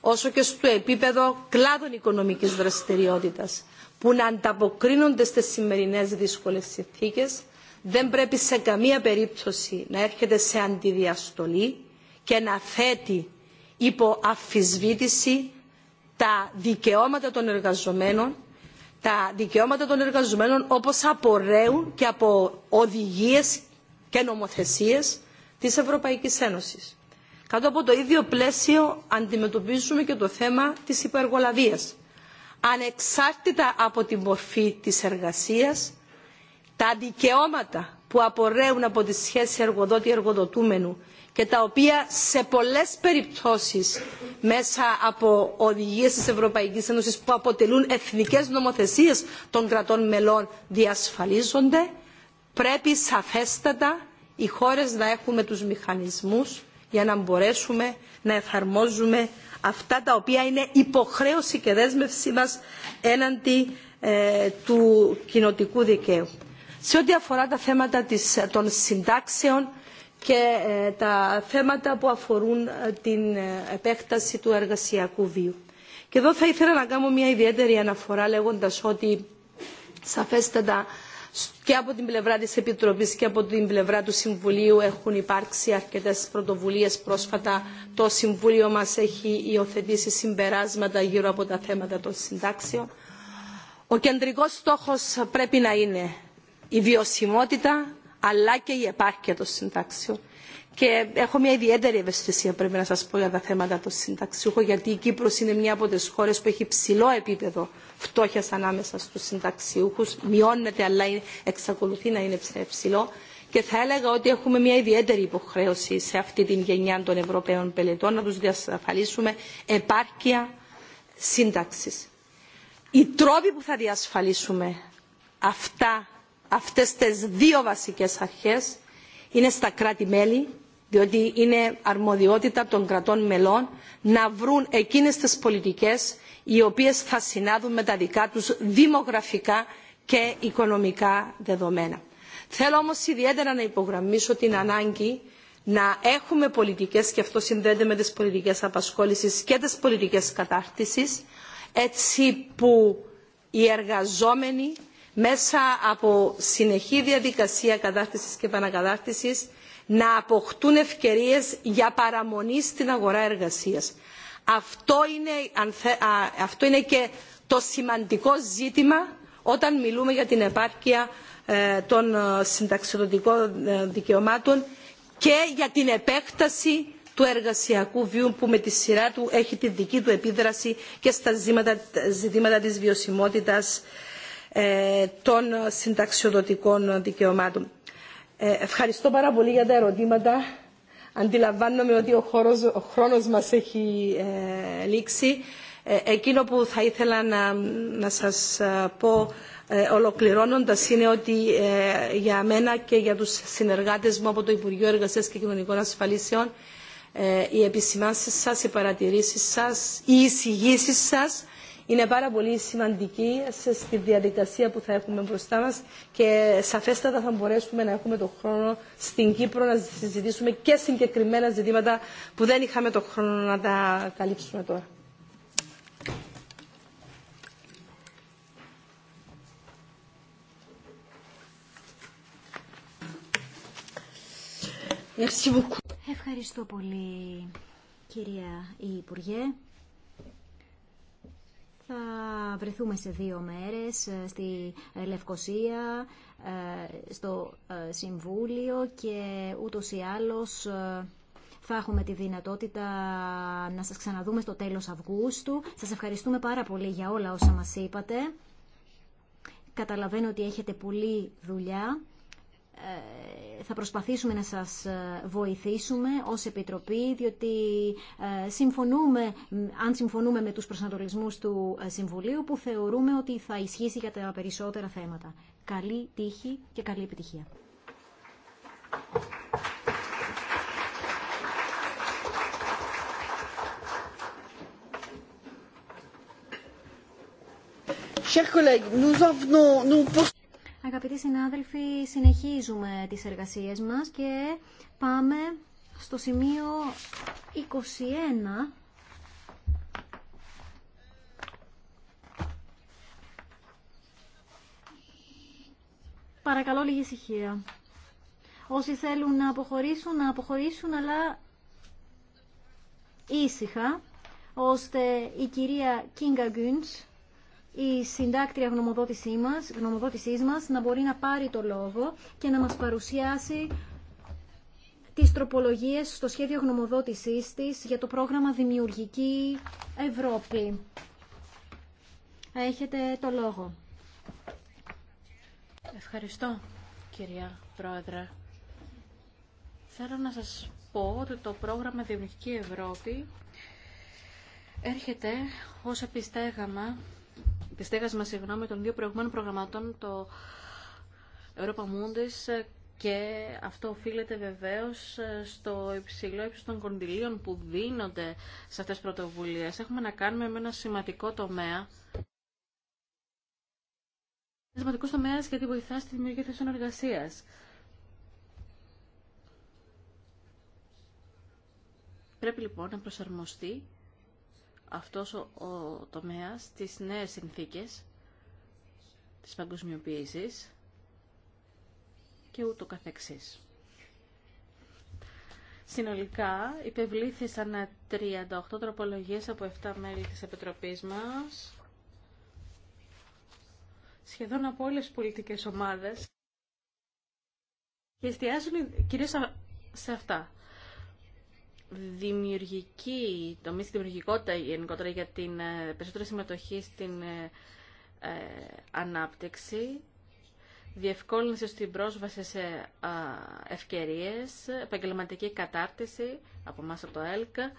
όσο και στο επίπεδο κλάδων οικονομικής δραστηριότητας που να ανταποκρίνονται στις σημερινές δύσκολες συνθήκες δεν πρέπει σε καμία περίπτωση να έρχεται σε αντιδιαστολή και να θέτει υπό αφισβήτηση τα δικαιώματα των εργαζομένων τα δικαιώματα των εργαζομένων όπως απορρέουν και από οδηγίες και νομοθεσίες της Ευρωπαϊκής Ένωσης. Κάτω από το ίδιο πλαίσιο αντιμετωπίζουμε και το θέμα της υπεργολαβίας. Ανεξάρτητα από τη μορφή της εργασίας, τα δικαιώματα που απορρέουν από τη σχέση εργοδότη-εργοδοτούμενου και τα οποία σε πολλές περιπτώσεις μέσα από οδηγίες της Ευρωπαϊκής Ένωσης που αποτελούν εθνικές νομοθεσίες των κρατών μελών διασφαλίζονται, πρέπει σαφέστατα οι χώρες να έχουμε τους μηχανισμούς για να μπορέσουμε να εφαρμόζουμε αυτά τα οποία είναι υποχρέωση και δέσμευσή μας έναντι ε, του κοινοτικού δικαίου. Σε ό,τι αφορά τα θέματα των συντάξεων, και ε, τα θέματα που αφορούν ε, την ε, επέκταση του εργασιακού βίου. Και εδώ θα ήθελα να κάνω μια ιδιαίτερη αναφορά λέγοντας ότι σαφέστατα και από την πλευρά της Επιτροπής και από την πλευρά του Συμβουλίου έχουν υπάρξει αρκετές πρωτοβουλίες πρόσφατα. Το Συμβούλιο μας έχει υιοθετήσει συμπεράσματα γύρω από τα θέματα των συντάξεων. Ο κεντρικός στόχος πρέπει να είναι η βιωσιμότητα αλλά και η επάρκεια των συντάξεων. Και έχω μια ιδιαίτερη ευαισθησία πρέπει να σα πω για τα θέματα των συνταξιούχων γιατί η Κύπρο είναι μια από τι χώρε που έχει ψηλό επίπεδο φτώχεια ανάμεσα στου συνταξιούχου. Μειώνεται αλλά εξακολουθεί να είναι ψηλό. Και θα έλεγα ότι έχουμε μια ιδιαίτερη υποχρέωση σε αυτή την γενιά των Ευρωπαίων πελετών να του διασφαλίσουμε επάρκεια σύνταξη. Οι τρόποι που θα διασφαλίσουμε αυτά αυτές τις δύο βασικές αρχές είναι στα κράτη-μέλη, διότι είναι αρμοδιότητα των κρατών μελών να βρουν εκείνες τις πολιτικές οι οποίες θα συνάδουν με τα δικά τους δημογραφικά και οικονομικά δεδομένα. Θέλω όμως ιδιαίτερα να υπογραμμίσω την ανάγκη να έχουμε πολιτικές, και αυτό συνδέεται με τις πολιτικές απασχόλησης και τις πολιτικές κατάρτισης, έτσι που οι εργαζόμενοι μέσα από συνεχή διαδικασία κατάρτισης και επανακατάρτισης να αποκτούν ευκαιρίες για παραμονή στην αγορά εργασίας. Αυτό είναι, αυτό είναι και το σημαντικό ζήτημα όταν μιλούμε για την επάρκεια ε, των ε, συνταξιδοτικών ε, δικαιωμάτων και για την επέκταση του εργασιακού βίου που με τη σειρά του έχει τη δική του επίδραση και στα ζητήματα της βιωσιμότητας ε, των συνταξιοδοτικών δικαιωμάτων. Ε, ευχαριστώ πάρα πολύ για τα ερωτήματα. Αντιλαμβάνομαι ότι ο, χώρος, ο χρόνος μας έχει ε, λήξει. Ε, εκείνο που θα ήθελα να, να σας πω ε, ολοκληρώνοντας είναι ότι για μένα και για τους συνεργάτες μου από το Υπουργείο Εργασίας και Κοινωνικών Ασφαλίσεων οι επισημάνσεις σας, οι παρατηρήσεις σας, οι εισηγήσεις σας είναι πάρα πολύ σημαντική στη διαδικασία που θα έχουμε μπροστά μας και σαφέστατα θα μπορέσουμε να έχουμε το χρόνο στην Κύπρο να συζητήσουμε και συγκεκριμένα ζητήματα που δεν είχαμε το χρόνο να τα καλύψουμε τώρα. Ευχαριστώ πολύ κυρία Υπουργέ θα βρεθούμε σε δύο μέρες ε, στη Λευκοσία, ε, στο ε, Συμβούλιο και ούτως ή άλλως θα έχουμε τη δυνατότητα να σας ξαναδούμε στο τέλος Αυγούστου. Σας ευχαριστούμε πάρα πολύ για όλα όσα μας είπατε. Καταλαβαίνω ότι έχετε πολλή δουλειά. Ε, θα προσπαθήσουμε να σας ε, βοηθήσουμε ως Επιτροπή, διότι ε, συμφωνούμε, αν συμφωνούμε με τους προσανατολισμούς του Συμβουλίου, που θεωρούμε ότι θα ισχύσει για τα περισσότερα θέματα. Καλή τύχη και καλή επιτυχία. Chers collègues, nous en venons, Αγαπητοί συνάδελφοι, συνεχίζουμε τις εργασίες μας και πάμε στο σημείο 21. Παρακαλώ λίγη ησυχία. Όσοι θέλουν να αποχωρήσουν, να αποχωρήσουν, αλλά ήσυχα, ώστε η κυρία Κίνγκα Γκούντς η συντάκτρια γνωμοδότησή μας, γνωμοδότησής μας να μπορεί να πάρει το λόγο και να μας παρουσιάσει τις τροπολογίες στο σχέδιο γνωμοδότησής της για το πρόγραμμα Δημιουργική Ευρώπη. Έχετε το λόγο. Ευχαριστώ, κυρία Πρόεδρε. Θέλω να σας πω ότι το πρόγραμμα Δημιουργική Ευρώπη έρχεται ως επιστέγαμα τη στέγασμα συγγνώμη, των δύο προηγουμένων προγραμματών, το Europa Mundis και αυτό οφείλεται βεβαίως ε, στο υψηλό ύψος των κοντιλίων που δίνονται σε αυτές τις πρωτοβουλίες. Έχουμε να κάνουμε με ένα σημαντικό τομέα. Ένα σημαντικό τομέα γιατί βοηθά στη δημιουργία θέσεων εργασία. Πρέπει λοιπόν να προσαρμοστεί αυτός ο, ο τομέας τις νέες συνθήκες της παγκοσμιοποίησης και ούτω καθεξής. Συνολικά υπευλήθησαν 38 τροπολογίες από 7 μέλη της Επιτροπής μας, σχεδόν από όλες τις πολιτικές ομάδες και εστιάζουν κυρίως σε αυτά δημιουργική τομή, στη δημιουργικότητα γενικότερα για την ε, περισσότερη συμμετοχή στην ε, ε, ανάπτυξη, διευκόλυνση στην πρόσβαση σε ευκαιρίες, επαγγελματική κατάρτιση από εμάς από το ΕΛΚΑ,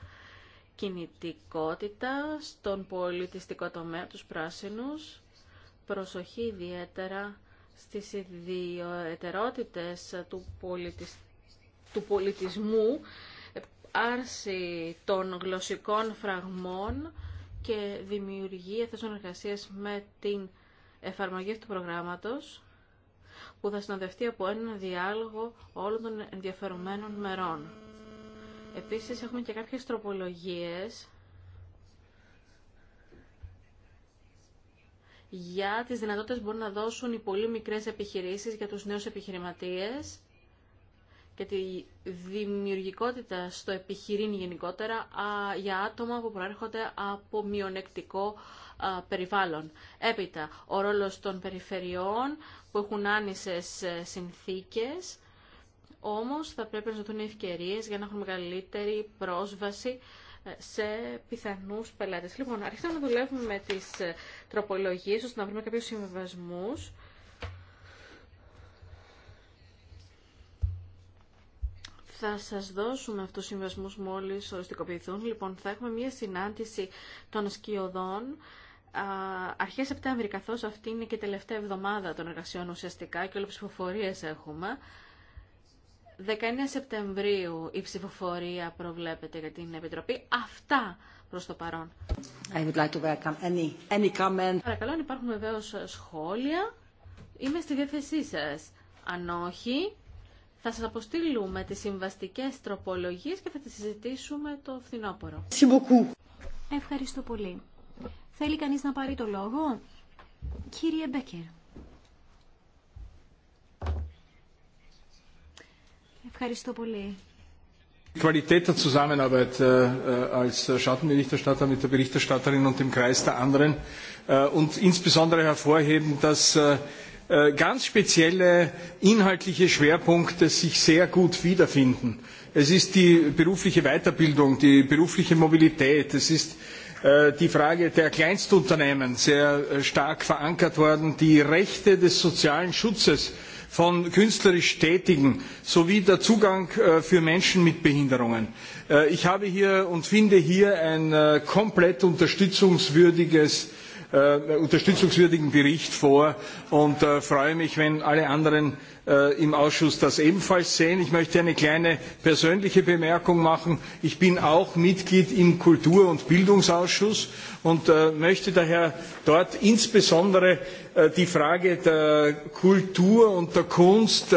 κινητικότητα στον πολιτιστικό τομέα τους πράσινους, προσοχή ιδιαίτερα στις ιδιαιτερότητες του, του πολιτισμού άρση των γλωσσικών φραγμών και δημιουργία θέσεων εργασία με την εφαρμογή του προγράμματος που θα συνοδευτεί από έναν διάλογο όλων των ενδιαφερομένων μερών. Επίσης έχουμε και κάποιες τροπολογίες για τις δυνατότητες που μπορούν να δώσουν οι πολύ μικρές επιχειρήσεις για τους νέους επιχειρηματίες και τη δημιουργικότητα στο επιχειρήν γενικότερα για άτομα που προέρχονται από μειονεκτικό περιβάλλον. Έπειτα, ο ρόλος των περιφερειών που έχουν άνισες ε, συνθήκες, όμως θα πρέπει να ζητούν ευκαιρίες για να έχουν μεγαλύτερη πρόσβαση ε, σε πιθανούς πελάτες. Λοιπόν, αρχίσαμε να δουλεύουμε με τις ε, τροπολογίες ώστε να βρούμε κάποιους συμβιβασμούς Θα σας δώσουμε αυτούς τους συμβασμού μόλις οριστικοποιηθούν. Λοιπόν, θα έχουμε μία συνάντηση των σκιωδών αρχές Σεπτέμβρη, καθώς αυτή είναι και η τελευταία εβδομάδα των εργασιών ουσιαστικά και όλες ψηφοφορίες έχουμε. 19 Σεπτεμβρίου η ψηφοφορία προβλέπεται για την Επιτροπή. Αυτά προς το παρόν. like any, any Παρακαλώ, αν υπάρχουν βεβαίω σχόλια, είμαι στη διάθεσή σας. Αν όχι, θα σας αποστείλουμε τις συμβαστικές τροπολογίες και θα τις συζητήσουμε το φθινόπωρο. Ευχαριστώ πολύ. Θέλει κανείς να πάρει το λόγο? Κύριε Μπέκερ. Ευχαριστώ πολύ. Die Qualität der Zusammenarbeit äh, äh, als Schattenberichterstatter mit der Berichterstatterin und dem Kreis der anderen äh, und insbesondere hervorheben, dass ganz spezielle inhaltliche Schwerpunkte sich sehr gut wiederfinden. Es ist die berufliche Weiterbildung, die berufliche Mobilität, es ist die Frage der Kleinstunternehmen sehr stark verankert worden, die Rechte des sozialen Schutzes von künstlerisch Tätigen sowie der Zugang für Menschen mit Behinderungen. Ich habe hier und finde hier ein komplett unterstützungswürdiges unterstützungswürdigen Bericht vor und freue mich, wenn alle anderen im Ausschuss das ebenfalls sehen. Ich möchte eine kleine persönliche Bemerkung machen. Ich bin auch Mitglied im Kultur- und Bildungsausschuss und möchte daher dort insbesondere die Frage der Kultur und der Kunst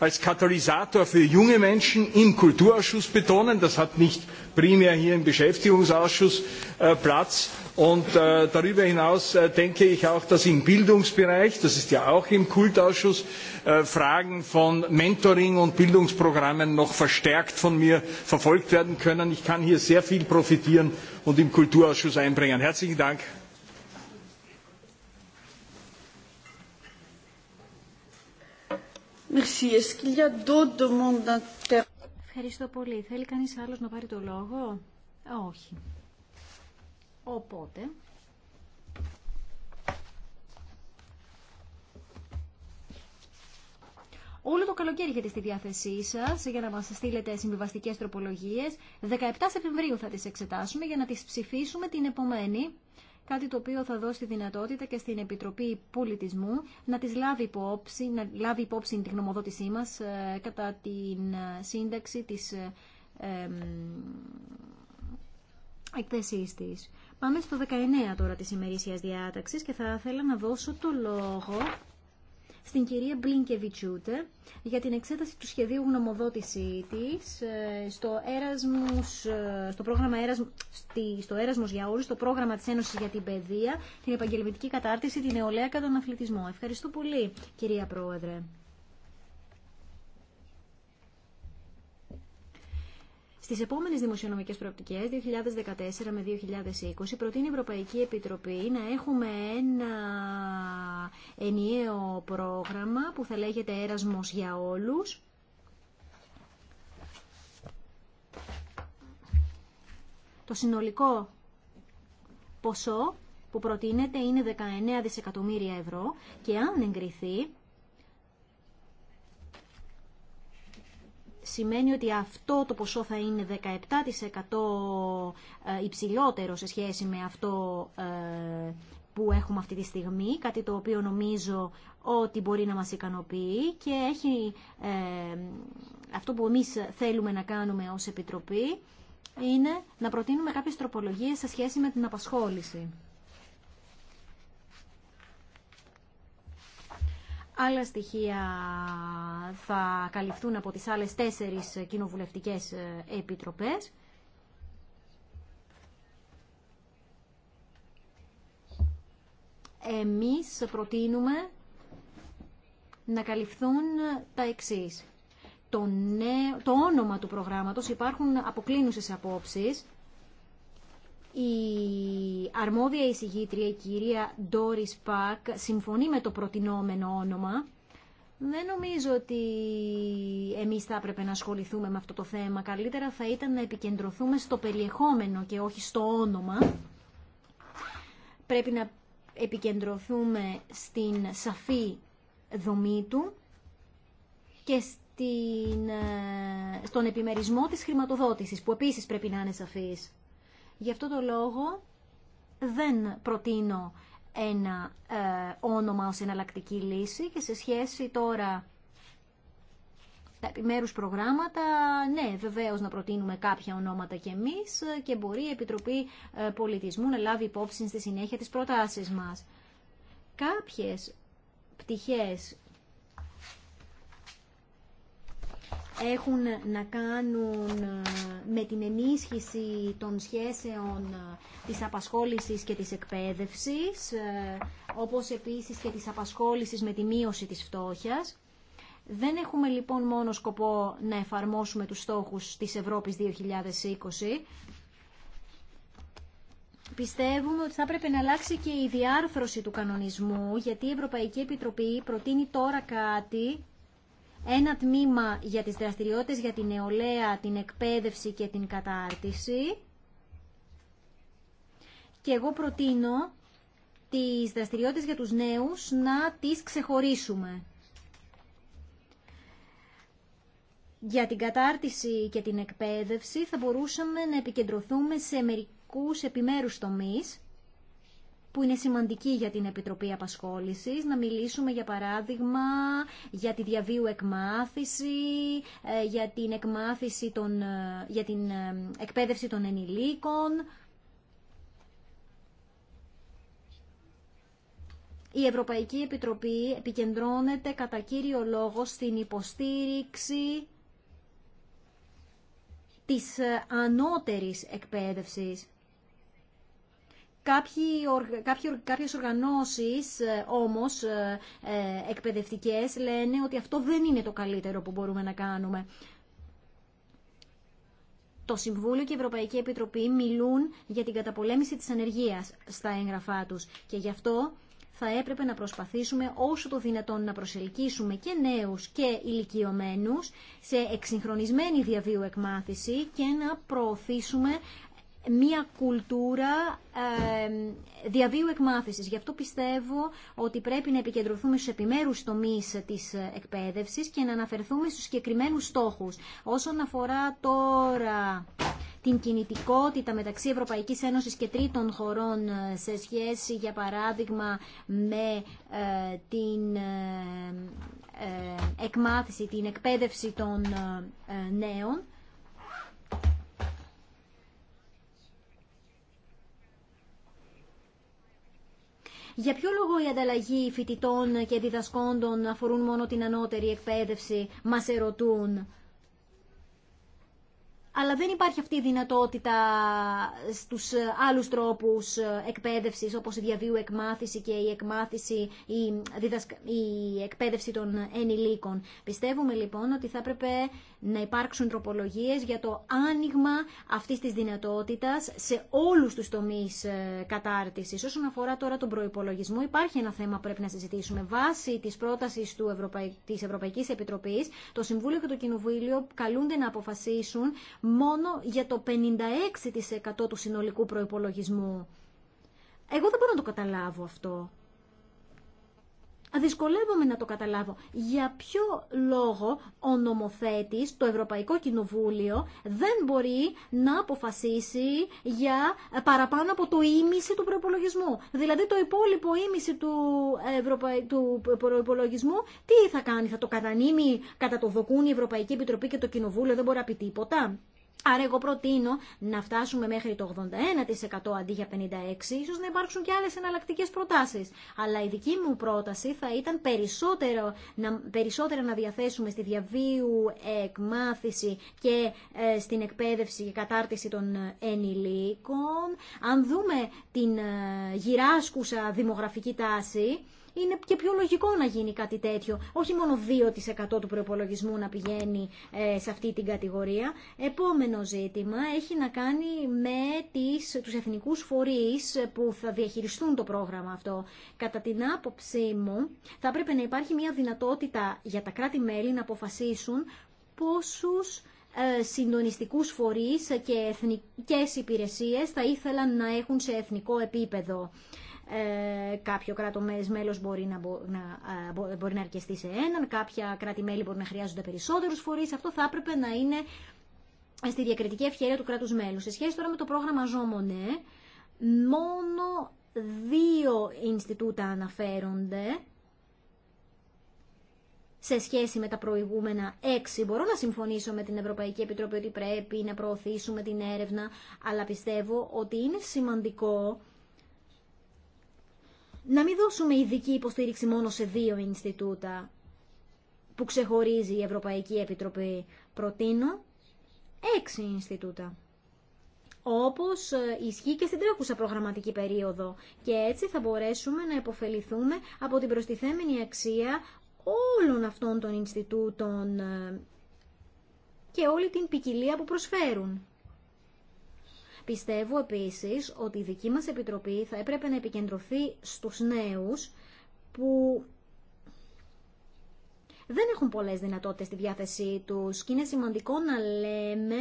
als Katalysator für junge Menschen im Kulturausschuss betonen. Das hat nicht primär hier im Beschäftigungsausschuss Platz. Und darüber hinaus denke ich auch, dass im Bildungsbereich, das ist ja auch im Kultausschuss, Fragen von Mentoring und Bildungsprogrammen noch verstärkt von mir verfolgt werden können. Ich kann hier sehr viel profitieren und im Kulturausschuss einbringen. Herzlichen Dank. Οπότε, Όλο το καλοκαίρι έχετε στη διάθεσή σα για να μα στείλετε συμβιβαστικέ τροπολογίε. 17 Σεπτεμβρίου θα τι εξετάσουμε για να τι ψηφίσουμε την επομένη. Κάτι το οποίο θα δώσει τη δυνατότητα και στην Επιτροπή Πολιτισμού να τις λάβει υπόψη, να λάβει υπόψη την γνωμοδότησή μας ε, κατά την ε, σύνταξη της ε, εκθεσής της. Πάμε στο 19 τώρα της ημερήσιας διάταξης και θα ήθελα να δώσω το λόγο στην κυρία Μπλίνκεβιτσούτε για την εξέταση του σχεδίου γνωμοδότησή της ε, στο, Erasmus, ε, στο, πρόγραμμα στο Erasmus για όλους, στο πρόγραμμα της Ένωσης για την Παιδεία, την επαγγελματική κατάρτιση, την νεολαία και τον αθλητισμό. Ευχαριστώ πολύ κυρία Πρόεδρε. Στι επόμενες δημοσιονομικές προοπτικές 2014 με 2020 προτείνει η Ευρωπαϊκή Επιτροπή να έχουμε ένα ενιαίο πρόγραμμα που θα λέγεται έρασμο για όλους Το συνολικό ποσό που προτείνεται είναι 19 δισεκατομμύρια ευρώ και αν εγκριθεί σημαίνει ότι αυτό το ποσό θα είναι 17% ε, υψηλότερο σε σχέση με αυτό ε, που έχουμε αυτή τη στιγμή, κάτι το οποίο νομίζω ότι μπορεί να μας ικανοποιεί και έχει ε, αυτό που εμείς θέλουμε να κάνουμε ως Επιτροπή είναι να προτείνουμε κάποιες τροπολογίες σε σχέση με την απασχόληση. Άλλα στοιχεία θα καλυφθούν από τις άλλες τέσσερις κοινοβουλευτικές ε, επιτροπές. Εμείς προτείνουμε να καλυφθούν τα εξής. Το, το όνομα του προγράμματος υπάρχουν αποκλίνουσες απόψεις η αρμόδια εισηγήτρια, η κυρία Ντόρις Πακ, συμφωνεί με το προτινόμενο όνομα. Δεν νομίζω ότι εμείς θα έπρεπε να ασχοληθούμε με αυτό το θέμα. Καλύτερα θα ήταν να επικεντρωθούμε στο περιεχόμενο και όχι στο όνομα. Πρέπει να επικεντρωθούμε στην σαφή δομή του και στην, ε, στον επιμερισμό της χρηματοδότησης, που επίσης πρέπει να είναι σαφής. Γι' αυτό το λόγο δεν προτείνω ένα ε, όνομα ως εναλλακτική λύση και σε σχέση τώρα τα επιμέρους προγράμματα, ναι, βεβαίως να προτείνουμε κάποια ονόματα και εμείς και μπορεί η Επιτροπή ε, Πολιτισμού να λάβει υπόψη στη συνέχεια τις προτάσεις μας. Κάποιες πτυχές έχουν να κάνουν ε, με την ενίσχυση των σχέσεων ε, της απασχόλησης και της εκπαίδευσης, ε, όπως επίσης και της απασχόλησης με τη μείωση της φτώχειας. Δεν έχουμε λοιπόν μόνο σκοπό να εφαρμόσουμε τους στόχους της Ευρώπης 2020, Πιστεύουμε ότι θα πρέπει να αλλάξει και η διάρθρωση του κανονισμού, γιατί η Ευρωπαϊκή Επιτροπή προτείνει τώρα κάτι ένα τμήμα για τις δραστηριότητες για την νεολαία, την εκπαίδευση και την κατάρτιση. Και εγώ προτείνω τις δραστηριότητες για τους νέους να τις ξεχωρίσουμε. Για την κατάρτιση και την εκπαίδευση θα μπορούσαμε να επικεντρωθούμε σε μερικούς επιμέρους τομείς, που είναι σημαντική για την Επιτροπή Απασχόλησης, να μιλήσουμε για παράδειγμα για τη διαβίου εκμάθηση, ε, για την, εκμάθηση των, ε, για την ε, εκπαίδευση των ενηλίκων. Η Ευρωπαϊκή Επιτροπή επικεντρώνεται κατά κύριο λόγο στην υποστήριξη της ανώτερης εκπαίδευσης Κάποιες οργανώσεις ε, όμως ε, ε, εκπαιδευτικές λένε ότι αυτό δεν είναι το καλύτερο που μπορούμε να κάνουμε. Το Συμβούλιο και η Ευρωπαϊκή Επιτροπή μιλούν για την καταπολέμηση της ανεργίας στα έγγραφά τους και γι' αυτό θα έπρεπε να προσπαθήσουμε όσο το δυνατόν να προσελκύσουμε και νέους και ηλικιωμένους σε εξυγχρονισμένη διαβίου εκμάθηση και να προωθήσουμε μια κουλτούρα διαβίου εκμάθησης. Γι' αυτό πιστεύω ότι πρέπει να επικεντρωθούμε στους επιμέρους τομείς της εκπαίδευσης και να αναφερθούμε στους συγκεκριμένους στόχους. Όσον αφορά τώρα την κινητικότητα μεταξύ Ευρωπαϊκής Ένωσης και τρίτων χωρών ε, σε σχέση, για παράδειγμα, με ε, την ε, εκμάθηση, την εκπαίδευση των νέων, Για ποιο λόγο η ανταλλαγή φοιτητών και διδασκόντων αφορούν μόνο την ανώτερη εκπαίδευση, μας ερωτούν αλλά δεν υπάρχει αυτή η δυνατότητα στους ε, άλλους τρόπους ε, εκπαίδευσης, όπως η διαβίου εκμάθηση και η εκμάθηση, η, η εκπαίδευση των ενηλίκων. Πιστεύουμε λοιπόν ότι θα έπρεπε να υπάρξουν τροπολογίες για το άνοιγμα αυτής της δυνατότητας σε όλους τους τομείς ε, κατάρτισης. Όσον αφορά τώρα τον προϋπολογισμό, υπάρχει ένα θέμα που πρέπει να συζητήσουμε. Βάσει της πρότασης του Ευρωπαϊ... της Ευρωπαϊκής Επιτροπής, το Συμβούλιο και το Κοινοβούλιο καλούνται να αποφασίσουν μόνο για το 56% του συνολικού προϋπολογισμού. Εγώ δεν μπορώ να το καταλάβω αυτό. Δυσκολεύομαι να το καταλάβω. Για ποιο λόγο ο νομοθέτης, το Ευρωπαϊκό Κοινοβούλιο, δεν μπορεί να αποφασίσει για παραπάνω από το ίμιση του προϋπολογισμού. Δηλαδή το υπόλοιπο ίμιση του, του προπολογισμού, τι θα κάνει, θα το κατανείμει κατά το δοκούν η Ευρωπαϊκή Επιτροπή και το Κοινοβούλιο, δεν μπορεί να πει τίποτα. Άρα εγώ προτείνω να φτάσουμε μέχρι το 81% αντί για 56%, ίσως να υπάρξουν και άλλες εναλλακτικέ προτάσεις. Αλλά η δική μου πρόταση θα ήταν περισσότερο να, να διαθέσουμε στη διαβίου εκμάθηση και ε, στην εκπαίδευση και κατάρτιση των ε, ενηλίκων. Αν δούμε την ε, γυράσκουσα δημογραφική τάση, είναι και πιο λογικό να γίνει κάτι τέτοιο. Όχι μόνο 2% του προπολογισμού να πηγαίνει ε, σε αυτή την κατηγορία. Επόμενο ζήτημα έχει να κάνει με τις, τους εθνικούς φορείς που θα διαχειριστούν το πρόγραμμα αυτό. Κατά την άποψή μου θα πρέπει να υπάρχει μια δυνατότητα για τα κράτη-μέλη να αποφασίσουν πόσους ε, συντονιστικούς φορείς και εθνικές υπηρεσίες θα ήθελαν να έχουν σε εθνικό επίπεδο. Ε, κάποιο κράτο μέλος μπορεί να, να, ε, μπορεί να αρκεστεί σε έναν, κάποια κράτη-μέλη μπορεί να χρειάζονται περισσότερους φορείς. Αυτό θα έπρεπε να είναι στη διακριτική ευχαίρεια του κράτους μέλους. Σε σχέση τώρα με το πρόγραμμα Ζωμονέ, μόνο δύο Ινστιτούτα αναφέρονται σε σχέση με τα προηγούμενα έξι. Μπορώ να συμφωνήσω με την Ευρωπαϊκή Επιτροπή ότι πρέπει να προωθήσουμε την έρευνα, αλλά πιστεύω ότι είναι σημαντικό να μην δώσουμε ειδική υποστήριξη μόνο σε δύο Ινστιτούτα που ξεχωρίζει η Ευρωπαϊκή Επιτροπή. Προτείνω έξι Ινστιτούτα όπως ε, ισχύει και στην τρέχουσα προγραμματική περίοδο. Και έτσι θα μπορέσουμε να υποφεληθούμε από την προστιθέμενη αξία όλων αυτών των Ινστιτούτων ε, και όλη την ποικιλία που προσφέρουν. Πιστεύω επίσης ότι η δική μας Επιτροπή θα έπρεπε να επικεντρωθεί στους νέους που δεν έχουν πολλές δυνατότητες στη διάθεσή τους και είναι σημαντικό να λέμε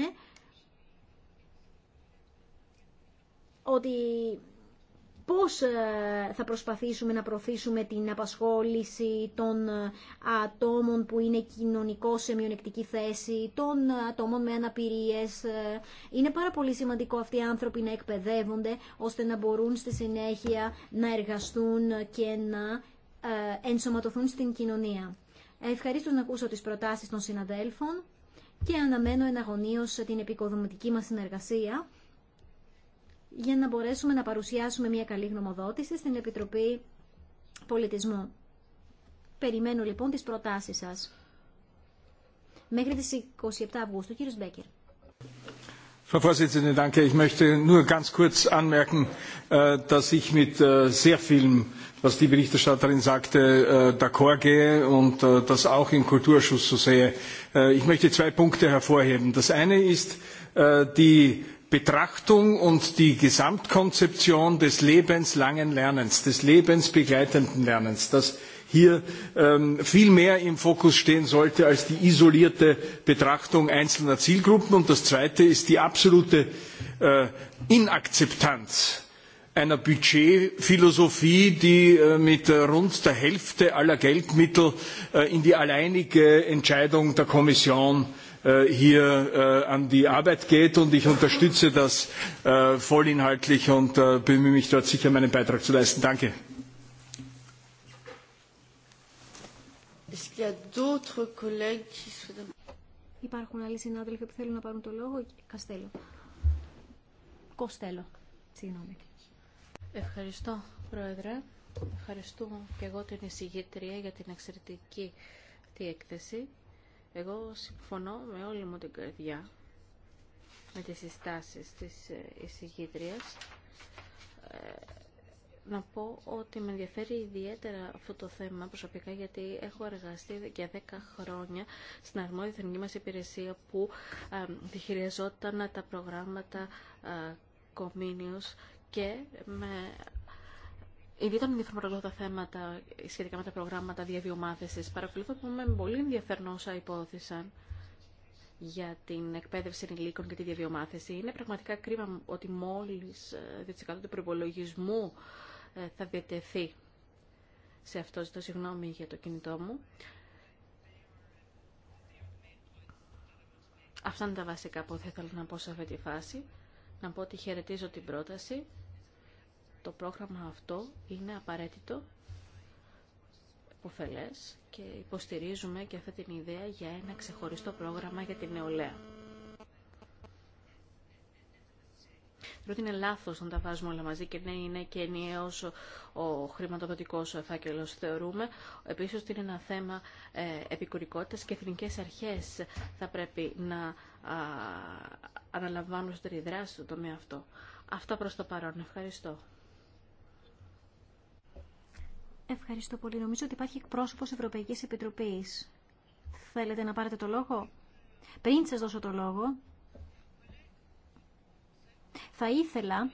ότι πώς ε, θα προσπαθήσουμε να προωθήσουμε την απασχόληση των ε, ατόμων που είναι κοινωνικό σε μειονεκτική θέση, των ατόμων με αναπηρίες. Ε, είναι πάρα πολύ σημαντικό αυτοί οι άνθρωποι να εκπαιδεύονται ώστε να μπορούν στη συνέχεια να εργαστούν και να ενσωματωθούν στην κοινωνία. Ευχαρίστω να ακούσω τις προτάσεις των συναδέλφων και αναμένω εναγωνίως την επικοδομητική μας συνεργασία για να μπορέσουμε να παρουσιάσουμε μια καλή γνωμοδότηση στην Επιτροπή Πολιτισμού. Περιμένω λοιπόν τις προτάσεις σας. Μέχρι τις 27 Αυγούστου, κύριος Μπέκερ. Frau Vorsitzende, danke. Ich möchte nur ganz kurz anmerken, dass ich mit sehr vielem, was die Berichterstatterin sagte, d'accord gehe und das auch im Kulturschuss so sehe. Ich möchte zwei Punkte hervorheben. Das eine ist die Betrachtung und die Gesamtkonzeption des lebenslangen Lernens, des lebensbegleitenden Lernens, das hier viel mehr im Fokus stehen sollte als die isolierte Betrachtung einzelner Zielgruppen. Und das Zweite ist die absolute Inakzeptanz einer Budgetphilosophie, die mit rund der Hälfte aller Geldmittel in die alleinige Entscheidung der Kommission Äh, hier äh, an die Arbeit geht. Und ich unterstütze das äh, vollinhaltlich und bemühe mich dort sicher, meinen Beitrag zu leisten. Danke. Υπάρχουν άλλοι συνάδελφοι που θέλουν να πάρουν το λόγο. Καστέλο. Κοστέλο. Συγγνώμη. Ευχαριστώ, Πρόεδρε. Ευχαριστούμε και εγώ την εισηγήτρια για την εξαιρετική τη έκθεση. Εγώ συμφωνώ με όλη μου την καρδιά με τις συστάσεις της ε, εισηγήτριας. Ε, να πω ότι με ενδιαφέρει ιδιαίτερα αυτό το θέμα προσωπικά γιατί έχω εργαστεί για 10 χρόνια στην αρμόδια εθνική μας υπηρεσία που ε, διχειριζόταν τα προγράμματα κομίνιους και με ιδιαίτερα ενδιαφέρον τα θέματα σχετικά με τα προγράμματα διαβιομάθηση. Παρακολουθώ με πολύ ενδιαφέρον όσα υπόθεσαν για την εκπαίδευση ενηλίκων και τη διαβιομάθηση. Είναι πραγματικά κρίμα ότι μόλις 2% ε, του προπολογισμού ε, θα διατεθεί σε αυτό. Ζητώ συγγνώμη για το κινητό μου. Αυτά είναι τα βασικά που θα ήθελα να πω σε αυτή τη φάση. Να πω ότι χαιρετίζω την πρόταση το πρόγραμμα αυτό είναι απαραίτητο, υποφελές και υποστηρίζουμε και αυτή την ιδέα για ένα ξεχωριστό πρόγραμμα για την νεολαία. Ότι είναι λάθο να τα βάζουμε όλα μαζί και ναι, είναι και ενιαίο ο χρηματοδοτικό φάκελο, θεωρούμε. Επίση, είναι ένα θέμα ε, επικουρικότητα και εθνικέ αρχέ θα πρέπει να αναλαμβάνουν στερή δράση τομέα αυτό. Αυτά προ το παρόν. Ευχαριστώ. Ευχαριστώ πολύ. Νομίζω ότι υπάρχει εκπρόσωπο Ευρωπαϊκής Επιτροπής. Θέλετε να πάρετε το λόγο? Πριν σα δώσω το λόγο, θα ήθελα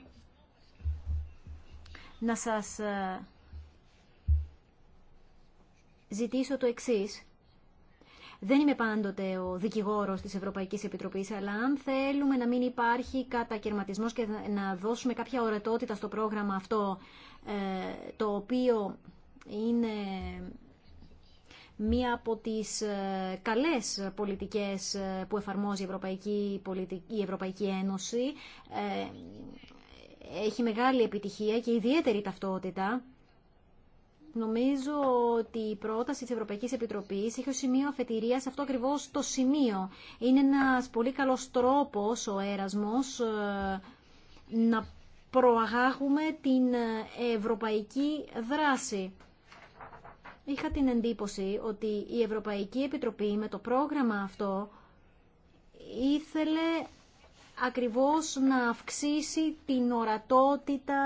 να σας ε, ζητήσω το εξής. Δεν είμαι πάντοτε ο δικηγόρος της Ευρωπαϊκής Επιτροπής, αλλά αν θέλουμε να μην υπάρχει κατακαιρματισμός και να δώσουμε κάποια ορατότητα στο πρόγραμμα αυτό, ε, το οποίο είναι μία από τις ε, καλές πολιτικές ε, που εφαρμόζει η Ευρωπαϊκή, η Ευρωπαϊκή Ένωση. Ε, έχει μεγάλη επιτυχία και ιδιαίτερη ταυτότητα. Νομίζω ότι η πρόταση της Ευρωπαϊκής Επιτροπής έχει ως σημείο αφετηρία σε αυτό ακριβώς το σημείο. Είναι ένας πολύ καλός τρόπος ο έρασμος να προαγάγουμε την ευρωπαϊκή δράση είχα την εντύπωση ότι η Ευρωπαϊκή Επιτροπή με το πρόγραμμα αυτό ήθελε ακριβώς να αυξήσει την ορατότητα,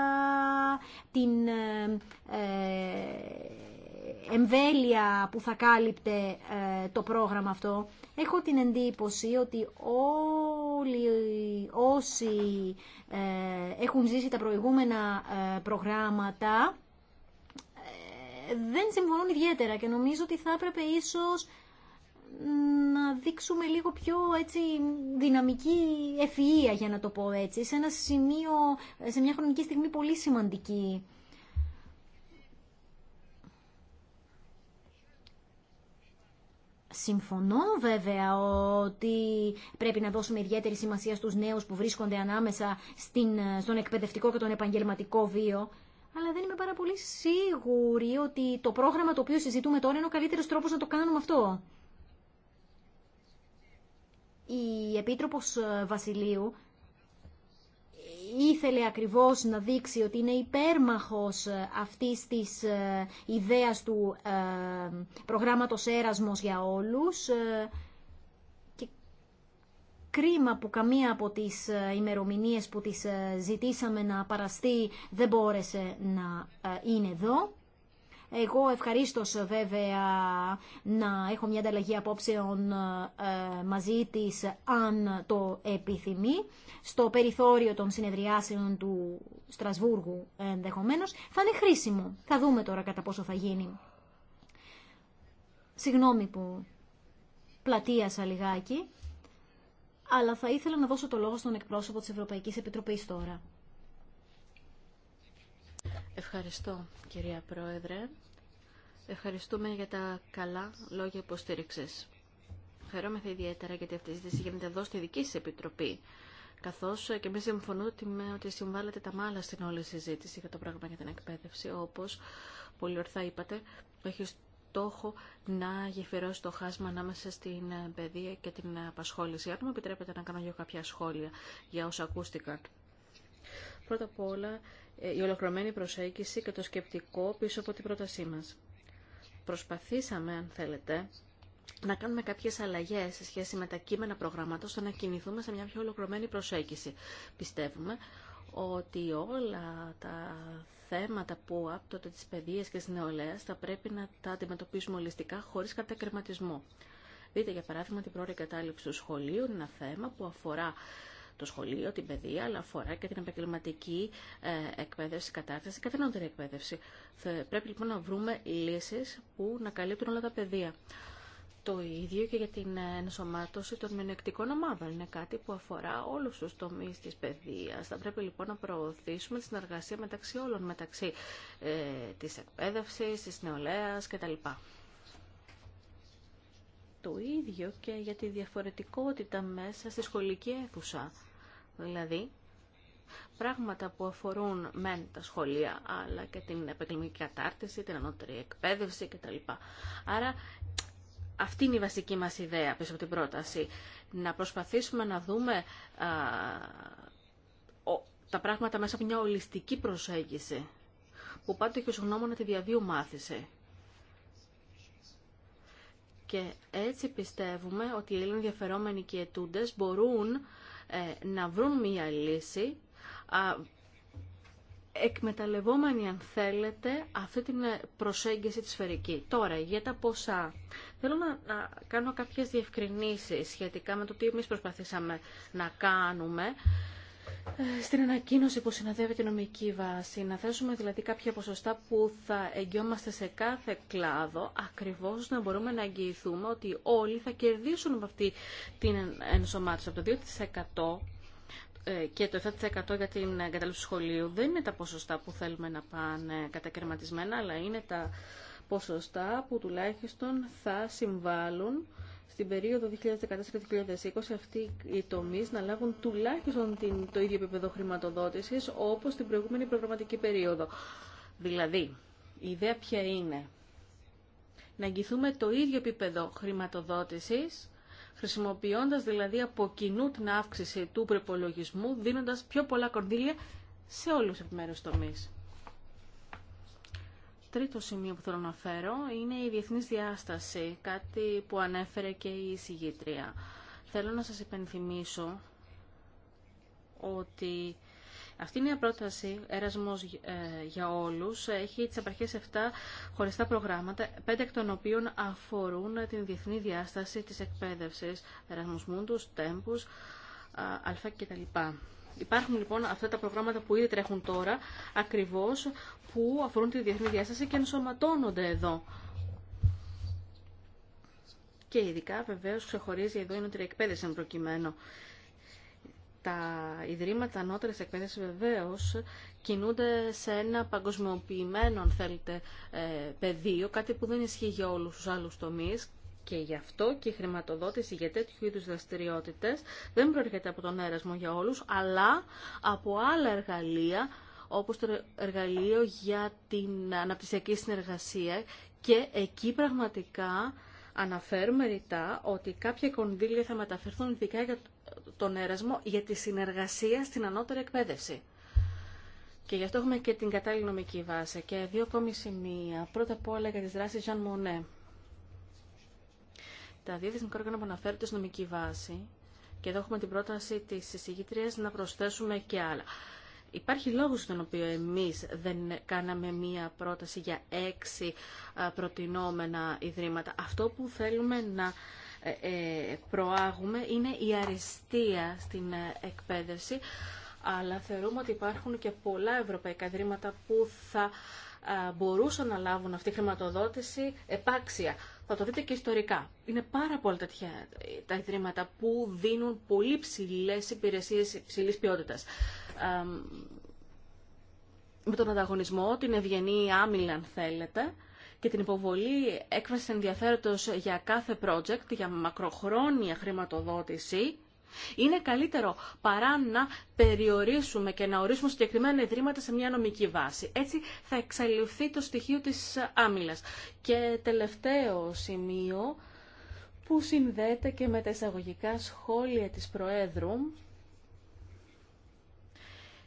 την ε, ε, εμβέλεια που θα κάλυπτε ε, το πρόγραμμα αυτό. Έχω την εντύπωση ότι όλοι όσοι έχουν ζήσει τα προηγούμενα προγράμματα δεν συμφωνούν ιδιαίτερα και νομίζω ότι θα έπρεπε ίσως να δείξουμε λίγο πιο έτσι, δυναμική ευφυΐα, για να το πω έτσι, σε ένα σημείο, σε μια χρονική στιγμή πολύ σημαντική. Συμφωνώ βέβαια ότι πρέπει να δώσουμε ιδιαίτερη σημασία στους νέους που βρίσκονται ανάμεσα στην, στον εκπαιδευτικό και τον επαγγελματικό βίο αλλά δεν είμαι πάρα πολύ σίγουρη ότι το πρόγραμμα το οποίο συζητούμε τώρα είναι ο καλύτερος τρόπος να το κάνουμε αυτό. Η Επίτροπος Βασιλείου ήθελε ακριβώς να δείξει ότι είναι υπέρμαχος αυτής της ε, ιδέας του ε, προγράμματος έρασμος για όλους ε, Κρίμα που καμία από τις ε, ημερομηνίες που τις ε, ζητήσαμε να παραστεί δεν μπόρεσε να ε, είναι εδώ. Εγώ ευχαρίστω βέβαια να έχω μια ανταλλαγή απόψεων μαζί της αν το επιθυμεί στο περιθώριο των συνεδριάσεων του Στρασβούργου ενδεχομένω. Θα είναι χρήσιμο. Θα δούμε τώρα κατά πόσο θα γίνει. Συγγνώμη που πλατείασα λιγάκι αλλά θα ήθελα να δώσω το λόγο στον εκπρόσωπο της Ευρωπαϊκής Επιτροπής τώρα. Ευχαριστώ, κυρία Πρόεδρε. Ευχαριστούμε για τα καλά λόγια υποστήριξη. Χαιρόμεθα ιδιαίτερα γιατί αυτή η συζήτηση γίνεται εδώ στη δική σα επιτροπή. Καθώ και εμεί συμφωνούμε ότι συμβάλλετε τα μάλα στην όλη συζήτηση για το πράγμα για την εκπαίδευση, όπω πολύ ορθά είπατε, στόχο να γεφυρώσει το χάσμα ανάμεσα στην ε, παιδεία και την ε, απασχόληση. Αν μου επιτρέπετε να κάνω για κάποια σχόλια για όσα ακούστηκαν. Πρώτα απ' όλα, ε, η ολοκληρωμένη προσέγγιση και το σκεπτικό πίσω από την πρότασή μας. Προσπαθήσαμε, αν θέλετε, να κάνουμε κάποιες αλλαγές σε σχέση με τα κείμενα προγράμματος, ώστε να κινηθούμε σε μια πιο ολοκληρωμένη προσέγγιση. Πιστεύουμε ότι όλα τα θέματα που άπτονται της παιδείας και της νεολαίας θα πρέπει να τα αντιμετωπίσουμε ολιστικά χωρίς κατακρεματισμό. Δείτε για παράδειγμα την πρώτη κατάληψη του σχολείου, είναι ένα θέμα που αφορά το σχολείο, την παιδεία, αλλά αφορά και την επαγγελματική ε, εκπαίδευση, κατάρτιση και την εκπαίδευση. πρέπει λοιπόν να βρούμε λύσεις που να καλύπτουν όλα τα παιδεία το ίδιο και για την ενσωμάτωση των μειονεκτικών ομάδων. Είναι κάτι που αφορά όλους τους τομείς της παιδείας. Θα πρέπει λοιπόν να προωθήσουμε τη συνεργασία μεταξύ όλων, μεταξύ ε, της εκπαίδευσης, της νεολαίας κτλ. Το ίδιο και για τη διαφορετικότητα μέσα στη σχολική αίθουσα. Δηλαδή, πράγματα που αφορούν μεν τα σχολεία αλλά και την επαγγελματική κατάρτιση, την ανώτερη εκπαίδευση κτλ. Άρα αυτή είναι η βασική μας ιδέα πίσω από την πρόταση. Να προσπαθήσουμε να δούμε τα πράγματα μέσα από μια ολιστική προσέγγιση που πάντοτε έχει ως γνώμονα τη διαβίου μάθηση. Και έτσι πιστεύουμε ότι οι Έλληνες ενδιαφερόμενοι και οι ετούντες μπορούν ε, να βρουν μια λύση εκμεταλλευόμενοι αν θέλετε αυτή την ε, προσέγγιση τη σφαιρική. Τώρα, για τα ποσά. Θέλω να, να κάνω κάποιες διευκρινήσεις σχετικά με το τι εμείς προσπαθήσαμε να κάνουμε. Ε, στην ανακοίνωση που συναδεύει την νομική βάση, να θέσουμε δηλαδή κάποια ποσοστά που θα εγγυόμαστε σε κάθε κλάδο, ακριβώς να μπορούμε να εγγυηθούμε ότι όλοι θα κερδίσουν από αυτή την ενσωμάτωση. Από το 2% ε, και το 7% για την εγκατάλειψη σχολείου δεν είναι τα ποσοστά που θέλουμε να πάνε κατακαιρματισμένα, αλλά είναι τα ποσοστά που τουλάχιστον θα συμβάλλουν στην περίοδο 2014-2020 αυτοί οι τομεί να λάβουν τουλάχιστον την, το ίδιο επίπεδο χρηματοδότηση όπω την προηγούμενη προγραμματική περίοδο. Δηλαδή, η ιδέα ποια είναι. Να αγγιθούμε το ίδιο επίπεδο χρηματοδότηση χρησιμοποιώντας δηλαδή από κοινού την αύξηση του προπολογισμού, δίνοντας πιο πολλά κονδύλια σε όλους τους επιμέρους τομείς. Τρίτο σημείο που θέλω να φέρω είναι η διεθνής διάσταση, κάτι που ανέφερε και η εισηγήτρια. Θέλω να σας υπενθυμίσω ότι αυτή είναι η πρόταση Ερασμός ε, για όλους. Έχει τις απαρχές 7 χωριστά προγράμματα, 5 εκ των οποίων αφορούν την διεθνή διάσταση της εκπαίδευσης, Ερασμούς Μούντους, Τέμπους, Αλφα κτλ. Υπάρχουν λοιπόν αυτά τα προγράμματα που ήδη τρέχουν τώρα, ακριβώς που αφορούν τη διεθνή διάσταση και ενσωματώνονται εδώ. Και ειδικά βεβαίως ξεχωρίζει εδώ η νοτρική εκπαίδευση εν προκειμένου τα ιδρύματα ανώτερη εκπαίδευση βεβαίω κινούνται σε ένα παγκοσμιοποιημένο, αν θέλετε, ε, πεδίο, κάτι που δεν ισχύει για όλου του άλλους τομείς και γι' αυτό και η χρηματοδότηση για τέτοιου είδου δραστηριότητε δεν προέρχεται από τον έρασμο για όλους, αλλά από άλλα εργαλεία, όπως το εργαλείο για την αναπτυσιακή συνεργασία και εκεί πραγματικά αναφέρουμε ρητά ότι κάποια κονδύλια θα μεταφερθούν ειδικά για το τον έρασμο για τη συνεργασία στην ανώτερη εκπαίδευση. Και γι' αυτό έχουμε και την κατάλληλη νομική βάση. Και δύο ακόμη σημεία. Πρώτα απ' όλα για τι δράσει Jean Monnet. Τα δύο θεσμικά όργανα που αναφέρονται στην νομική βάση, και εδώ έχουμε την πρόταση τη εισηγήτρια να προσθέσουμε και άλλα. Υπάρχει λόγος στον οποίο εμεί δεν κάναμε μία πρόταση για έξι προτινόμενα ιδρύματα. Αυτό που θέλουμε να ε, ε, προάγουμε είναι η αριστεία στην ε, εκπαίδευση, αλλά θεωρούμε ότι υπάρχουν και πολλά ευρωπαϊκά ιδρύματα που θα μπορούσαν να λάβουν αυτή τη χρηματοδότηση επάξια. Θα το δείτε και ιστορικά. Είναι πάρα πολλά τέτοια τα ιδρύματα που δίνουν πολύ ψηλέ υπηρεσίες υψηλή ποιότητας. Με τον ανταγωνισμό, την ευγενή άμυλα αν θέλετε, και την υποβολή έκφραση ενδιαφέροντος για κάθε project, για μακροχρόνια χρηματοδότηση, είναι καλύτερο παρά να περιορίσουμε και να ορίσουμε συγκεκριμένα ιδρύματα σε μια νομική βάση. Έτσι θα εξαλειφθεί το στοιχείο της άμυλας. Και τελευταίο σημείο που συνδέεται και με τα εισαγωγικά σχόλια της Προέδρου.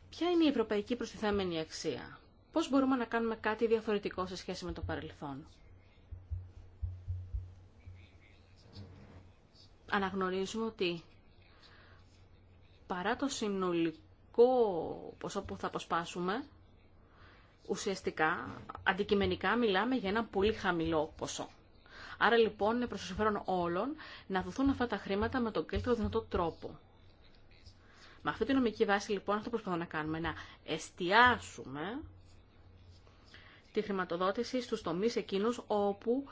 Ποια είναι η ευρωπαϊκή προστιθέμενη αξία πώς μπορούμε να κάνουμε κάτι διαφορετικό σε σχέση με το παρελθόν. Αναγνωρίζουμε ότι παρά το συνολικό ποσό που θα αποσπάσουμε, ουσιαστικά, αντικειμενικά μιλάμε για ένα πολύ χαμηλό ποσό. Άρα λοιπόν είναι προς το όλων να δοθούν αυτά τα χρήματα με τον καλύτερο δυνατό τρόπο. Με αυτή τη νομική βάση λοιπόν αυτό προσπαθούμε να κάνουμε, να εστιάσουμε τη χρηματοδότηση στους τομείς εκείνους όπου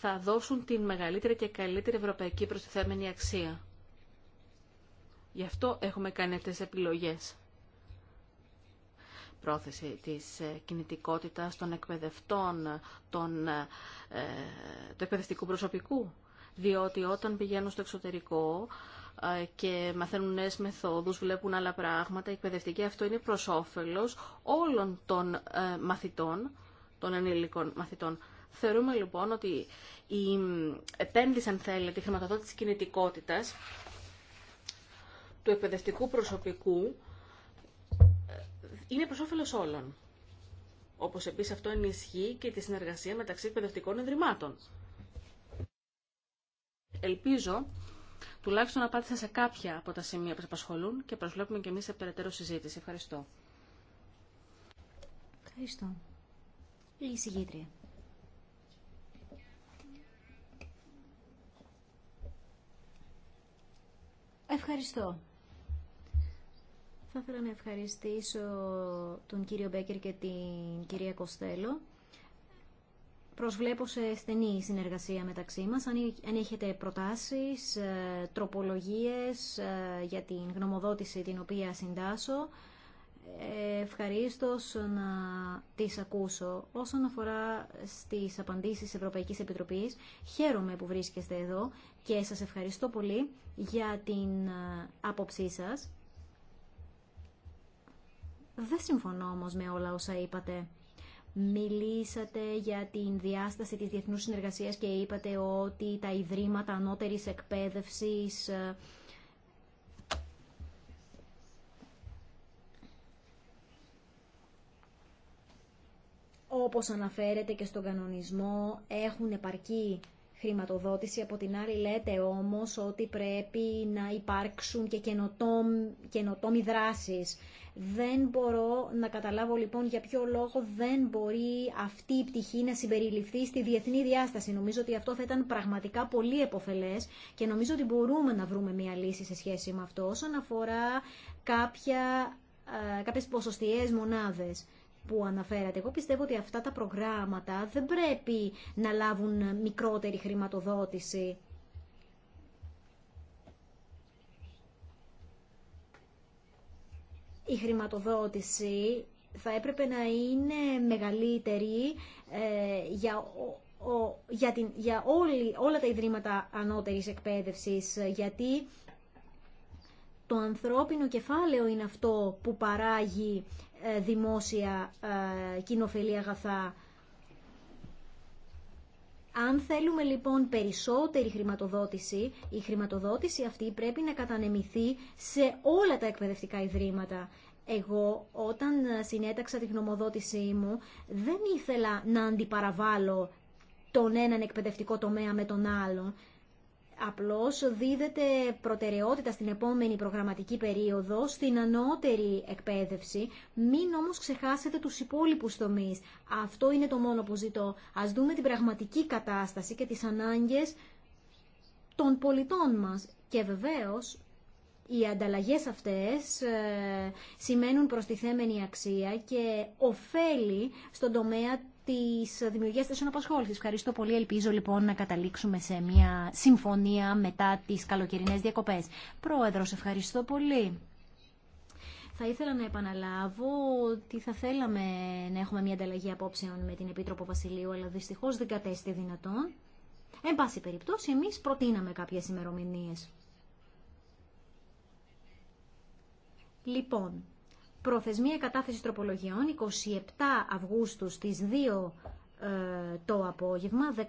θα δώσουν την μεγαλύτερη και καλύτερη ευρωπαϊκή προστιθέμενη αξία. Γι' αυτό έχουμε κάνει αυτές τις επιλογές. Πρόθεση της ε, κινητικότητας των εκπαιδευτών, των, ε, του εκπαιδευτικού προσωπικού, διότι όταν πηγαίνουν στο εξωτερικό ε, και μαθαίνουν νέες μεθόδους, βλέπουν άλλα πράγματα, η εκπαιδευτική αυτό είναι προς όφελος όλων των ε, μαθητών, των ενήλικων μαθητών. Θεωρούμε λοιπόν ότι η ε, επένδυση, αν θέλετε, η χρηματοδότηση κινητικότητας του εκπαιδευτικού προσωπικού είναι προς όφελος όλων. Όπως επίσης αυτό ενισχύει και τη συνεργασία μεταξύ εκπαιδευτικών ενδρυμάτων. Ελπίζω τουλάχιστον να πάτε σε κάποια από τα σημεία που σας απασχολούν και προσβλέπουμε και εμείς σε περαιτέρω συζήτηση. Ευχαριστώ. Ευχαριστώ. Λύση συγκήτρια. Ευχαριστώ. Θα ήθελα να ευχαριστήσω τον κύριο Μπέκερ και την κυρία Κοστέλο Προσβλέπω σε στενή συνεργασία μεταξύ μας. Αν έχετε προτάσεις, ε, τροπολογίες ε, για την γνωμοδότηση την οποία συντάσω, ε, Ευχαριστώ να τις ακούσω. Όσον αφορά στις απαντήσεις Ευρωπαϊκής Επιτροπής, χαίρομαι που βρίσκεστε εδώ και σας ευχαριστώ πολύ για την άποψή σας. Δεν συμφωνώ όμως με όλα όσα είπατε. Μιλήσατε για την διάσταση της διεθνούς συνεργασίας και είπατε ότι τα ιδρύματα ανώτερης εκπαίδευσης ε, όπως αναφέρεται και στον κανονισμό, έχουν επαρκή χρηματοδότηση. Από την άλλη λέτε όμως ότι πρέπει να υπάρξουν και καινοτόμοι δράσεις. Δεν μπορώ να καταλάβω λοιπόν για ποιο λόγο δεν μπορεί αυτή η πτυχή να συμπεριληφθεί στη διεθνή διάσταση. Νομίζω ότι αυτό θα ήταν πραγματικά πολύ εποφελές και νομίζω ότι μπορούμε να βρούμε μια λύση σε σχέση με αυτό όσον αφορά κάποια, ε, κάποιες ποσοστιαίες μονάδες που αναφέρατε. Εγώ πιστεύω ότι αυτά τα προγράμματα δεν πρέπει να λάβουν μικρότερη χρηματοδότηση. Η χρηματοδότηση θα έπρεπε να είναι μεγαλύτερη ε, για την, για όλη, όλα τα ιδρύματα ανώτερης εκπαίδευσης, γιατί το ανθρώπινο κεφάλαιο είναι αυτό που παράγει ε, δημόσια ε, κοινοφελή αγαθά. Αν θέλουμε λοιπόν περισσότερη χρηματοδότηση, η χρηματοδότηση αυτή πρέπει να κατανεμηθεί σε όλα τα εκπαιδευτικά ιδρύματα. Εγώ όταν συνέταξα τη γνωμοδότησή μου δεν ήθελα να αντιπαραβάλω τον έναν εκπαιδευτικό τομέα με τον άλλον. Απλώς δίδεται προτεραιότητα στην επόμενη προγραμματική περίοδο στην ανώτερη εκπαίδευση. Μην όμως ξεχάσετε τους υπόλοιπους τομείς. Αυτό είναι το μόνο που ζητώ. Ας δούμε την πραγματική κατάσταση και τις ανάγκες των πολιτών μας. Και βεβαίως οι ανταλλαγές αυτές ε, σημαίνουν προστιθέμενη αξία και ωφέλη στον τομέα της δημιουργίας θέσεων απασχόλησης. Ευχαριστώ πολύ. Ελπίζω λοιπόν να καταλήξουμε σε μια συμφωνία μετά τις καλοκαιρινές διακοπές. Πρόεδρος, ευχαριστώ πολύ. Θα ήθελα να επαναλάβω ότι θα θέλαμε να έχουμε μια ανταλλαγή απόψεων με την Επίτροπο Βασιλείου, αλλά δυστυχώς δεν κατέστη δυνατόν. Εν πάση περιπτώσει, εμείς προτείναμε κάποιες ημερομηνίε. Λοιπόν, Προθεσμία κατάθεση τροπολογιών 27 Αυγούστου στις 2 ε, το απόγευμα, 17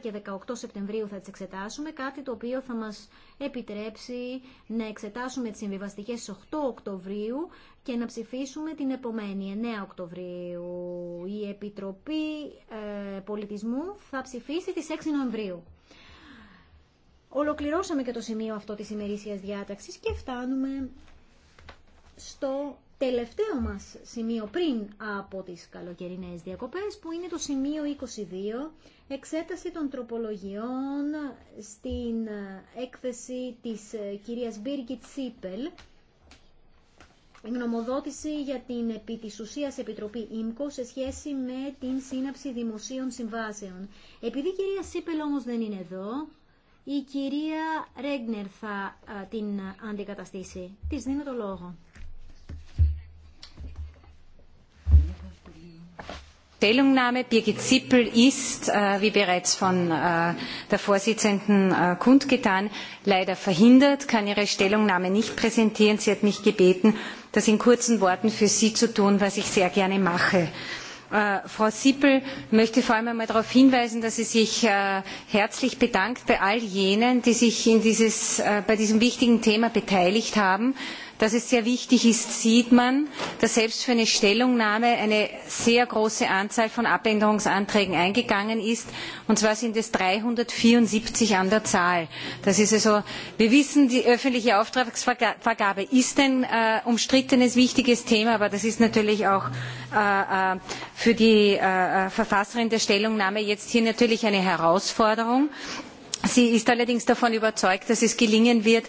και 18 Σεπτεμβρίου θα τις εξετάσουμε, κάτι το οποίο θα μας επιτρέψει να εξετάσουμε τις συμβιβαστικές 8 Οκτωβρίου και να ψηφίσουμε την επομένη 9 Οκτωβρίου. Η Επιτροπή ε, Πολιτισμού θα ψηφίσει τις 6 Νοεμβρίου. Ολοκληρώσαμε και το σημείο αυτό της ημερήσιας διάταξης και φτάνουμε στο τελευταίο μας σημείο πριν από τις καλοκαιρινές διακοπές που είναι το σημείο 22 εξέταση των τροπολογιών στην έκθεση της ε, κυρίας Μπίργκιτ Σίπελ γνωμοδότηση για την επί της Επιτροπή ΙΜΚΟ σε σχέση με την σύναψη δημοσίων συμβάσεων. Επειδή η κυρία Σίπελ όμως δεν είναι εδώ, η κυρία Ρέγνερ θα ε, την ε, αντικαταστήσει. Της δίνω το λόγο. Stellungnahme Birgit Sippel ist, wie bereits von der Vorsitzenden kundgetan, leider verhindert, kann ihre Stellungnahme nicht präsentieren. Sie hat mich gebeten, das in kurzen Worten für Sie zu tun, was ich sehr gerne mache. Frau Sippel möchte vor allem einmal darauf hinweisen, dass sie sich herzlich bedankt bei all jenen, die sich bei diesem wichtigen Thema beteiligt haben dass es sehr wichtig ist sieht man dass selbst für eine stellungnahme eine sehr große anzahl von änderungsanträgen eingegangen ist und zwar sind es 374 an der zahl. wir wissen die öffentliche auftragsvergabe ist ein umstrittenes wichtiges thema aber das ist natürlich auch für die verfasserin der stellungnahme jetzt hier natürlich eine herausforderung Sie ist allerdings davon überzeugt, dass es gelingen wird,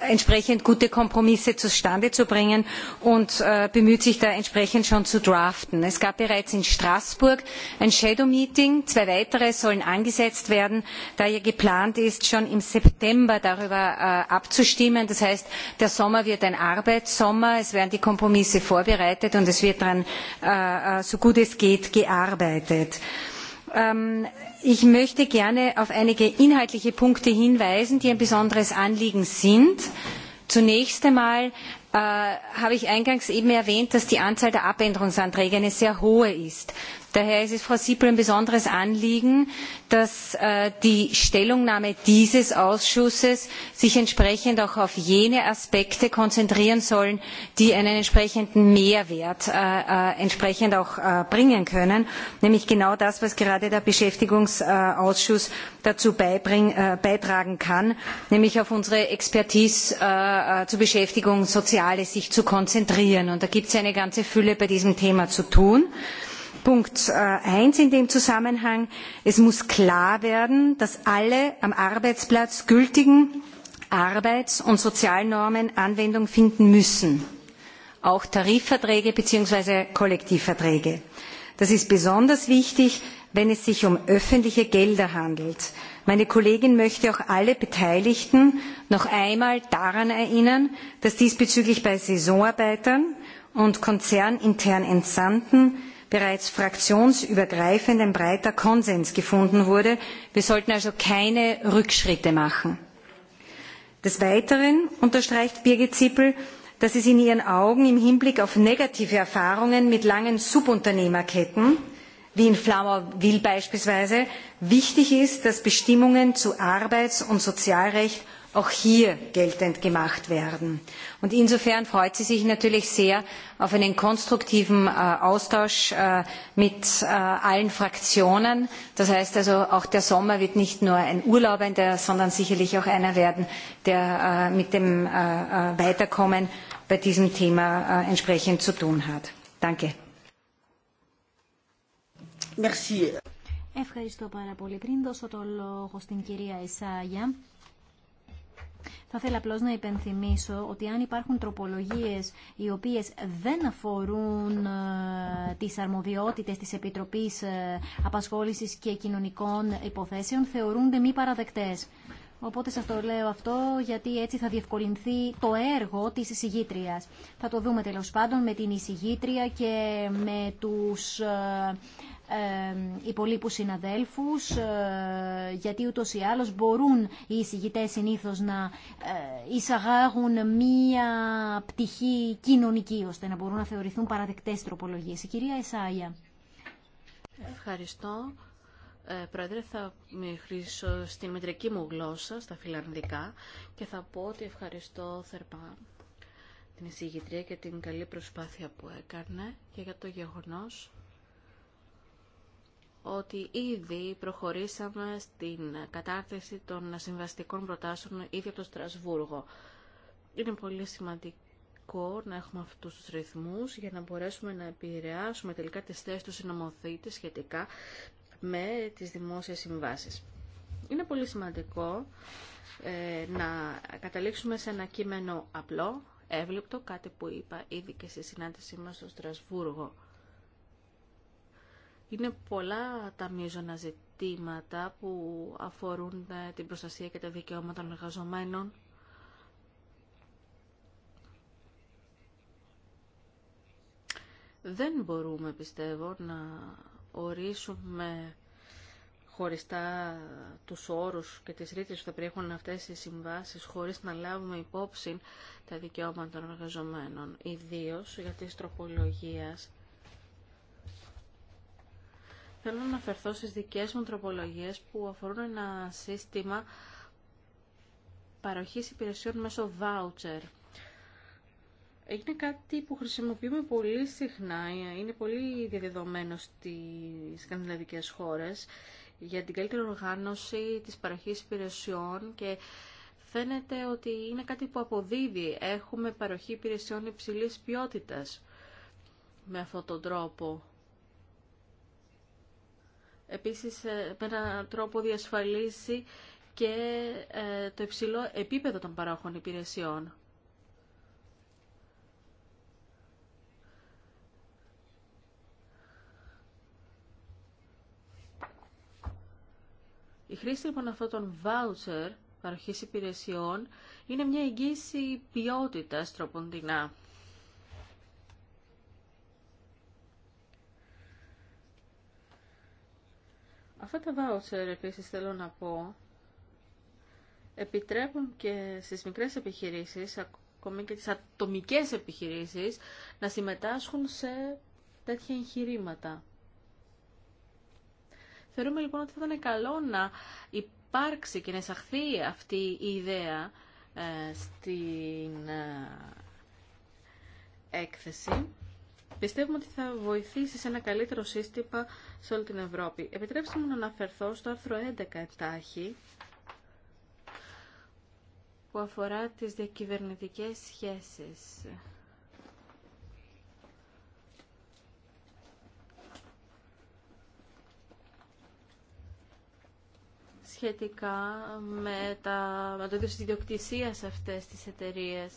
entsprechend gute Kompromisse zustande zu bringen und bemüht sich da entsprechend schon zu draften. Es gab bereits in Straßburg ein Shadow Meeting. Zwei weitere sollen angesetzt werden, da ja geplant ist, schon im September darüber abzustimmen. Das heißt, der Sommer wird ein Arbeitssommer. Es werden die Kompromisse vorbereitet und es wird daran, so gut es geht, gearbeitet Ich möchte gerne auf einige inhaltliche Punkte hinweisen, die ein besonderes Anliegen sind. Zunächst einmal habe ich eingangs eben erwähnt, dass die Anzahl der Abänderungsanträge eine sehr hohe ist. Daher ist es Frau Siebel ein besonderes Anliegen, dass die Stellungnahme dieses Ausschusses sich entsprechend auch auf jene Aspekte konzentrieren soll, die einen entsprechenden Mehrwert entsprechend bringen können, nämlich genau das, was gerade der Beschäftigungsausschuss dazu beitragen kann, nämlich auf unsere Expertise zur Beschäftigung Soziales sich zu konzentrieren. Und da gibt es eine ganze Fülle bei diesem Thema zu tun. Punkt eins in dem Zusammenhang. Es muss klar werden, dass alle am Arbeitsplatz gültigen Arbeits- und Sozialnormen Anwendung finden müssen. Auch Tarifverträge bzw. Kollektivverträge. Das ist besonders wichtig, wenn es sich um öffentliche Gelder handelt. Meine Kollegin möchte auch alle Beteiligten noch einmal daran erinnern, dass diesbezüglich bei Saisonarbeitern und Konzernintern Entsandten bereits fraktionsübergreifend ein breiter Konsens gefunden wurde. Wir sollten also keine Rückschritte machen. Des Weiteren unterstreicht Birgit Zippel, dass es in ihren Augen im Hinblick auf negative Erfahrungen mit langen Subunternehmerketten, wie in Flamerville beispielsweise, wichtig ist, dass Bestimmungen zu Arbeits- und Sozialrecht auch hier geltend gemacht werden. Und insofern freut sie sich natürlich sehr auf einen konstruktiven Austausch mit allen Fraktionen. Das heißt also, auch der Sommer wird nicht nur ein urlaubender, sondern sicherlich auch einer werden, der mit dem Weiterkommen bei diesem Thema entsprechend zu tun hat. Danke. Θα ήθελα απλώ να υπενθυμίσω ότι αν υπάρχουν τροπολογίε οι οποίε δεν αφορούν ε, τι αρμοδιότητε τη Επιτροπή ε, Απασχόληση και Κοινωνικών Υποθέσεων, θεωρούνται μη παραδεκτέ. Οπότε σα το λέω αυτό γιατί έτσι θα διευκολυνθεί το έργο τη εισηγήτρια. Θα το δούμε τέλο πάντων με την εισηγήτρια και με τους ε, υπολείπους συναδέλφους ε, γιατί ούτως ή άλλως μπορούν οι εισηγητές συνήθως να ε, εισαγάγουν μία πτυχή κοινωνική ώστε να μπορούν να θεωρηθούν παραδεκτές τροπολογίες. Η κυρία Εσάγια. Ευχαριστώ. Ε, πρόεδρε, θα χρήσω στη μετρική μου γλώσσα, στα φιλανδικά, και θα πω ότι ευχαριστώ θερμά την εισηγητρία και την καλή προσπάθεια που έκανε και για το γεγονός ότι ήδη προχωρήσαμε στην κατάρτιση των συμβαστικών προτάσεων ήδη από το Στρασβούργο. Είναι πολύ σημαντικό να έχουμε αυτούς τους ρυθμούς για να μπορέσουμε να επηρεάσουμε τελικά τις θέσεις του συνομοθήτη σχετικά με τις δημόσιες συμβάσεις. Είναι πολύ σημαντικό ε, να καταλήξουμε σε ένα κείμενο απλό, εύληπτο, κάτι που είπα ήδη και στη συνάντησή μας στο Στρασβούργο. Είναι πολλά τα μείζωνα ζητήματα που αφορούν ε, την προστασία και τα δικαιώματα των εργαζομένων. Δεν μπορούμε, πιστεύω, να ορίσουμε χωριστά τους όρους και τις ρήτρες που θα περιέχουν αυτές οι συμβάσεις χωρίς να λάβουμε υπόψη τα δικαιώματα των εργαζομένων, ιδίως για τις τροπολογίες Θέλω να αναφερθώ στις δικές μου τροπολογίες που αφορούν ένα σύστημα παροχής υπηρεσιών μέσω voucher. Είναι κάτι που χρησιμοποιούμε πολύ συχνά, είναι πολύ διαδεδομένο στις σκανδιναβικές χώρες για την καλύτερη οργάνωση της παροχής υπηρεσιών και φαίνεται ότι είναι κάτι που αποδίδει. Έχουμε παροχή υπηρεσιών υψηλής ποιότητας με αυτόν τον τρόπο επίσης ε, με έναν τρόπο διασφαλίσει και ε, το υψηλό επίπεδο των παρόχων υπηρεσιών. Η χρήση λοιπόν αυτών των voucher παροχής υπηρεσιών είναι μια εγγύηση ποιότητας τροποντινά. Αυτά τα voucher επίσης θέλω να πω επιτρέπουν και στις μικρές επιχειρήσεις, ακόμη και τις ατομικές επιχειρήσεις, να συμμετάσχουν σε τέτοια εγχειρήματα. Θεωρούμε λοιπόν ότι θα ήταν καλό να υπάρξει και να εισαχθεί αυτή η ιδέα ε, στην ε, έκθεση Πιστεύουμε ότι θα βοηθήσει σε ένα καλύτερο σύστημα σε όλη την Ευρώπη. Επιτρέψτε μου να αναφερθώ στο άρθρο 11 ετάχη που αφορά τις διακυβερνητικές σχέσεις. σχετικά με, τα, με το ίδιο ιδιοκτησίας αυτές τις εταιρείες.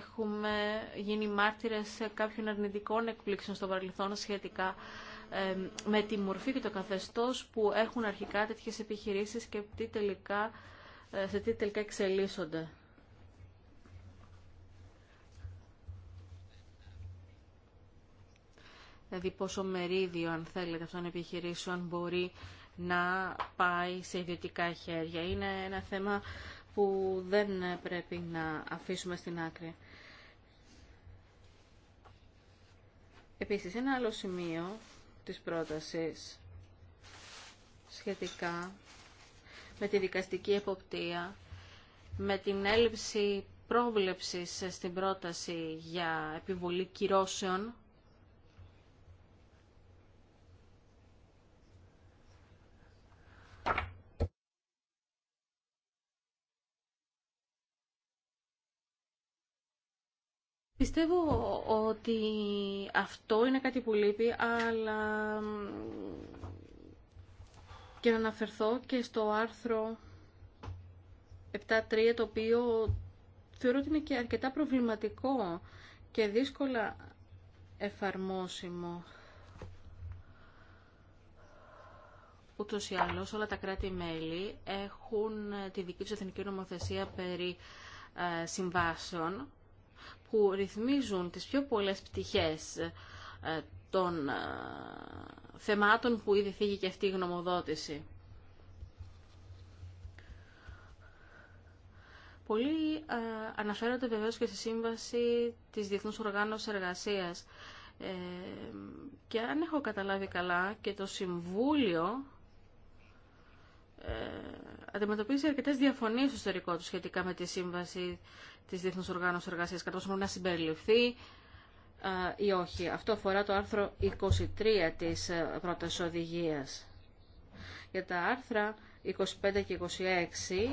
έχουμε γίνει μάρτυρες κάποιων αρνητικών εκπλήξεων στο παρελθόν σχετικά με τη μορφή και το καθεστώς που έχουν αρχικά τέτοιες επιχειρήσεις και τι τελικά, ε, σε τι τελικά εξελίσσονται. Δηλαδή πόσο μερίδιο, αν θέλετε, αυτών επιχειρήσεων μπορεί να πάει σε ιδιωτικά χέρια. Είναι ένα θέμα που δεν πρέπει να αφήσουμε στην άκρη. Επίσης, ένα άλλο σημείο της πρότασης σχετικά με τη δικαστική εποπτεία, με την έλλειψη πρόβλεψης στην πρόταση για επιβολή κυρώσεων Πιστεύω ότι αυτό είναι κάτι που λείπει, αλλά και να αναφερθώ και στο άρθρο 7.3, το οποίο θεωρώ ότι είναι και αρκετά προβληματικό και δύσκολα εφαρμόσιμο. Ούτως ή άλλως, όλα τα κράτη-μέλη έχουν τη δική τους εθνική νομοθεσία περί ε, συμβάσεων που ρυθμίζουν τις πιο πολλές πτυχές ε, των ε, θεμάτων που ήδη θίγει και αυτή η γνωμοδότηση. Πολλοί ε, αναφέρονται βεβαίως και στη σύμβαση της Διεθνούς Οργάνωσης Εργασίας. και αν έχω καταλάβει καλά και το Συμβούλιο αντιμετωπίζει αρκετές διαφωνίες στο ιστορικό του σχετικά με τη σύμβαση της Διεθνού Οργάνωση Εργασία κατά όσο να συμπεριληφθεί ή όχι. Αυτό αφορά το άρθρο 23 της ε, πρώτη οδηγία. Για τα άρθρα 25 και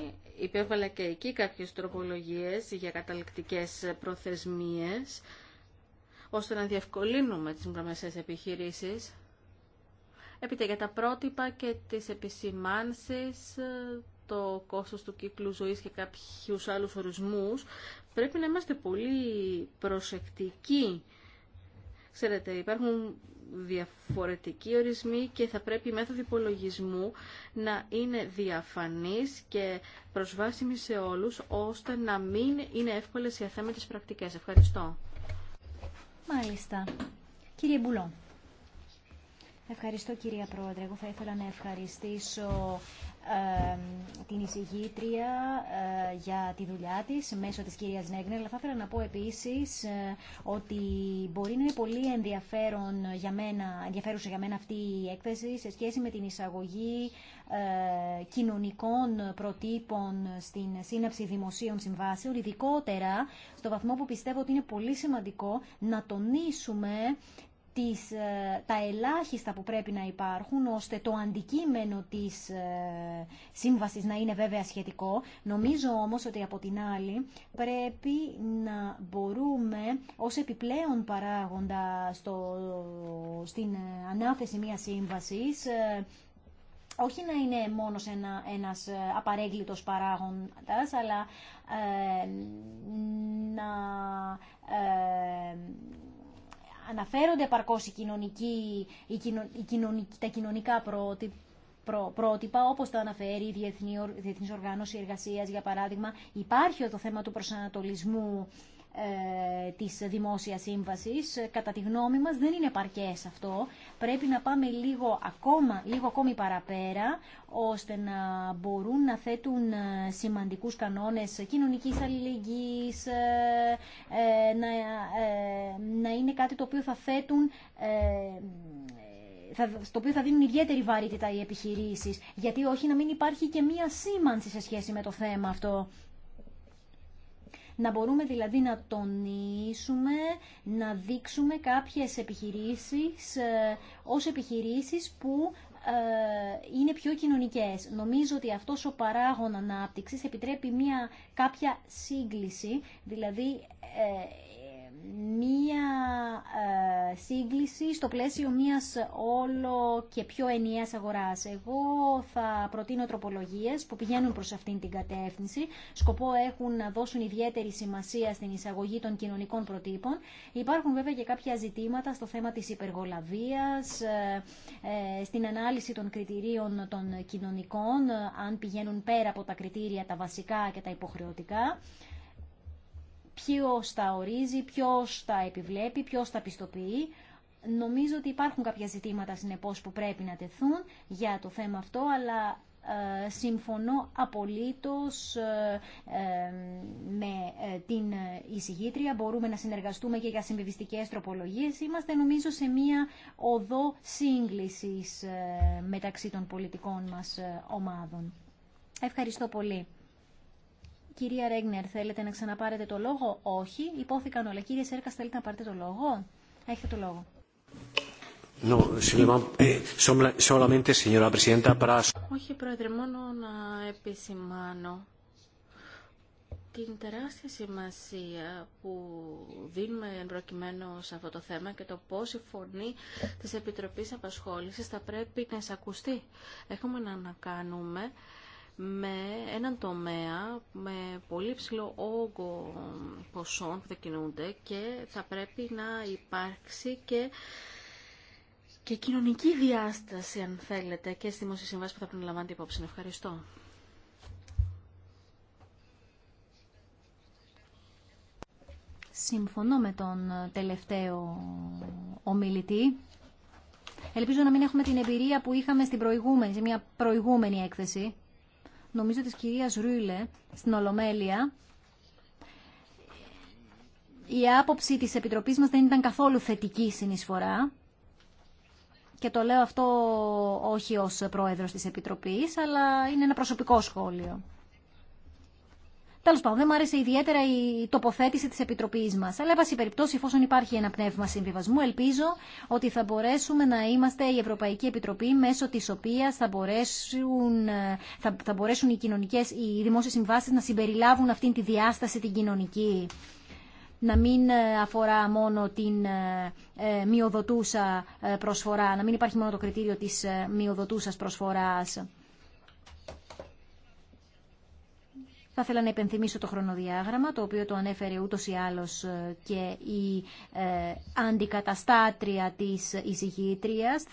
26 υπέβαλα και εκεί κάποιες τροπολογίες για καταληκτικές προθεσμίες, ώστε να διευκολύνουμε τις μικρομεσαίες επιχειρήσεις. Έπειτα για τα πρότυπα και τις επισημάνσεις ε, το κόστος του κύκλου ζωής και κάποιους άλλους ορισμούς, πρέπει να είμαστε πολύ προσεκτικοί. Ξέρετε, υπάρχουν διαφορετικοί ορισμοί και θα πρέπει η μέθοδη υπολογισμού να είναι διαφανής και προσβάσιμη σε όλους, ώστε να μην είναι εύκολες οι αθέμετες πρακτικές. Ευχαριστώ. Μάλιστα. Κύριε Μπουλό. Ευχαριστώ κυρία Πρόεδρε. Εγώ θα ήθελα να ευχαριστήσω την εισηγήτρια ε, για τη δουλειά της μέσω της κυρίας Νέγνερ, αλλά θα ήθελα να πω επίσης ε, ότι μπορεί να είναι πολύ ενδιαφέρον για μένα, ενδιαφέρουσα για μένα αυτή η έκθεση σε σχέση με την εισαγωγή ε, κοινωνικών προτύπων στην σύναψη δημοσίων συμβάσεων, ειδικότερα στο βαθμό που πιστεύω ότι είναι πολύ σημαντικό να τονίσουμε τις, ε, τα ελάχιστα που πρέπει να υπάρχουν ώστε το αντικείμενο της ε, σύμβασης να είναι βέβαια σχετικό. Νομίζω όμως ότι από την άλλη πρέπει να μπορούμε ως επιπλέον παράγοντα στο, στην ε, ανάθεση μιας σύμβασης όχι να είναι μόνος ένα, ένας απαρέγκλητος παράγοντας, αλλά ε, να αναφέρονται επαρκώ κοινωνικοί, τα κοινωνικά πρότυπα, πρότυπα, όπως το αναφέρει η Διεθνή, Οργάνωση Εργασίας, για παράδειγμα, υπάρχει το θέμα του προσανατολισμού ε, της Δημόσιας Σύμβασης. Ε, κατά τη γνώμη μας δεν είναι παρκές αυτό. Πρέπει να πάμε λίγο ακόμα, λίγο ακόμη παραπέρα, ώστε να μπορούν να θέτουν ε, σημαντικούς κανόνες κοινωνικής αλληλεγγύης, να, να είναι κάτι το οποίο θα θέτουν στο οποίο θα δίνουν ιδιαίτερη βαρύτητα οι επιχειρήσεις, γιατί όχι να μην υπάρχει και μία σήμανση σε σχέση με το θέμα αυτό. Να μπορούμε δηλαδή να τονίσουμε, να δείξουμε κάποιες επιχειρήσεις ε, ως επιχειρήσεις που ε, είναι πιο κοινωνικές. Νομίζω ότι αυτός ο παράγων ανάπτυξης επιτρέπει μια κάποια σύγκληση, δηλαδή ε, μία ε, σύγκληση στο πλαίσιο μίας όλο και πιο ενιαίας αγοράς. Εγώ θα προτείνω τροπολογίες που πηγαίνουν προς αυτήν την κατεύθυνση. Σκοπό έχουν να δώσουν ιδιαίτερη σημασία στην εισαγωγή των κοινωνικών προτύπων. Υπάρχουν βέβαια και κάποια ζητήματα στο θέμα της υπεργολαβίας, ε, ε, στην ανάλυση των κριτηρίων των κοινωνικών, ε, αν πηγαίνουν πέρα από τα κριτήρια τα βασικά και τα υποχρεωτικά. Ποιο τα ορίζει, ποιο τα επιβλέπει, ποιο τα πιστοποιεί. Νομίζω ότι υπάρχουν κάποια ζητήματα συνεπώ που πρέπει να τεθούν για το θέμα αυτό, αλλά ε, συμφωνώ απολύτως ε, ε, με την εισηγήτρια. Μπορούμε να συνεργαστούμε και για συμβιβιστικέ τροπολογίες. Είμαστε νομίζω σε μία οδό σύγκλησης μεταξύ των πολιτικών μας ομάδων. Ευχαριστώ πολύ. Κυρία Ρέγνερ, θέλετε να ξαναπάρετε το λόγο. Όχι, υπόθηκαν όλα. Κύριε Σέρκα, θέλετε να πάρετε το λόγο. Έχετε το λόγο. Eh, Όχι, Πρόεδρε, μόνο να επισημάνω την τεράστια σημασία που δίνουμε εν προκειμένου σε αυτό το θέμα και το πώς η φωνή της Επιτροπής Απασχόλησης θα πρέπει να εισακουστεί. Έχουμε να κάνουμε με έναν τομέα με πολύ ψηλό όγκο ποσών που θα κινούνται και θα πρέπει να υπάρξει και και κοινωνική διάσταση, αν θέλετε, και στη δημόσια που θα πρέπει να λαμβάνετε υπόψη. Ευχαριστώ. Συμφωνώ με τον τελευταίο ομιλητή. Ελπίζω να μην έχουμε την εμπειρία που είχαμε στην προηγούμενη, σε μια προηγούμενη έκθεση νομίζω της κυρίας Ρούλε στην Ολομέλεια, η άποψη της Επιτροπής μας δεν ήταν καθόλου θετική συνεισφορά. Και το λέω αυτό όχι ως πρόεδρος της Επιτροπής, αλλά είναι ένα προσωπικό σχόλιο. Τέλο πάντων, δεν μου άρεσε ιδιαίτερα η τοποθέτηση τη Επιτροπή μα. Αλλά, εν πάση περιπτώσει, εφόσον υπάρχει ένα πνεύμα συμβιβασμού, ελπίζω ότι θα μπορέσουμε να είμαστε η Ευρωπαϊκή Επιτροπή μέσω τη οποία θα μπορέσουν, θα, μπορέσουν οι, κοινωνικές, οι δημόσιε συμβάσει να συμπεριλάβουν αυτή τη διάσταση την κοινωνική να μην ε, αφορά μόνο την ε, ε, μειοδοτούσα προσφορά, να μην υπάρχει μόνο το κριτήριο της μειοδοτούσας προσφοράς. Θα ήθελα να υπενθυμίσω το χρονοδιάγραμμα, το οποίο το ανέφερε ούτως ή άλλως ε, και η ε, αντικαταστάτρια της εισηγήτριας.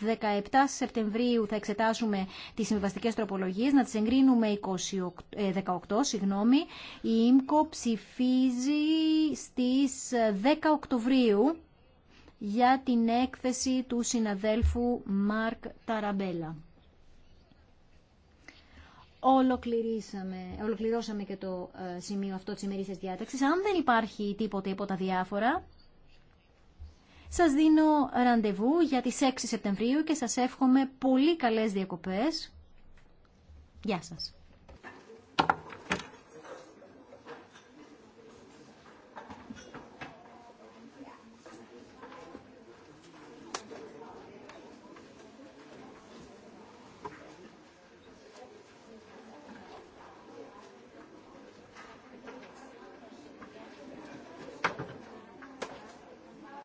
17 Σεπτεμβρίου θα εξετάσουμε τις συμβαστικέ τροπολογίες, να τις εγκρίνουμε 18, ε, συγγνώμη. Η ΙΜΚΟ ψηφίζει στις 10 Οκτωβρίου για την έκθεση του συναδέλφου Μάρκ Ταραμπέλα ολοκληρώσαμε και το ε, σημείο αυτό της ημερήσιας διάταξης. Αν δεν υπάρχει τίποτε υπό τα διάφορα, σας δίνω ραντεβού για τις 6 Σεπτεμβρίου και σας εύχομαι πολύ καλές διακοπές. Γεια σας.